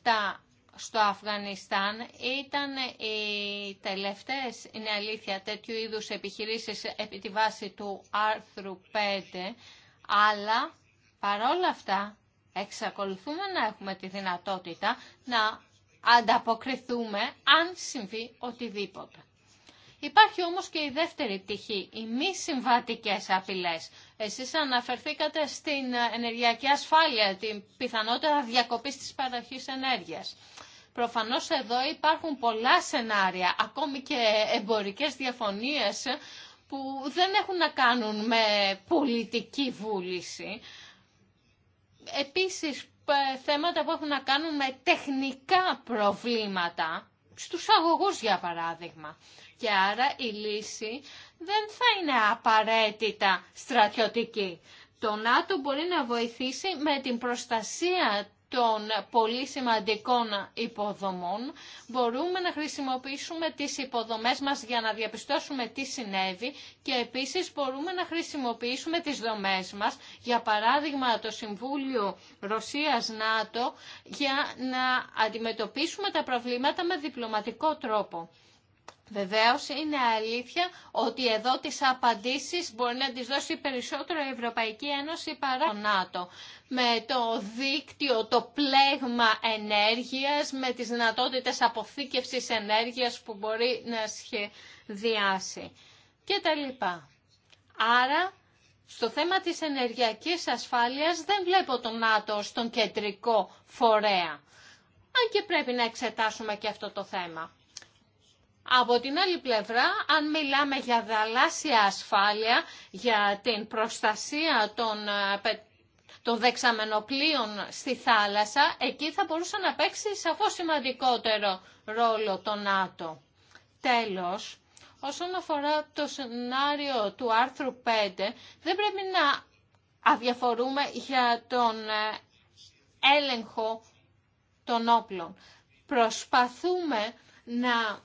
στα, στο Αφγανιστάν ήταν οι τελευταίες, είναι αλήθεια, τέτοιου είδους επιχειρήσεις επί τη βάση του άρθρου 5, αλλά παρόλα αυτά εξακολουθούμε να έχουμε τη δυνατότητα να ανταποκριθούμε αν συμβεί οτιδήποτε. Υπάρχει όμως και η δεύτερη πτυχή, οι μη συμβατικές απειλές. Εσείς αναφερθήκατε στην ενεργειακή ασφάλεια, την πιθανότητα διακοπής της παροχής ενέργειας. Προφανώς εδώ υπάρχουν πολλά σενάρια, ακόμη και εμπορικές διαφωνίες που δεν έχουν να κάνουν με πολιτική βούληση, επίσης θέματα που έχουν να κάνουν με τεχνικά προβλήματα, στους αγωγούς για παράδειγμα. Και άρα η λύση δεν θα είναι απαραίτητα στρατιωτική. Το ΝΑΤΟ μπορεί να βοηθήσει με την προστασία των πολύ σημαντικών υποδομών, μπορούμε να χρησιμοποιήσουμε τις υποδομές μας για να διαπιστώσουμε τι συνέβη και επίσης μπορούμε να χρησιμοποιήσουμε τις δομές μας, για παράδειγμα το Συμβούλιο Ρωσίας-ΝΑΤΟ, για να αντιμετωπίσουμε τα προβλήματα με διπλωματικό τρόπο. Βεβαίως είναι αλήθεια ότι εδώ τις απαντήσεις μπορεί να τις δώσει περισσότερο η Ευρωπαϊκή Ένωση παρά το ΝΑΤΟ. Με το δίκτυο, το πλέγμα ενέργειας, με τις δυνατότητες αποθήκευσης ενέργειας που μπορεί να σχεδιάσει και τα λοιπά. Άρα, στο θέμα της ενεργειακής ασφάλειας δεν βλέπω τον ΝΑΤΟ στον κεντρικό φορέα. Αν και πρέπει να εξετάσουμε και αυτό το θέμα. Από την άλλη πλευρά, αν μιλάμε για δαλάσια ασφάλεια, για την προστασία των ε, των δεξαμενοπλοίων στη θάλασσα, εκεί θα μπορούσε να παίξει σαφώς σημαντικότερο ρόλο το ΝΑΤΟ. Τέλος, όσον αφορά το σενάριο του άρθρου 5, δεν πρέπει να αδιαφορούμε για τον ε, έλεγχο των όπλων. Προσπαθούμε να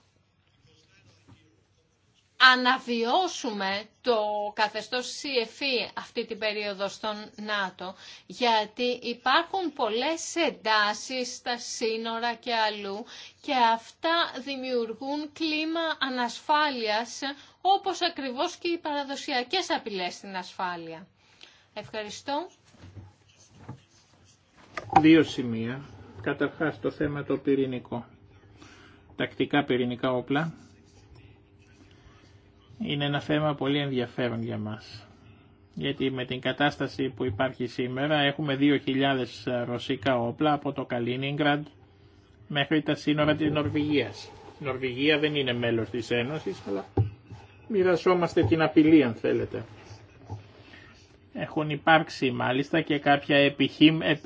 αναβιώσουμε το καθεστώς CFE αυτή την περίοδο στον ΝΑΤΟ, γιατί υπάρχουν πολλές εντάσεις στα σύνορα και αλλού και αυτά δημιουργούν κλίμα ανασφάλειας, όπως ακριβώς και οι παραδοσιακές απειλές στην ασφάλεια. Ευχαριστώ. Δύο σημεία. Καταρχάς το θέμα το πυρηνικό. Τακτικά πυρηνικά όπλα είναι ένα θέμα πολύ ενδιαφέρον για μας. Γιατί με την κατάσταση που υπάρχει σήμερα έχουμε 2.000 ρωσικά όπλα από το Καλίνιγκραντ μέχρι τα σύνορα της Νορβηγίας. Η Νορβηγία δεν είναι μέλος της Ένωσης, αλλά μοιραζόμαστε την απειλή αν θέλετε. Έχουν υπάρξει μάλιστα και κάποια ε,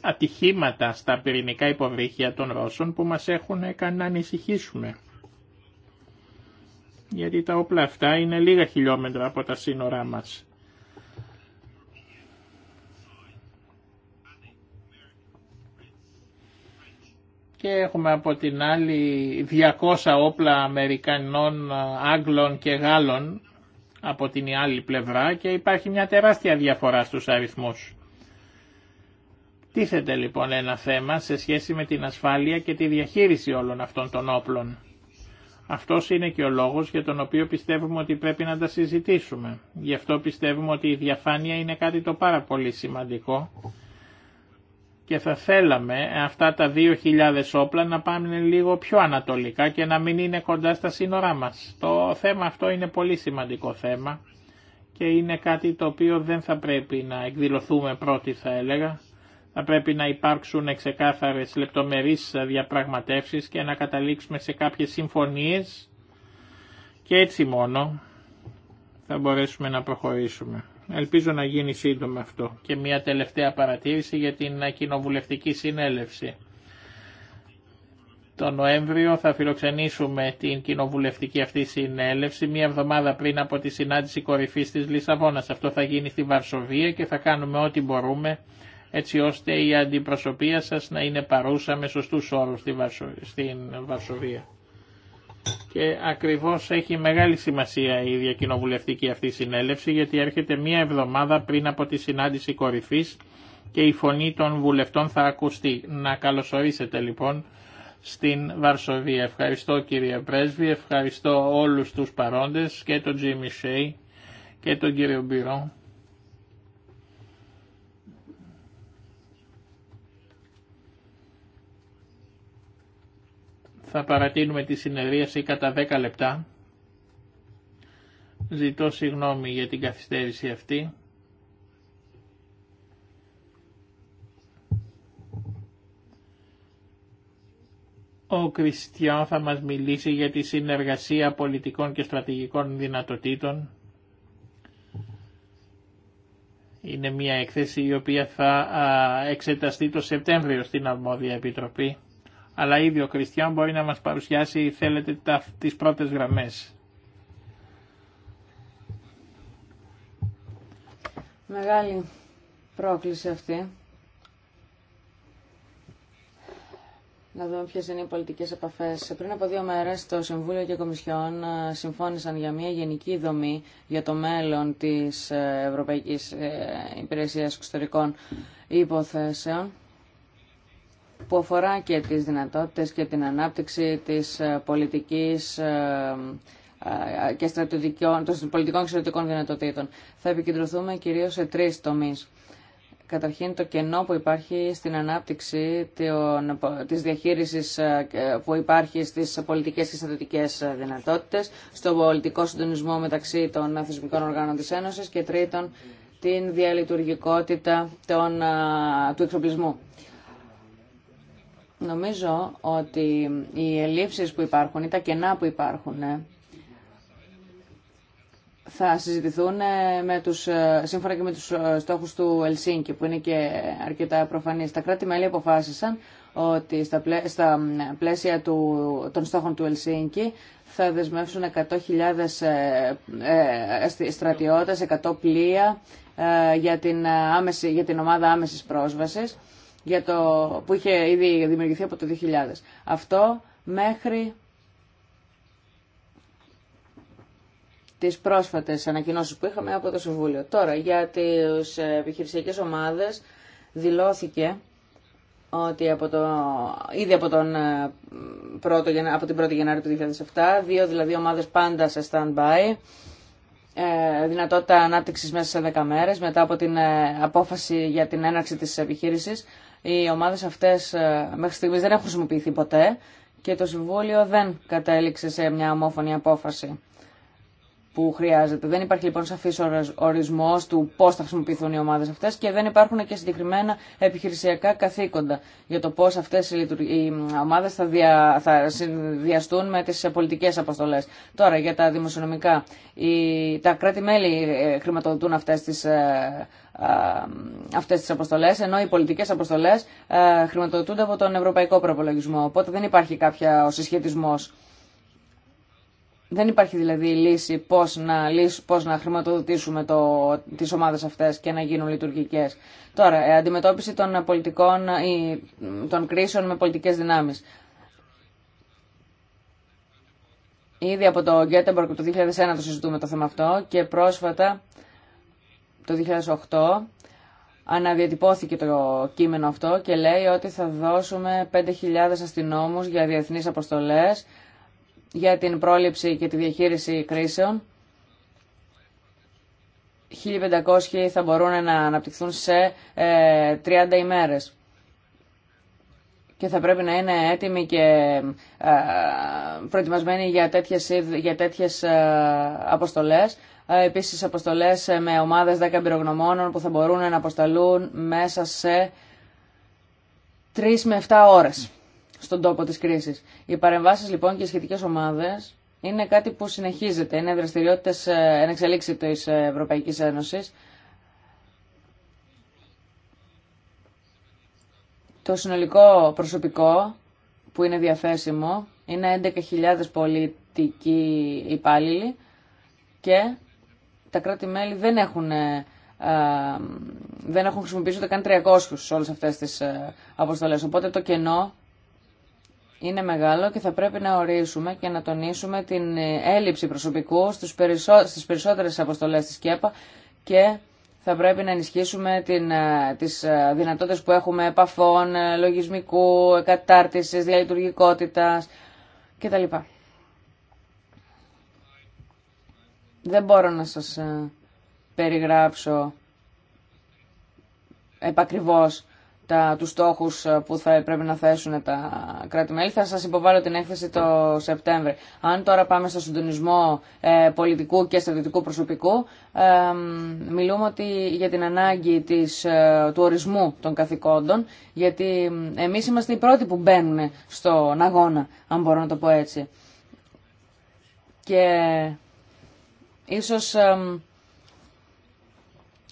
ατυχήματα στα πυρηνικά υποβρύχια των Ρώσων που μας έχουν ε, κάνει να ανησυχήσουμε γιατί τα όπλα αυτά είναι λίγα χιλιόμετρα από τα σύνορά μας. και έχουμε από την άλλη 200 όπλα Αμερικανών, Άγγλων και Γάλλων από την άλλη πλευρά και υπάρχει μια τεράστια διαφορά στους αριθμούς. Τίθεται λοιπόν ένα θέμα σε σχέση με την ασφάλεια και τη διαχείριση όλων αυτών των όπλων. Αυτός είναι και ο λόγος για τον οποίο πιστεύουμε ότι πρέπει να τα συζητήσουμε. Γι' αυτό πιστεύουμε ότι η διαφάνεια είναι κάτι το πάρα πολύ σημαντικό και θα θέλαμε αυτά τα 2.000 όπλα να πάνε λίγο πιο ανατολικά και να μην είναι κοντά στα σύνορά μας. Το θέμα αυτό είναι πολύ σημαντικό θέμα και είναι κάτι το οποίο δεν θα πρέπει να εκδηλωθούμε πρώτοι θα έλεγα θα πρέπει να υπάρξουν ξεκάθαρες λεπτομερείς διαπραγματεύσεις και να καταλήξουμε σε κάποιες συμφωνίες και έτσι μόνο θα μπορέσουμε να προχωρήσουμε. Ελπίζω να γίνει σύντομα αυτό. Και μια τελευταία παρατήρηση για την κοινοβουλευτική συνέλευση. Το Νοέμβριο θα φιλοξενήσουμε την κοινοβουλευτική αυτή συνέλευση μία εβδομάδα πριν από τη συνάντηση κορυφής της Λισαβόνας. Αυτό θα γίνει στη Βαρσοβία και θα κάνουμε ό,τι μπορούμε έτσι ώστε η αντιπροσωπεία σας να είναι παρούσα με σωστούς όρους στην Βαρσοβία. Και ακριβώς έχει μεγάλη σημασία η διακοινοβουλευτική αυτή συνέλευση γιατί έρχεται μία εβδομάδα πριν από τη συνάντηση κορυφής και η φωνή των βουλευτών θα ακουστεί. Να καλωσορίσετε λοιπόν στην Βαρσοβία. Ευχαριστώ κύριε Πρέσβη, ευχαριστώ όλους τους παρόντες και τον Τζίμι Σέι και τον κύριο Μπυρό. θα παρατείνουμε τη συνεδρίαση κατά 10 λεπτά. Ζητώ συγγνώμη για την καθυστέρηση αυτή. Ο Κριστιαν θα μας μιλήσει για τη συνεργασία πολιτικών και στρατηγικών δυνατοτήτων. Είναι μια έκθεση η οποία θα εξεταστεί το Σεπτέμβριο στην Αρμόδια Επιτροπή αλλά ήδη ο Κριστιαν μπορεί να μας παρουσιάσει, θέλετε, τα, τις πρώτες γραμμές. Μεγάλη πρόκληση αυτή. Να δούμε ποιε είναι οι πολιτικέ επαφέ. Πριν από δύο μέρε, το Συμβούλιο και η Κομισιόν ε, συμφώνησαν για μια γενική δομή για το μέλλον τη ε, Ευρωπαϊκή ε, Υπηρεσία Εξωτερικών Υποθέσεων που αφορά και τις δυνατότητες και την ανάπτυξη της ε, πολιτικής ε, ε, και των πολιτικών και στρατιωτικών δυνατοτήτων. Θα επικεντρωθούμε κυρίως σε τρεις τομείς. Καταρχήν το κενό που υπάρχει στην ανάπτυξη της διαχείρισης που υπάρχει στις πολιτικές και στρατιωτικές δυνατότητες, στο πολιτικό συντονισμό μεταξύ των θεσμικών οργάνων της Ένωσης και τρίτον την διαλειτουργικότητα των, του εξοπλισμού. Νομίζω ότι οι ελλείψεις που υπάρχουν ή τα κενά που υπάρχουν ε, θα συζητηθούν ε, με τους, ε, σύμφωνα και με τους στόχους του Ελσίνκη που είναι και αρκετά προφανείς. Τα κράτη-μέλη αποφάσισαν ότι στα, στα πλαίσια του, των στόχων του Ελσίνκη θα δεσμεύσουν 100.000 στρατιώτες, 100 πλοία για την, άμεση, για την ομάδα άμεσης πρόσβασης για το, που είχε ήδη δημιουργηθεί από το 2000. Αυτό μέχρι τις πρόσφατες ανακοινώσεις που είχαμε από το Συμβούλιο. Τώρα, για τις επιχειρησιακές ομάδες δηλώθηκε ότι από το, ήδη από, τον ε, από την 1η Γενάρη του 2007, δύο δηλαδή ομάδες πάντα σε stand-by, ε, δυνατότητα ανάπτυξης μέσα σε 10 μέρες μετά από την ε, απόφαση για την έναρξη της επιχείρησης. Οι ομάδε αυτές ε, μέχρι στιγμής δεν έχουν χρησιμοποιηθεί ποτέ και το Συμβούλιο δεν κατέληξε σε μια ομόφωνη απόφαση που χρειάζεται. Δεν υπάρχει λοιπόν σαφή ορισμό του πώ θα χρησιμοποιηθούν οι ομάδε αυτέ και δεν υπάρχουν και συγκεκριμένα επιχειρησιακά καθήκοντα για το πώ αυτέ οι ομάδε θα, θα συνδυαστούν με τι πολιτικέ αποστολέ. Τώρα για τα δημοσιονομικά. τα κράτη-μέλη ε, χρηματοδοτούν αυτέ τι ε, ε, αυτές τις αποστολές, ενώ οι πολιτικές αποστολές χρηματοδοτούνται από τον Ευρωπαϊκό Προπολογισμό. Οπότε δεν υπάρχει κάποια ο συσχετισμός. Δεν υπάρχει δηλαδή λύση πώς να, πώς να χρηματοδοτήσουμε το, τις ομάδες αυτές και να γίνουν λειτουργικές. Τώρα, ε, αντιμετώπιση των, πολιτικών, ή, ε, των κρίσεων με πολιτικές δυνάμεις. Ήδη από το Γκέτεμπορκ το 2001 το συζητούμε το θέμα αυτό και πρόσφατα το 2008 αναδιατυπώθηκε το κείμενο αυτό και λέει ότι θα δώσουμε 5.000 αστυνόμους για διεθνείς αποστολές για την πρόληψη και τη διαχείριση κρίσεων. 1.500 θα μπορούν να αναπτυχθούν σε 30 ε, ημέρες και θα πρέπει να είναι έτοιμοι και ε, προετοιμασμένοι για τέτοιες, για τέτοιες ε, αποστολές. Επίσης αποστολές με ομάδες 10 εμπειρογνωμόνων που θα μπορούν να αποσταλούν μέσα σε 3 με 7 ώρες στον τόπο της κρίσης. Οι παρεμβάσεις λοιπόν και οι σχετικές ομάδες είναι κάτι που συνεχίζεται. Είναι δραστηριότητες ε, εν εξελίξη της Ευρωπαϊκής Ένωσης. Το συνολικό προσωπικό που είναι διαθέσιμο είναι 11.000 πολιτικοί υπάλληλοι και τα κράτη-μέλη δεν έχουν, ε, ε, δεν έχουν χρησιμοποιήσει ούτε καν 300 σε όλες αυτές τις αποστολές. Οπότε το κενό είναι μεγάλο και θα πρέπει να ορίσουμε και να τονίσουμε την ε, έλλειψη προσωπικού στους περισσο... στις περισσότερες αποστολές της ΚΕΠΑ και θα πρέπει να ενισχύσουμε την, ε, τις ε, δυνατότητες που έχουμε επαφών, λογισμικού, κατάρτισης, διαλειτουργικότητας κτλ. Δεν μπορώ να σας περιγράψω επακριβώς τα, τους στόχους ε, που θα πρέπει να θέσουν τα κράτη-μέλη. Θα σας υποβάλω την έκθεση το Σεπτέμβρη. Αν τώρα πάμε στο συντονισμό ε, πολιτικού και στρατιωτικού προσωπικού, ε, μιλούμε ότι για την ανάγκη της, του ορισμού των καθηκόντων, γιατί εμείς είμαστε οι πρώτοι που μπαίνουν στον αγώνα, αν μπορώ να το πω έτσι. Και ίσως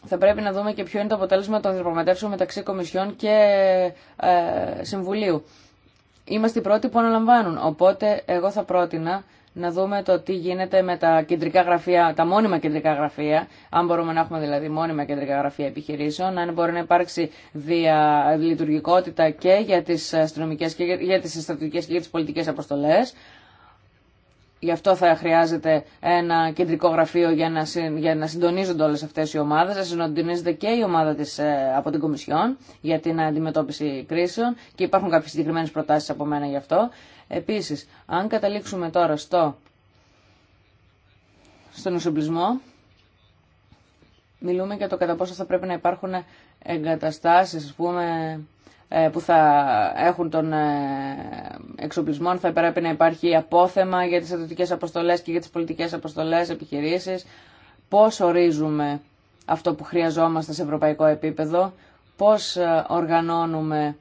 θα πρέπει να δούμε και ποιο είναι το αποτέλεσμα των διαπραγματεύσεων μεταξύ Κομισιόν και ε, Συμβουλίου. Είμαστε οι πρώτοι που αναλαμβάνουν, οπότε εγώ θα πρότεινα να δούμε το τι γίνεται με τα κεντρικά γραφεία, τα μόνιμα κεντρικά γραφεία, αν μπορούμε να έχουμε δηλαδή μόνιμα κεντρικά γραφεία επιχειρήσεων, αν μπορεί να υπάρξει δια, λειτουργικότητα και για τις αστυνομικές και για τις στρατιωτικές και για τις πολιτικές αποστολές. Γι' αυτό θα χρειάζεται ένα κεντρικό γραφείο για να, για να συντονίζονται όλες αυτές οι ομάδες, να συντονίζεται και η ομάδα της, ε, από την Κομισιόν για την αντιμετώπιση κρίσεων και υπάρχουν κάποιες συγκεκριμένε προτάσεις από μένα γι' αυτό. Επίσης, αν καταλήξουμε τώρα στο, στον εξοπλισμό, μιλούμε για το κατά πόσο θα πρέπει να υπάρχουν εγκαταστάσεις, ας πούμε, ε, που θα έχουν τον ε, εξοπλισμό, θα πρέπει να υπάρχει απόθεμα για τις στρατιωτικές αποστολές και για τις πολιτικές αποστολές, επιχειρήσεις. Πώς ορίζουμε αυτό που χρειαζόμαστε σε ευρωπαϊκό επίπεδο, πώς ε, οργανώνουμε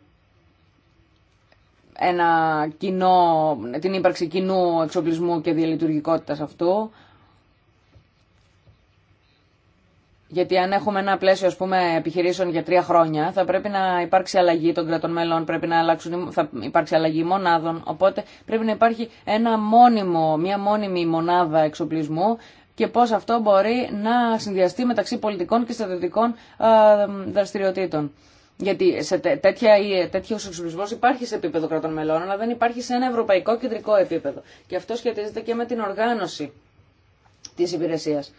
ένα κοινό, την ύπαρξη κοινού εξοπλισμού και διαλειτουργικότητας αυτού, Γιατί αν έχουμε ένα πλαίσιο ας πούμε, επιχειρήσεων για τρία χρόνια, θα πρέπει να υπάρξει αλλαγή των κρατών μέλων, πρέπει να αλλάξουν, θα υπάρξει αλλαγή μονάδων. Οπότε πρέπει να υπάρχει ένα μόνιμο, μια μόνιμη μονάδα εξοπλισμού και πώς αυτό μπορεί να συνδυαστεί μεταξύ πολιτικών και στρατιωτικών ε, δραστηριοτήτων. Γιατί σε τέτοια, ε, τέτοιος εξοπλισμό υπάρχει σε επίπεδο κρατών μελών, αλλά δεν υπάρχει σε ένα ευρωπαϊκό κεντρικό επίπεδο. Και αυτό σχετίζεται και με την οργάνωση της υπηρεσίας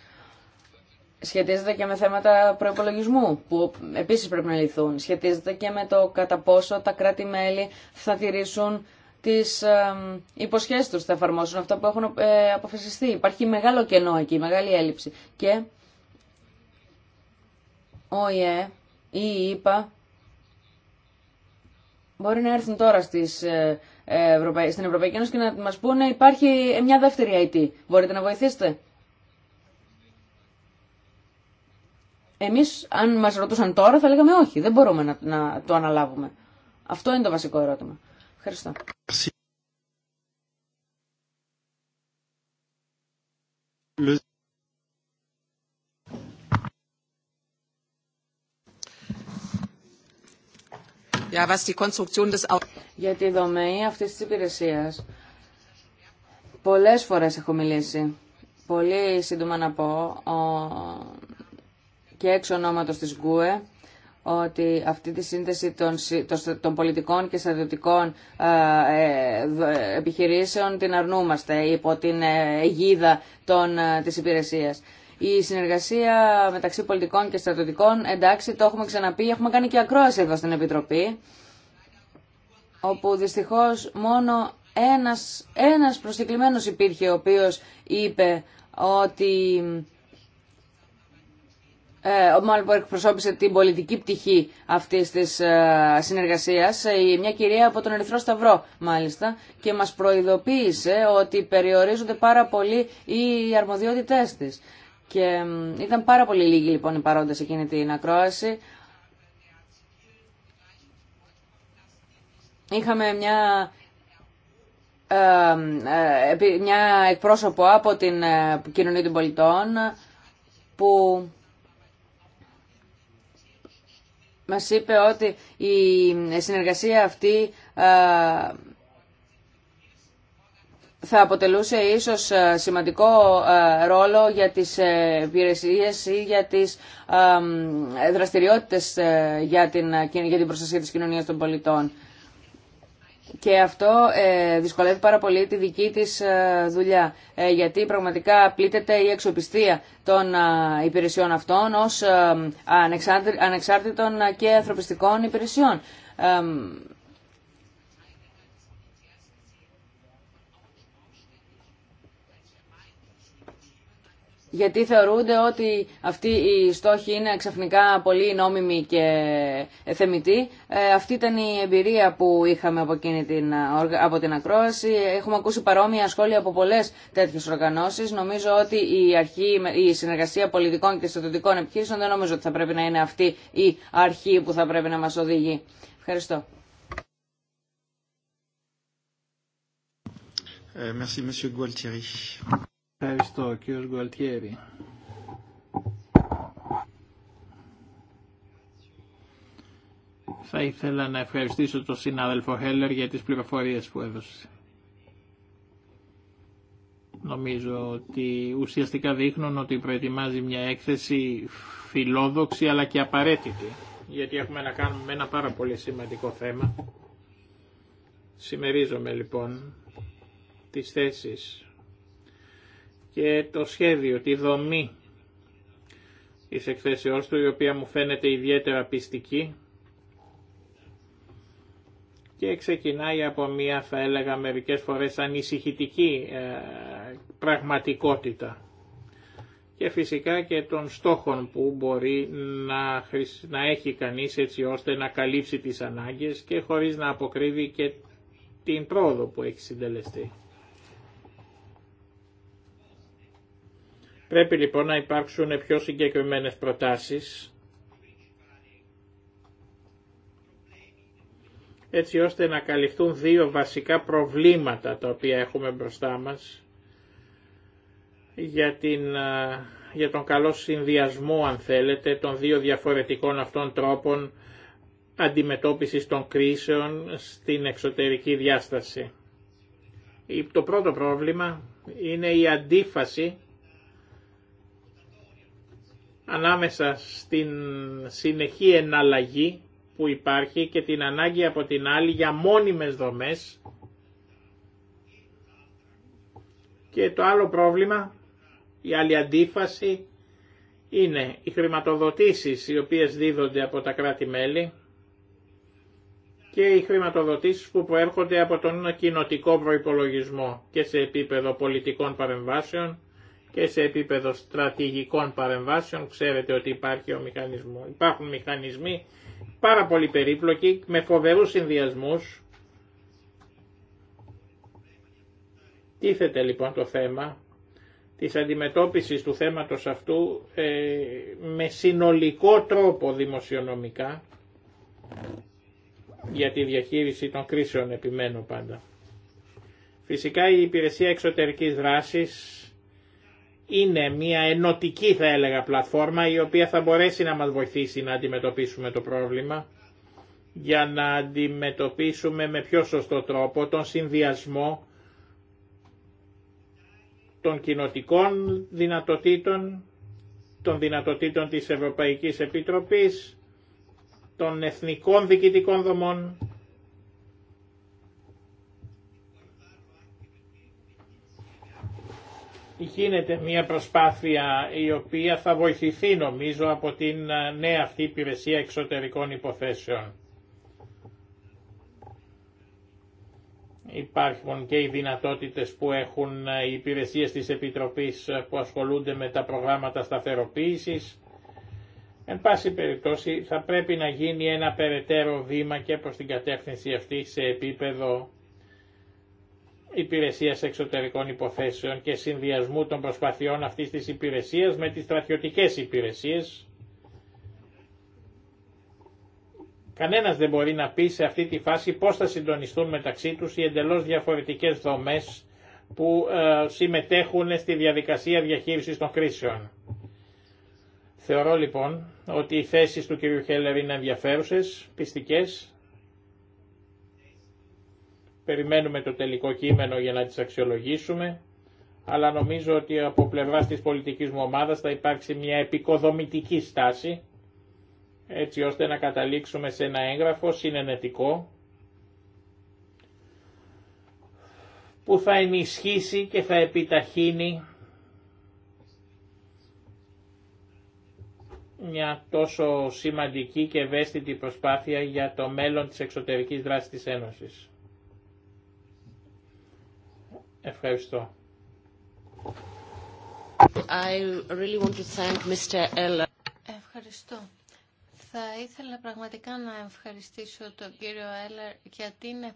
σχετίζεται και με θέματα προπολογισμού που επίσης πρέπει να λυθούν. Σχετίζεται και με το κατά πόσο τα κράτη-μέλη θα τηρήσουν τις υποσχέσεις τους, θα εφαρμόσουν αυτά που έχουν ε, αποφασιστεί. Υπάρχει μεγάλο κενό εκεί, μεγάλη έλλειψη. Και ο ΙΕ ή η ΙΠΑ μπορεί να έρθουν τώρα στις ε, ε, στην Ευρωπαϊκή Ένωση και να μα πούνε υπάρχει μια δεύτερη IT. Μπορείτε να βοηθήσετε. Εμεί, αν μα ρωτούσαν τώρα θα λέγαμε όχι, δεν μπορούμε να, το αναλάβουμε. Αυτό είναι το βασικό ερώτημα. Ευχαριστώ. Για τη δομή αυτή τη υπηρεσία. Πολλέ φορέ έχω μιλήσει. Πολύ σύντομα να πω και έξω ονόματος της ΓΚΟΕ ότι αυτή τη σύνθεση των, πολιτικών και στρατιωτικών ε, ε, επιχειρήσεων την αρνούμαστε υπό την ε, αιγίδα των, της υπηρεσίας. Η συνεργασία μεταξύ πολιτικών και στρατιωτικών, εντάξει, το έχουμε ξαναπεί, έχουμε κάνει και ακρόαση εδώ στην Επιτροπή, όπου δυστυχώς μόνο ένας, ένας υπήρχε ο οποίος είπε ότι ε, ο που εκπροσώπησε την πολιτική πτυχή αυτής της ε, συνεργασίας, ε, μια κυρία από τον Ερυθρό Σταυρό μάλιστα, και μας προειδοποίησε ότι περιορίζονται πάρα πολύ οι αρμοδιότητές της. Και ήταν πάρα πολύ λίγοι λοιπόν οι παρόντες εκείνη την ακρόαση. Είχαμε μια μια εκπρόσωπο από την κοινωνία των πολιτών που μας είπε ότι η συνεργασία αυτή θα αποτελούσε ίσως σημαντικό ρόλο για τις ε, υπηρεσίε ή για τις δραστηριότητες ε, για την, για την προστασία της κοινωνίας των πολιτών και αυτό ε, δυσκολεύει πάρα πολύ τη δική της ε, δουλειά, ε, γιατί πραγματικά πλήττεται η εξοπιστία των ε, υπηρεσιών αυτών ως ανεξάρτητων και ανθρωπιστικών υπηρεσιών. γιατί θεωρούνται ότι αυτοί οι στόχοι είναι ξαφνικά πολύ νόμιμοι και θεμητοί. Ε, αυτή ήταν η εμπειρία που είχαμε από, την, ε, από την ακρόαση. Έχουμε ακούσει παρόμοια σχόλια από πολλές τέτοιες οργανώσεις. Νομίζω ότι η, αρχή, η συνεργασία πολιτικών και στρατιωτικών επιχείρησεων δεν νομίζω ότι θα πρέπει να είναι αυτή η αρχή που θα πρέπει να μας οδηγεί. Ευχαριστώ. Ε, Ευχαριστώ κύριος Γκουαλτιέρη. Θα ήθελα να ευχαριστήσω τον συνάδελφο Χέλλερ για τις πληροφορίες που έδωσε. Νομίζω ότι ουσιαστικά δείχνουν ότι προετοιμάζει μια έκθεση φιλόδοξη αλλά και απαραίτητη γιατί έχουμε να κάνουμε ένα πάρα πολύ σημαντικό θέμα. Σημερίζομαι λοιπόν τις θέσεις και το σχέδιο, τη δομή της εκθέσεώς του, η οποία μου φαίνεται ιδιαίτερα πιστική και ξεκινάει από μια, θα έλεγα μερικές φορές, ανησυχητική ε, πραγματικότητα και φυσικά και των στόχων που μπορεί να, να έχει κανείς έτσι ώστε να καλύψει τις ανάγκες και χωρίς να αποκρύβει και την πρόοδο που έχει συντελεστεί. Πρέπει λοιπόν να υπάρξουν πιο συγκεκριμένες προτάσεις έτσι ώστε να καλυφθούν δύο βασικά προβλήματα τα οποία έχουμε μπροστά μας για, την, για τον καλό συνδυασμό αν θέλετε των δύο διαφορετικών αυτών τρόπων αντιμετώπισης των κρίσεων στην εξωτερική διάσταση. Το πρώτο πρόβλημα είναι η αντίφαση ανάμεσα στην συνεχή εναλλαγή που υπάρχει και την ανάγκη από την άλλη για μόνιμες δομές και το άλλο πρόβλημα, η άλλη αντίφαση είναι οι χρηματοδοτήσεις οι οποίες δίδονται από τα κράτη-μέλη και οι χρηματοδοτήσεις που προέρχονται από τον κοινοτικό προϋπολογισμό και σε επίπεδο πολιτικών παρεμβάσεων και σε επίπεδο στρατηγικών παρεμβάσεων ξέρετε ότι υπάρχει ο μηχανισμό, υπάρχουν μηχανισμοί πάρα πολύ περίπλοκοι με φοβερούς συνδυασμούς. Τίθεται λοιπόν το θέμα της αντιμετώπισης του θέματος αυτού ε, με συνολικό τρόπο δημοσιονομικά για τη διαχείριση των κρίσεων επιμένω πάντα. Φυσικά η υπηρεσία εξωτερικής δράσης είναι μια ενωτική θα έλεγα πλατφόρμα η οποία θα μπορέσει να μας βοηθήσει να αντιμετωπίσουμε το πρόβλημα για να αντιμετωπίσουμε με πιο σωστό τρόπο τον συνδυασμό των κοινοτικών δυνατοτήτων, των δυνατοτήτων της Ευρωπαϊκής Επιτροπής, των εθνικών διοικητικών δομών γίνεται μια προσπάθεια η οποία θα βοηθηθεί νομίζω από την ε, νέα αυτή υπηρεσία εξωτερικών υποθέσεων. Υπάρχουν και οι δυνατότητες που έχουν ε, οι υπηρεσίες της Επιτροπής ε, που ασχολούνται με τα προγράμματα σταθεροποίησης. Εν πάση περιπτώσει θα πρέπει να γίνει ένα περαιτέρω βήμα και προς την κατεύθυνση αυτή σε επίπεδο Υπηρεσία Εξωτερικών Υποθέσεων και συνδυασμού των προσπαθειών αυτής της υπηρεσίας με τις στρατιωτικέ υπηρεσίες. Κανένας δεν μπορεί να πει σε αυτή τη φάση πώς θα συντονιστούν μεταξύ τους οι εντελώς διαφορετικές δομές που ε, συμμετέχουν στη διαδικασία διαχείρισης των κρίσεων. Θεωρώ λοιπόν ότι οι θέσεις του κ. Χέλλερ είναι ενδιαφέρουσες, πιστικές, Περιμένουμε το τελικό κείμενο για να τις αξιολογήσουμε, αλλά νομίζω ότι από πλευράς της πολιτικής μου ομάδας θα υπάρξει μια επικοδομητική στάση, έτσι ώστε να καταλήξουμε σε ένα έγγραφο συνενετικό, που θα ενισχύσει και θα επιταχύνει μια τόσο σημαντική και ευαίσθητη προσπάθεια για το μέλλον της εξωτερικής δράσης της Ένωσης. Ευχαριστώ. I really want to Ευχαριστώ. Θα ήθελα πραγματικά να ευχαριστήσω τον κύριο Έλλερ γιατί είναι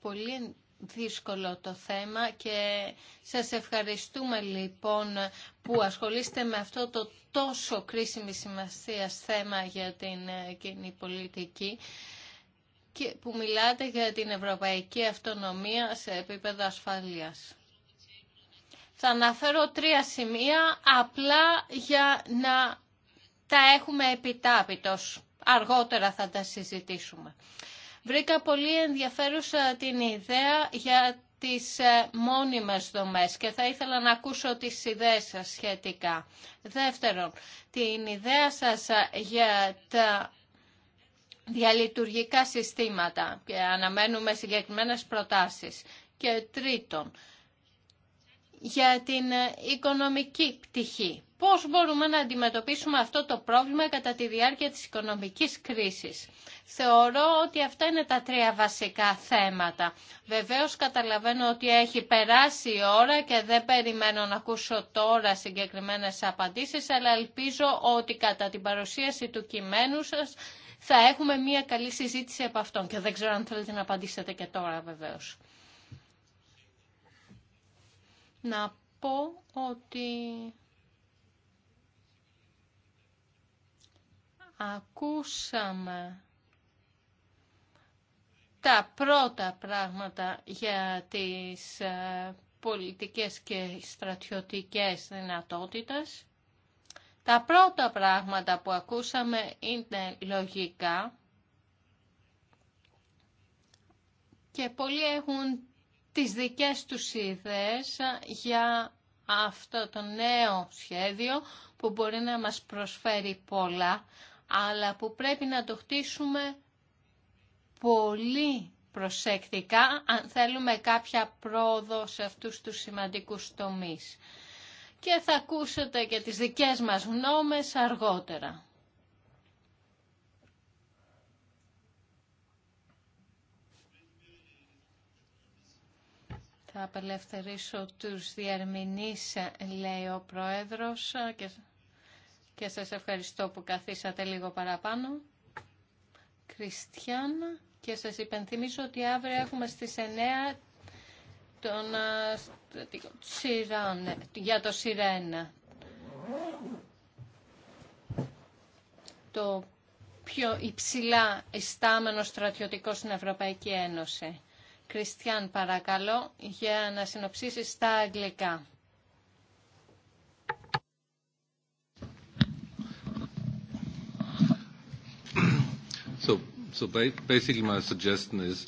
πολύ δύσκολο το θέμα και σας ευχαριστούμε λοιπόν που ασχολείστε με αυτό το τόσο κρίσιμη σημασία θέμα για την ε, κοινή πολιτική που μιλάτε για την ευρωπαϊκή αυτονομία σε επίπεδο ασφαλείας. Θα αναφέρω τρία σημεία απλά για να τα έχουμε επιτάπητος. Αργότερα θα τα συζητήσουμε. Βρήκα πολύ ενδιαφέρουσα την ιδέα για τις ε, μόνιμες δομές και θα ήθελα να ακούσω τις ιδέες σας σχετικά. Δεύτερον, την ιδέα σας ε, για τα διαλειτουργικά συστήματα και αναμένουμε συγκεκριμένες προτάσεις. Και τρίτον, για την οικονομική πτυχή. Πώς μπορούμε να αντιμετωπίσουμε αυτό το πρόβλημα κατά τη διάρκεια της οικονομικής κρίσης. Θεωρώ ότι αυτά είναι τα τρία βασικά θέματα. Βεβαίως καταλαβαίνω ότι έχει περάσει η ώρα και δεν περιμένω να ακούσω τώρα συγκεκριμένες απαντήσεις, αλλά ελπίζω ότι κατά την παρουσίαση του κειμένου σας θα έχουμε μια καλή συζήτηση από αυτόν. Και δεν ξέρω αν θέλετε να απαντήσετε και τώρα βεβαίως. Να πω ότι... Ακούσαμε τα πρώτα πράγματα για τις ε, πολιτικές και στρατιωτικές δυνατότητες. Τα πρώτα πράγματα που ακούσαμε είναι λογικά και πολλοί έχουν τις δικές τους ιδέες για αυτό το νέο σχέδιο που μπορεί να μας προσφέρει πολλά, αλλά που πρέπει να το χτίσουμε πολύ προσεκτικά αν θέλουμε κάποια πρόοδο σε αυτούς τους σημαντικούς τομείς και θα ακούσετε και τις δικές μας γνώμες αργότερα. Θα απελευθερήσω τους διερμηνείς, λέει ο Πρόεδρος, και, και σας ευχαριστώ που καθίσατε λίγο παραπάνω. Κριστιαν, και σας υπενθυμίζω ότι αύριο έχουμε στις 9 τον για το Σιρένα. Το πιο υψηλά ιστάμενο στρατιωτικό στην Ευρωπαϊκή Ένωση. Κριστιαν, παρακαλώ, για να συνοψίσεις τα αγγλικά. So, so basically my suggestion is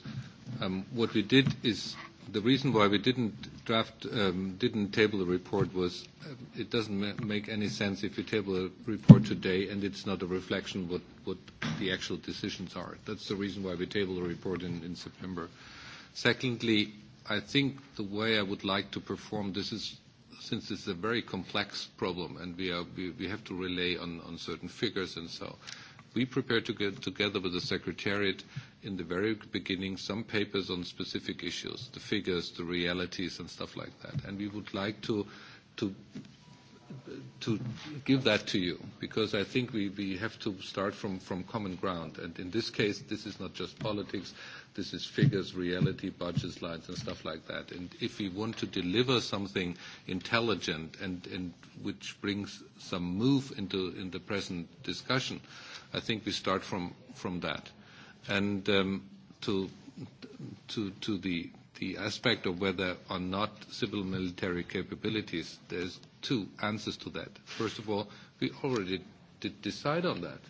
um, what we did is the reason why we didn't draft, didn't table the report was it doesn't make any sense if you table a report today and it's not a reflection what what the actual decisions are. That's the reason why we table the report in in September. Secondly, I think the way I would like to perform this is since it's a very complex problem and we are we have to relay on on certain figures and so. We prepared together with the Secretariat in the very beginning some papers on specific issues, the figures, the realities and stuff like that. And we would like to to to give that to you because I think we we have to start from from common ground. And in this case this is not just politics, this is figures, reality, budget lines and stuff like that. And if we want to deliver something intelligent and and which brings some move into in the present discussion I think we start from that. And to the aspect of whether or not civil military capabilities, there's two answers to that. First of all, we already did decide on that.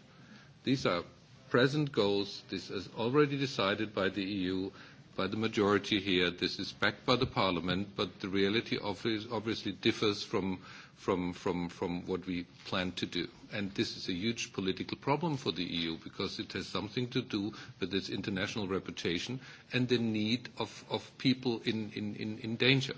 These are present goals. This is already decided by the EU, by the majority here. This is backed by the Parliament, but the reality obviously differs from what we plan to do and this is a huge political problem for the EU because it has something to do with its international reputation and the need of of people in in in danger.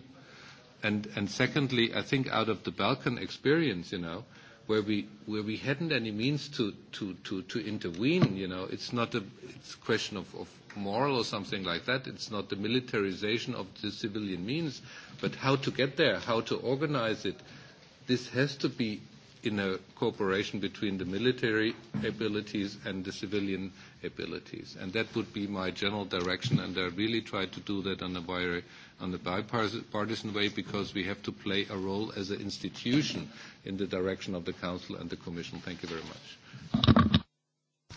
And and secondly, I think out of the Balkan experience, you know, where we where we hadn't any means to to to to intervene, you know, it's not a it's a question of of moral or something like that. It's not the militarization of the civilian means, but how to get there, how to organize it. This has to be in a cooperation between the military abilities and the civilian abilities. And that would be my general direction, and I really try to do that on a bipartisan way because we have to play a role as an institution in the direction of the Council and the Commission. Thank you very much.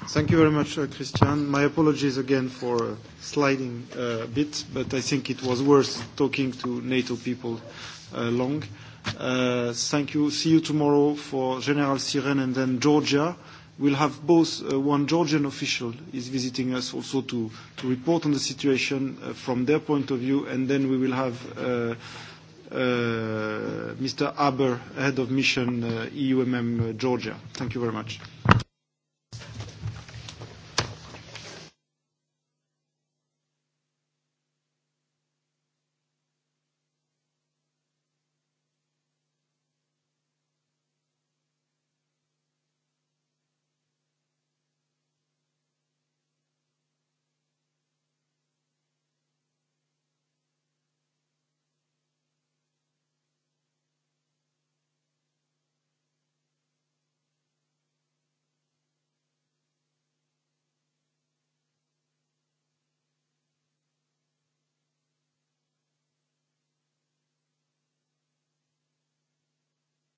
Thank you very much, Christian. My apologies again for sliding a bit, but I think it was worth talking to NATO people long. Thank you. See you tomorrow for General Siren and then Georgia. We'll have both one Georgian official is visiting us also to report on the situation from their point of view, and then we will have Mr. Haber, head of mission EUMM Georgia. Thank you very much.